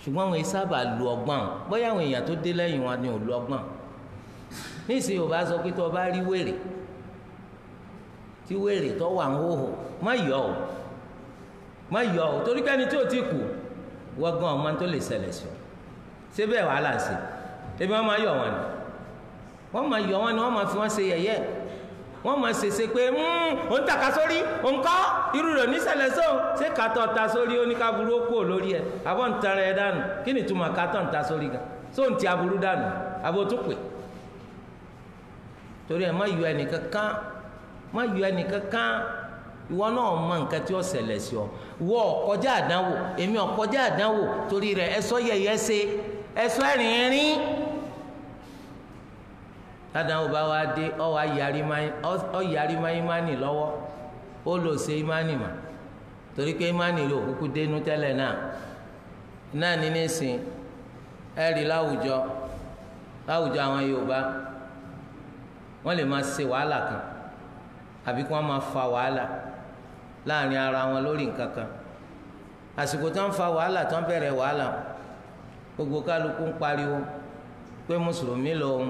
ṣùgbọ́n wọn sábà lu ọgbọ́n bóyá àwọn èèyàn tó dé lẹ́yìn wọn ni ò lu ọgbọ́n ní ìsìn Yorùbá sọ pé tó o bá rí wèrè tí wèrè tó wà ń hóhò má yọ ọ má yọ ọ torí kẹ́ni tí ò ti kù wọ́n gan ọmọ tó lè ṣẹlẹ̀ sọ síbẹ̀ wàhálà sí i ebi wọn máa yọ wọn ni wọn máa yọ wọn ni wọn máa fi wọn ṣe yẹ̀yẹ́ wọn máa ṣèṣe pé hmm, òun tàka sórí òun kọ́ irú rẹ̀ níṣẹ̀lẹ̀ sóun ṣé kàtọ́ ta sórí oníkàbúrú ó kúrò lórí ẹ̀ àbọ̀ ń tara ẹ dànù kí ni ìtumọ̀ kàtọ́ ń ta sórí gan sóun ti aburú dànù àbò tó pè torí ẹ má yọ ẹnìkan kan má yọ ẹnìkan kan ìwọ náà mọ nǹkan tí ó ṣẹlẹ̀ sí ọ wọ ọkọjá àdánwò èmi ọkọjá àdánwò torí rẹ ẹsọ yẹyẹ ṣe ẹsọ ẹrìnrìn tádàá ọba wá dé ọ wa yàrí má lọ́wọ́ ó lò ṣe ìmánì mà torí pé ìmánì rẹ̀ òkúkú dénú tẹ́lẹ̀ náà náà ní nísìn ẹ rí láwùjọ láwùjọ àwọn Yorùbá wọ́n lè máa ṣe wàhálà kan àbí kí wọ́n máa fa wàhálà láàrin ara wọn lórí nǹkan kan àsìkò tó ń fa wàhálà tó ń bẹ̀rẹ̀ wàhálà gbogbo kálukú ń pariwo pé mùsùlùmí lòun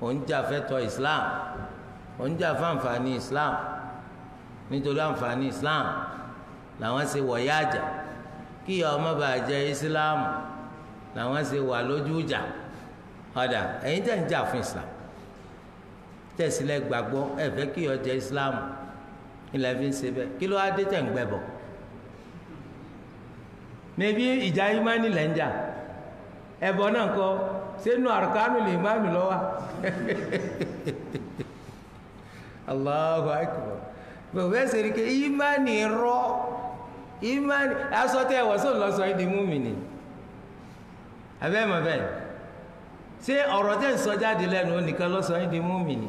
ò ń islam ò ń jà islam nítorí àǹfààní islam làwọn ṣe wọ̀yá àjà kí ìyá islam làwọn ṣe wà lójú ìjà ọ̀dà ẹ̀yin tẹ̀ ń jà fún islam tẹ̀sílẹ̀ gbàgbọ́ ẹ fẹ́ kí ọjẹ islam ilẹ̀ fi ń ṣe bẹ́ẹ̀ kí ló wá dé tẹ̀ ń gbẹ bọ̀ mẹbi ìjà imani ń jà ẹ̀bọ náà kọ́ sínú àrùkánù lè má mi lọ́wọ́ Allahu akbar bẹ̀rẹ̀ ṣe rí i pé ìmánì rọ ìmánì aṣọ tẹ ẹ̀wọ̀ sóò lọ́sọ ìdí múmìnì abẹ́mọ̀ bẹ́ẹ̀ ṣé ọ̀rọ̀ tẹ̀ ń sọ jáde lẹ́nu nìkan lọ́sọ ìdí múmìnì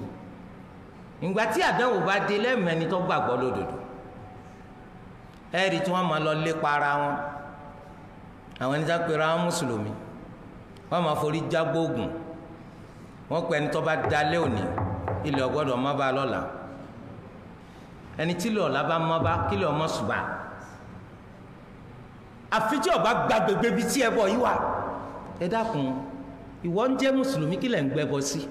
ìgbà tí àdánwò bá dé lẹ́mẹ̀ẹ́ni tó gbàgbọ́ lódodo ẹ̀rí tí wọ́n máa lọ lépa ara wọn àwọn ẹni tá pera wọn mùsùlùmí wọ́n máa forí jágbóògùn wọ́n pẹ́ ẹni tó bá dalẹ́ òní ilẹ̀ ọgbọ́dọ̀ má bá lọ́la ẹni tí ilẹ̀ ọ̀la bá má bá kí ilẹ̀ ọmọ ṣùgbà àfi tí ọba gba gbègbè bíi tí ẹbọ yìí wà ẹ dákun ìwọ ń jẹ́ mùsùlùmí kí lẹ̀ ń gbẹbọ sí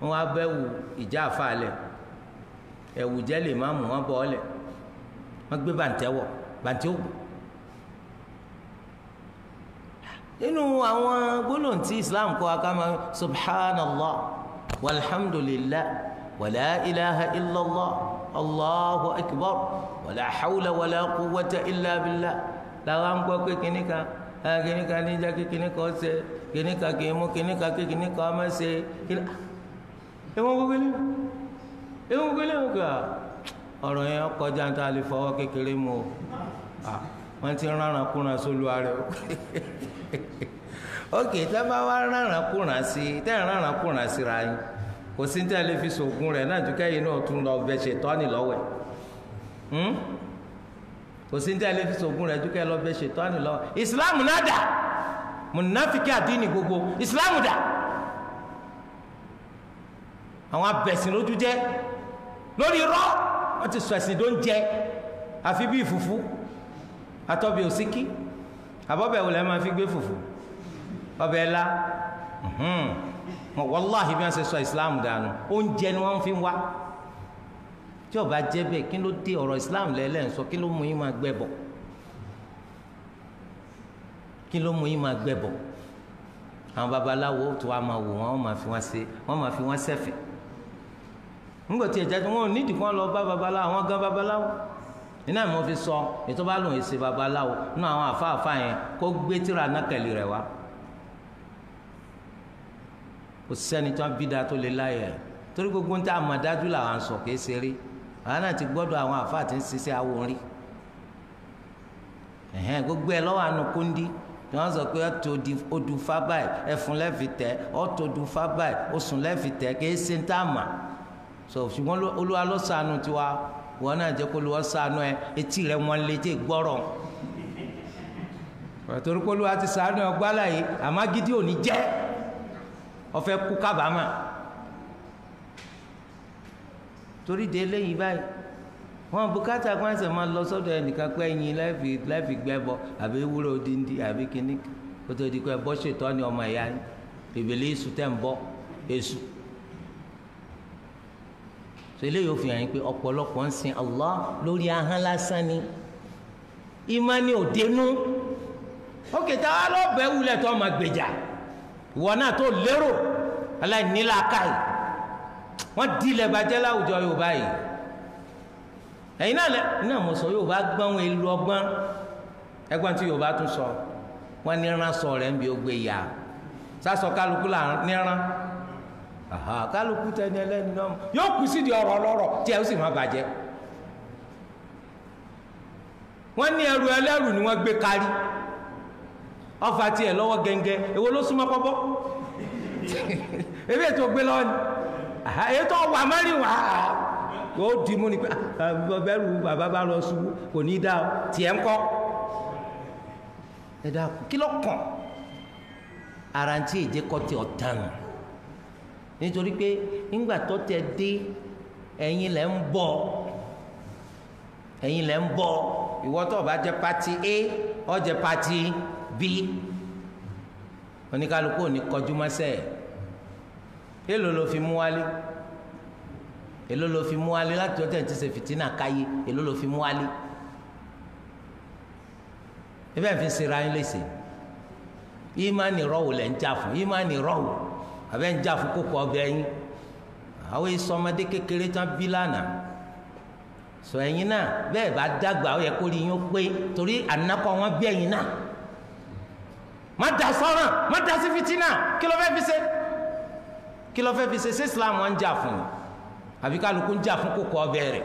wọn á bẹ́wù ìjà àfàlẹ̀ ẹ̀wù jẹ́ lè má mú wọn bọ́ ọ lẹ̀ wọ́n gbé bàǹtẹ́ wọ̀ bàǹtẹ́ ògùn nínú àwọn gbólóhùn tí islam kọ́ akáma subhanallah walhamdulillah wàlá ilaha illallah allahu akbar wàlá hawla wàlá quwwata illa billah làwọn gbọ́ pé kínní kan ah, kínní kan níjà kí kínní kan ṣe kínní kan kì í mú kínní kan kí kínní kan má ṣe kínní. ewu gbogbo ewu gbogbo ọ̀rọ̀ yẹn kọjá ń lè fọwọ́ kékeré mu o. Ah wọ́n ti rárán kúran sólúwa rẹ̀ o ok tẹ́ bá wá rárán kúran sí tẹ́ rárán kúran síra yín kò sí tẹ́ lè fi sògùn rẹ̀ náà dúkẹ́ yìí náà tún lọ bẹ ṣe tọ́ni lọ́wọ́ ẹ̀ hmm? kò sí tẹ́ lè fi sògùn rẹ̀ dúkẹ́ lọ bẹ ṣe tọ́ni lọ́wọ́ ìsìláàmù náà dà mùnàfíkì àdínì gbogbo ìsìláàmù dà àwọn abẹ̀sìn lójú jẹ́ lórí irọ́ wọ́n ti sọ ẹ̀sìn tó ń jẹ àfi bí ìfùfú atọ́bi òsíkí àbọ̀bẹ̀ wò lẹ́ máa fi gbé fùfù ọbẹ̀ ẹ̀la wàláhì bí wọ́n ṣe sọ islam dànù oúnjẹ ni wọ́n fi wá tí ó bá jẹ́ bẹ́ẹ̀ kí ló dé ọ̀rọ̀ islam lẹ́lẹ́ ń sọ kí ló mú yín máa gbẹbọ kí ló mú yín máa gbẹbọ àwọn babaláwo tó wá máa wò wọ́n máa fi wọ́n ṣe wọ́n máa fi wọ́n ṣẹ̀fẹ̀ ńgbọ̀tí ẹ̀jẹ̀ tí ò nídìí kí lọ bá babaláwo àwọn gan babaláwo iná mo fi sọ ètò bá lòun èsì babaláwo nínú àwọn àfáàfáà yẹn kó gbé tíra nákàlì rẹ̀ wá kò sẹ́ni tó ń bí da tó lè láyà ẹ̀ torí gbogbo ń tẹ́ àmọ̀dájú làwọn sọ kìí ṣe rí àwọn náà ti gbọ́dọ̀ àwọn àfáà ti ń ṣiṣẹ́ awo rí ẹ̀hẹ́n gbogbo ẹ̀ lọ́wọ́ àánú kúndí tí wọ́n sọ pé ọ̀tò odù fábàì ẹ̀fun lẹ́fì tẹ́ ọ̀tò odù fábàì oṣù lẹ́fì tẹ́ kìí ṣe ń tà mà ṣùgbọ́n olúwa ló wọn náà jẹ́ kó lu ọ́ sànú ẹ etí rẹ wọn lè tẹ gbọ́rọ̀ torí pé olúwa ti sànú ẹ gbálà yìí àmọ́ gidi ò ní jẹ́ ọ̀fẹ́ kú kábàámà torí de eléyìí báyìí wọn bùkátà kan ẹsẹ máa lọ sọ́dọ̀ ẹnìkan pé ẹyin láìfi láìfi gbẹ bọ àbí ewúrẹ́ odindi àbí kíní kótó di pé bọ́ṣètọ́ ni ọmọ ìyá yìí ìbílẹ̀ èṣù tẹ̀ ń bọ́ èṣù so eléyìí ó fi hàn yín pé ọ̀pọ̀lọpọ̀ ń sin Allah lórí ahọ́n lásán ni ìmánì òdenú ókè tá a lọ bẹ́ẹ̀ wulẹ̀ tó ọmọ gbèjà ìwọ náà tó lérò aláìníláàkàì wọ́n dilẹ̀ bàjẹ́ láwùjọ Yorùbá yìí ẹ̀yin náà lẹ iná mọ̀ sọ Yorùbá gbọ́n wọn èlò ọgbọ́n ẹgbọ́n tí Yorùbá tún sọ wọ́n níran sọ rẹ̀ ń bi ó gbé ya sásọ kálukú là níran kálukú tẹni ẹlẹ́ni náà yóò kù sídìí ọ̀rọ̀ ọlọ́rọ̀ tí ẹ ó sì má bàjẹ́ wọ́n ní ẹrù ẹlẹ́rù ni wọ́n gbé kárí ọfà tiẹ̀ lọ́wọ́ gẹ́ngẹ́ èwo ló súnmọ́ pọ́pọ́ ebi ètò gbé lọ́wọ́ ni ètò ọ̀wà mẹ́rin wà á yóò di mú ni pé ah, bẹ́ẹ̀rù bàbá bá lọ sùn kò ní dá tiẹ̀ ń kọ́ ẹ dákun kí ló kàn ara ń tí ì jẹ́ kọ́ tí ọ̀ dáhùn nítorí pé nígbà tó tẹ dé ẹ̀yin lẹ ń bọ̀ ẹ̀yin lẹ ń bọ̀ ìwọ tó bá jẹ́ pati a ó jẹ́ pati b oníkálukú òní kọjú mọ́sẹ̀ èló ló fi mú wálé èló ló fi mú wálé láti ọjọ́ ìtúsẹ̀ fìtínà káyé èló ló fi mú wálé ebe fi ń ṣe ra yín ìmánì rọ̀wù lẹ́ ń jà fún ìmánì rọ̀wù abẹ́ ń jà fún kókó ọbẹ̀ yín àwọn èso ọmọdé kékeré tán bí lánàá sọ ẹ̀yin náà bẹ́ẹ̀ bá dàgbà ó yẹ kó rí yín ó pé torí ànákọ wọn bí ẹ̀yin náà má da sọ́ràn má da sí fìtínà kí ló fẹ́ fi ṣe kí ló fẹ́ fi ṣe sí Islam wọn ń jà fún un àbí kálukú ń jà fún kókó ọbẹ̀ rẹ̀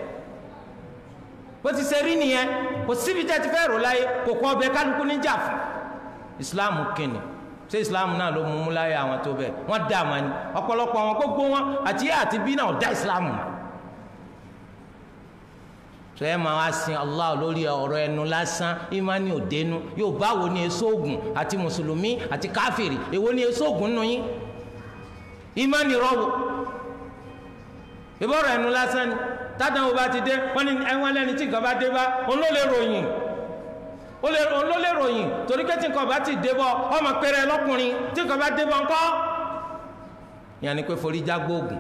bó ti ṣe rí nìyẹn kò síbi tẹ́ ti fẹ́ rò láyé kókó ọbẹ̀ kálukú ní jà fún Islam kìnnìún se islam náà ló mú múláyà àwọn tó bẹ wọn dá àmà ni ọ̀pọ̀lọpọ̀ àwọn gbogbo wọn àti yá àti bí náà dá islam sọ ẹ máa wá sin allah lórí ọ̀rọ̀ ẹnu lásán imani òdenu yóò báwo ni èso oògùn àti mùsùlùmí àti káfìrì èwo ni èso oògùn nù yín imani rọwọ ìbọ̀rọ̀ ẹnu lásán ni tádàn wo bá ti dé wọn ni ẹwọn lẹni tí nǹkan bá dé bá òun ló lè ròyìn ló lè ròyìn torí pé tí nǹkan bá ti débọ ọmọ péré lọkùnrin tí nǹkan bá débọ ńkọ́ yẹn ni pé forí já gbóògùn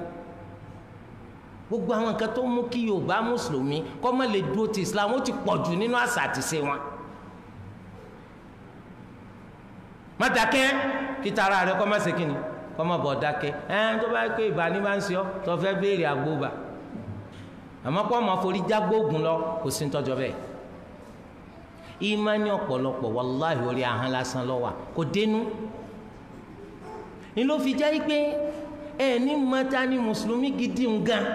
gbogbo àwọn nǹkan tó mú kí yorùbá mùsùlùmí kọ́ mọ́ lè dúró ti islam ó ti pọ̀ jù nínú àṣà àti ṣe wọn. má dákẹ́ kí tara rẹ kọ́ má ṣe kíni kọ́ má bọ̀ dákẹ́ ẹ tó bá pé ìbá ní máa ń ṣe ọ́ tó fẹ́ béèrè àgbóbà àmọ́ kọ́ ọmọ forí já gbóògùn lọ kò sí ní tọ́jọ́ bẹ́ẹ̀. Imani ọ̀pọ̀lọpọ̀ wàláhì orí ahọ́n lásán lọ́wọ́ kò dénú ni ló fi jẹ́ pé ẹ ní mọ́ta ni mùsùlùmí gidi ń gan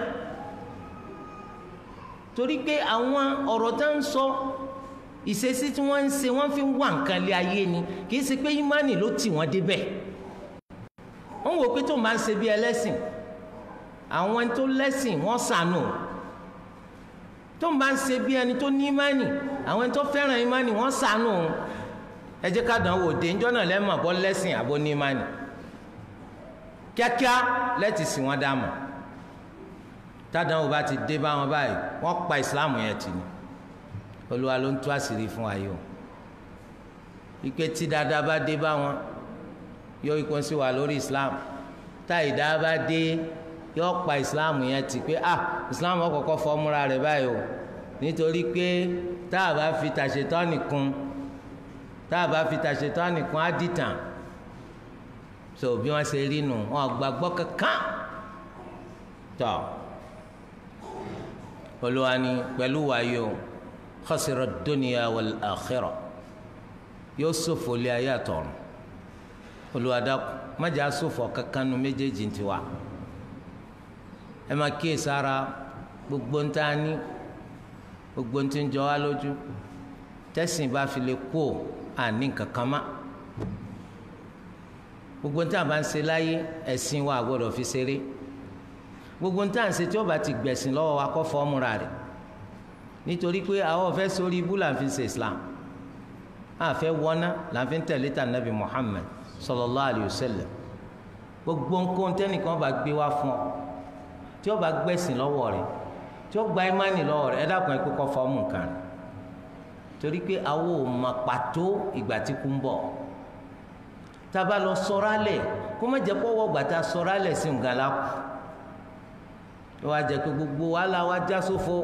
torí pé àwọn ọ̀rọ̀ tá ń sọ ìṣesí tí wọ́n ń ṣe wọ́n fi ń wà nǹkan lé ayé ni kì í ṣe pé ìmánì ló tì wọ́n débẹ̀ wọ́n wò pé tó máa ń ṣe bí ẹlẹ́sìn àwọn tó lẹ́sìn wọ́n sànù tó ń bá ń ṣe bí ẹni tó ní ìmánì àwọn ẹni tó fẹ́ràn ìmánì wọ́n sànù òun ẹ jẹ́ ká dán wò dé ńjọ́ náà lẹ́mọ̀ bọ́ lẹ́sìn àbó ní ìmánì kíákíá lẹ́tì sí wọn dá mọ̀ tádàáwò bá ti dé bá wọn báyìí wọ́n pa ìsìláàmù yẹn tì ní olúwa ló ń tú àṣírí fún wa yìí o ìpè tí dáadáa bá dé bá wọn yọ ìkùnsí wa lórí ìsìláàmù táyì dáa bá dé yóò pa islam yẹn ti pé ah islam ọkọ̀ọ̀kọ̀ fọ́múra rẹ̀ báyìí o nítorí pé tá a bá fi tàṣetọ́ nìkun tá a bá fi tàṣetọ́ nìkun á dìtàn so bí wọ́n ṣe rí nu wọn gbàgbọ́ kankan tọ́ olúwa ni pẹ̀lú wáyé o khasira dunya wal yóò ṣòfò lé ayé àtọ̀run olùwàdà májà ṣòfò kankan nu méjèèjì tiwa ẹ máa kíyè sára gbogbo ń tá a ní gbogbo ń ti ń jọ wá lójú tẹ̀sìn bá fi lè kú ò àní kankan má gbogbo ń tá bá ń ṣe láyé ẹ̀sìn wa àgbọ̀dọ̀ fi ṣeré gbogbo ń tá ń ṣe tí ó bá ti gbẹ̀sìn lọ́wọ́ wa kọ́ fọ́ rẹ̀ nítorí pé àwọn ọ̀fẹ́ sórí ibú là ń fi ṣe Islam àfẹ́ wọ́ná là ń fi tẹ̀lé ta Nabi Muhammad sallallahu alayhi wa sallam gbogbo ń kó tẹ́nìkan bá gbé wá fún ọ tí ó bá gbẹ̀sìn lọ́wọ́ rẹ̀ tí ó gba ìmánì lọ́wọ́ rẹ̀ ẹ dákun ẹ kókó fọ́ọ̀mù kan torí pé àwọn ò pàtó ìgbà tí kú ń bọ̀ tába lọ sọra kó má jẹ pọwọ gbàtà sọra sí nǹkan la kù wàá jẹ pé gbogbo wàhálà wa já sófo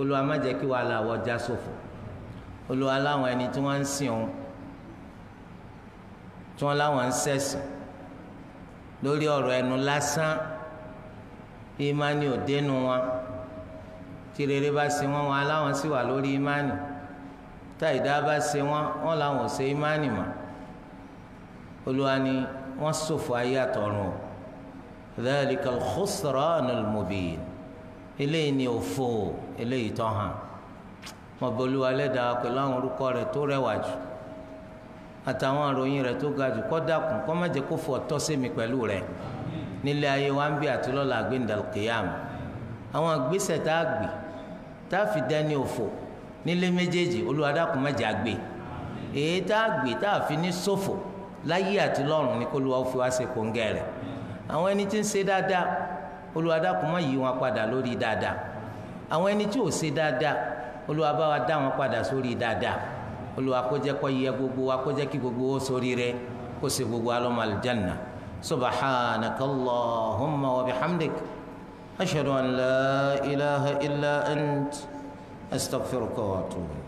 Olúwa má jẹ kí wàhálà wa já sófo Olúwa láwọn ẹni tí wọ́n ń sìn òun tí wọ́n láwọn ń ṣẹ̀sìn lórí ọ̀rọ̀ ẹnu lásán ìmánì ò dénú wọn tí rere bá ṣe wọn wọn aláwọn sì wà lórí ìmánì táìdá bá ṣe wọn wọn làwọn ò ṣe ìmánì mọ́ olúwa ni wọn ṣòfò ayé àtọ̀run o dhalika al-khusranul mubin eléyìí ni òfò eléyìí tó hàn wọn bẹ olúwa lẹ́dàá pẹ̀lú àwọn orúkọ rẹ̀ tó rẹwà jù àtàwọn àròyìn rẹ̀ tó ga jù kó dákun kó má jẹ́ kó fò ọ̀tọ́ sí mi pẹ̀lú rẹ̀ nílé ayé wa ń bí àtúlọ́lá àgbéǹdàlùkìyàm àwọn àgbésẹ̀ tá a gbé tá a fi dání òfò nílé méjèèjì Olúwa dákun má jẹ́ a gbé èyí tá a gbé tá a fi ní ṣòfò láyé àti lọ́run ní kó Olúwa fi wá ṣe kóńgẹ́ rẹ̀ àwọn ẹni tí ń ṣe dáadáa Olúwa dákun má yí wọn padà lórí dáadáa àwọn ẹni tí ò ṣe dáadáa Olúwa dá wọn padà sórí dáadáa Olúwa yẹ gbogbo wa kó kí gbogbo ó sórí rẹ̀ kó ṣe gbogbo alọ́mọ àlùjánnà. سبحانك اللهم وبحمدك أشهد أن لا إله إلا أنت أستغفرك وأتوب إليك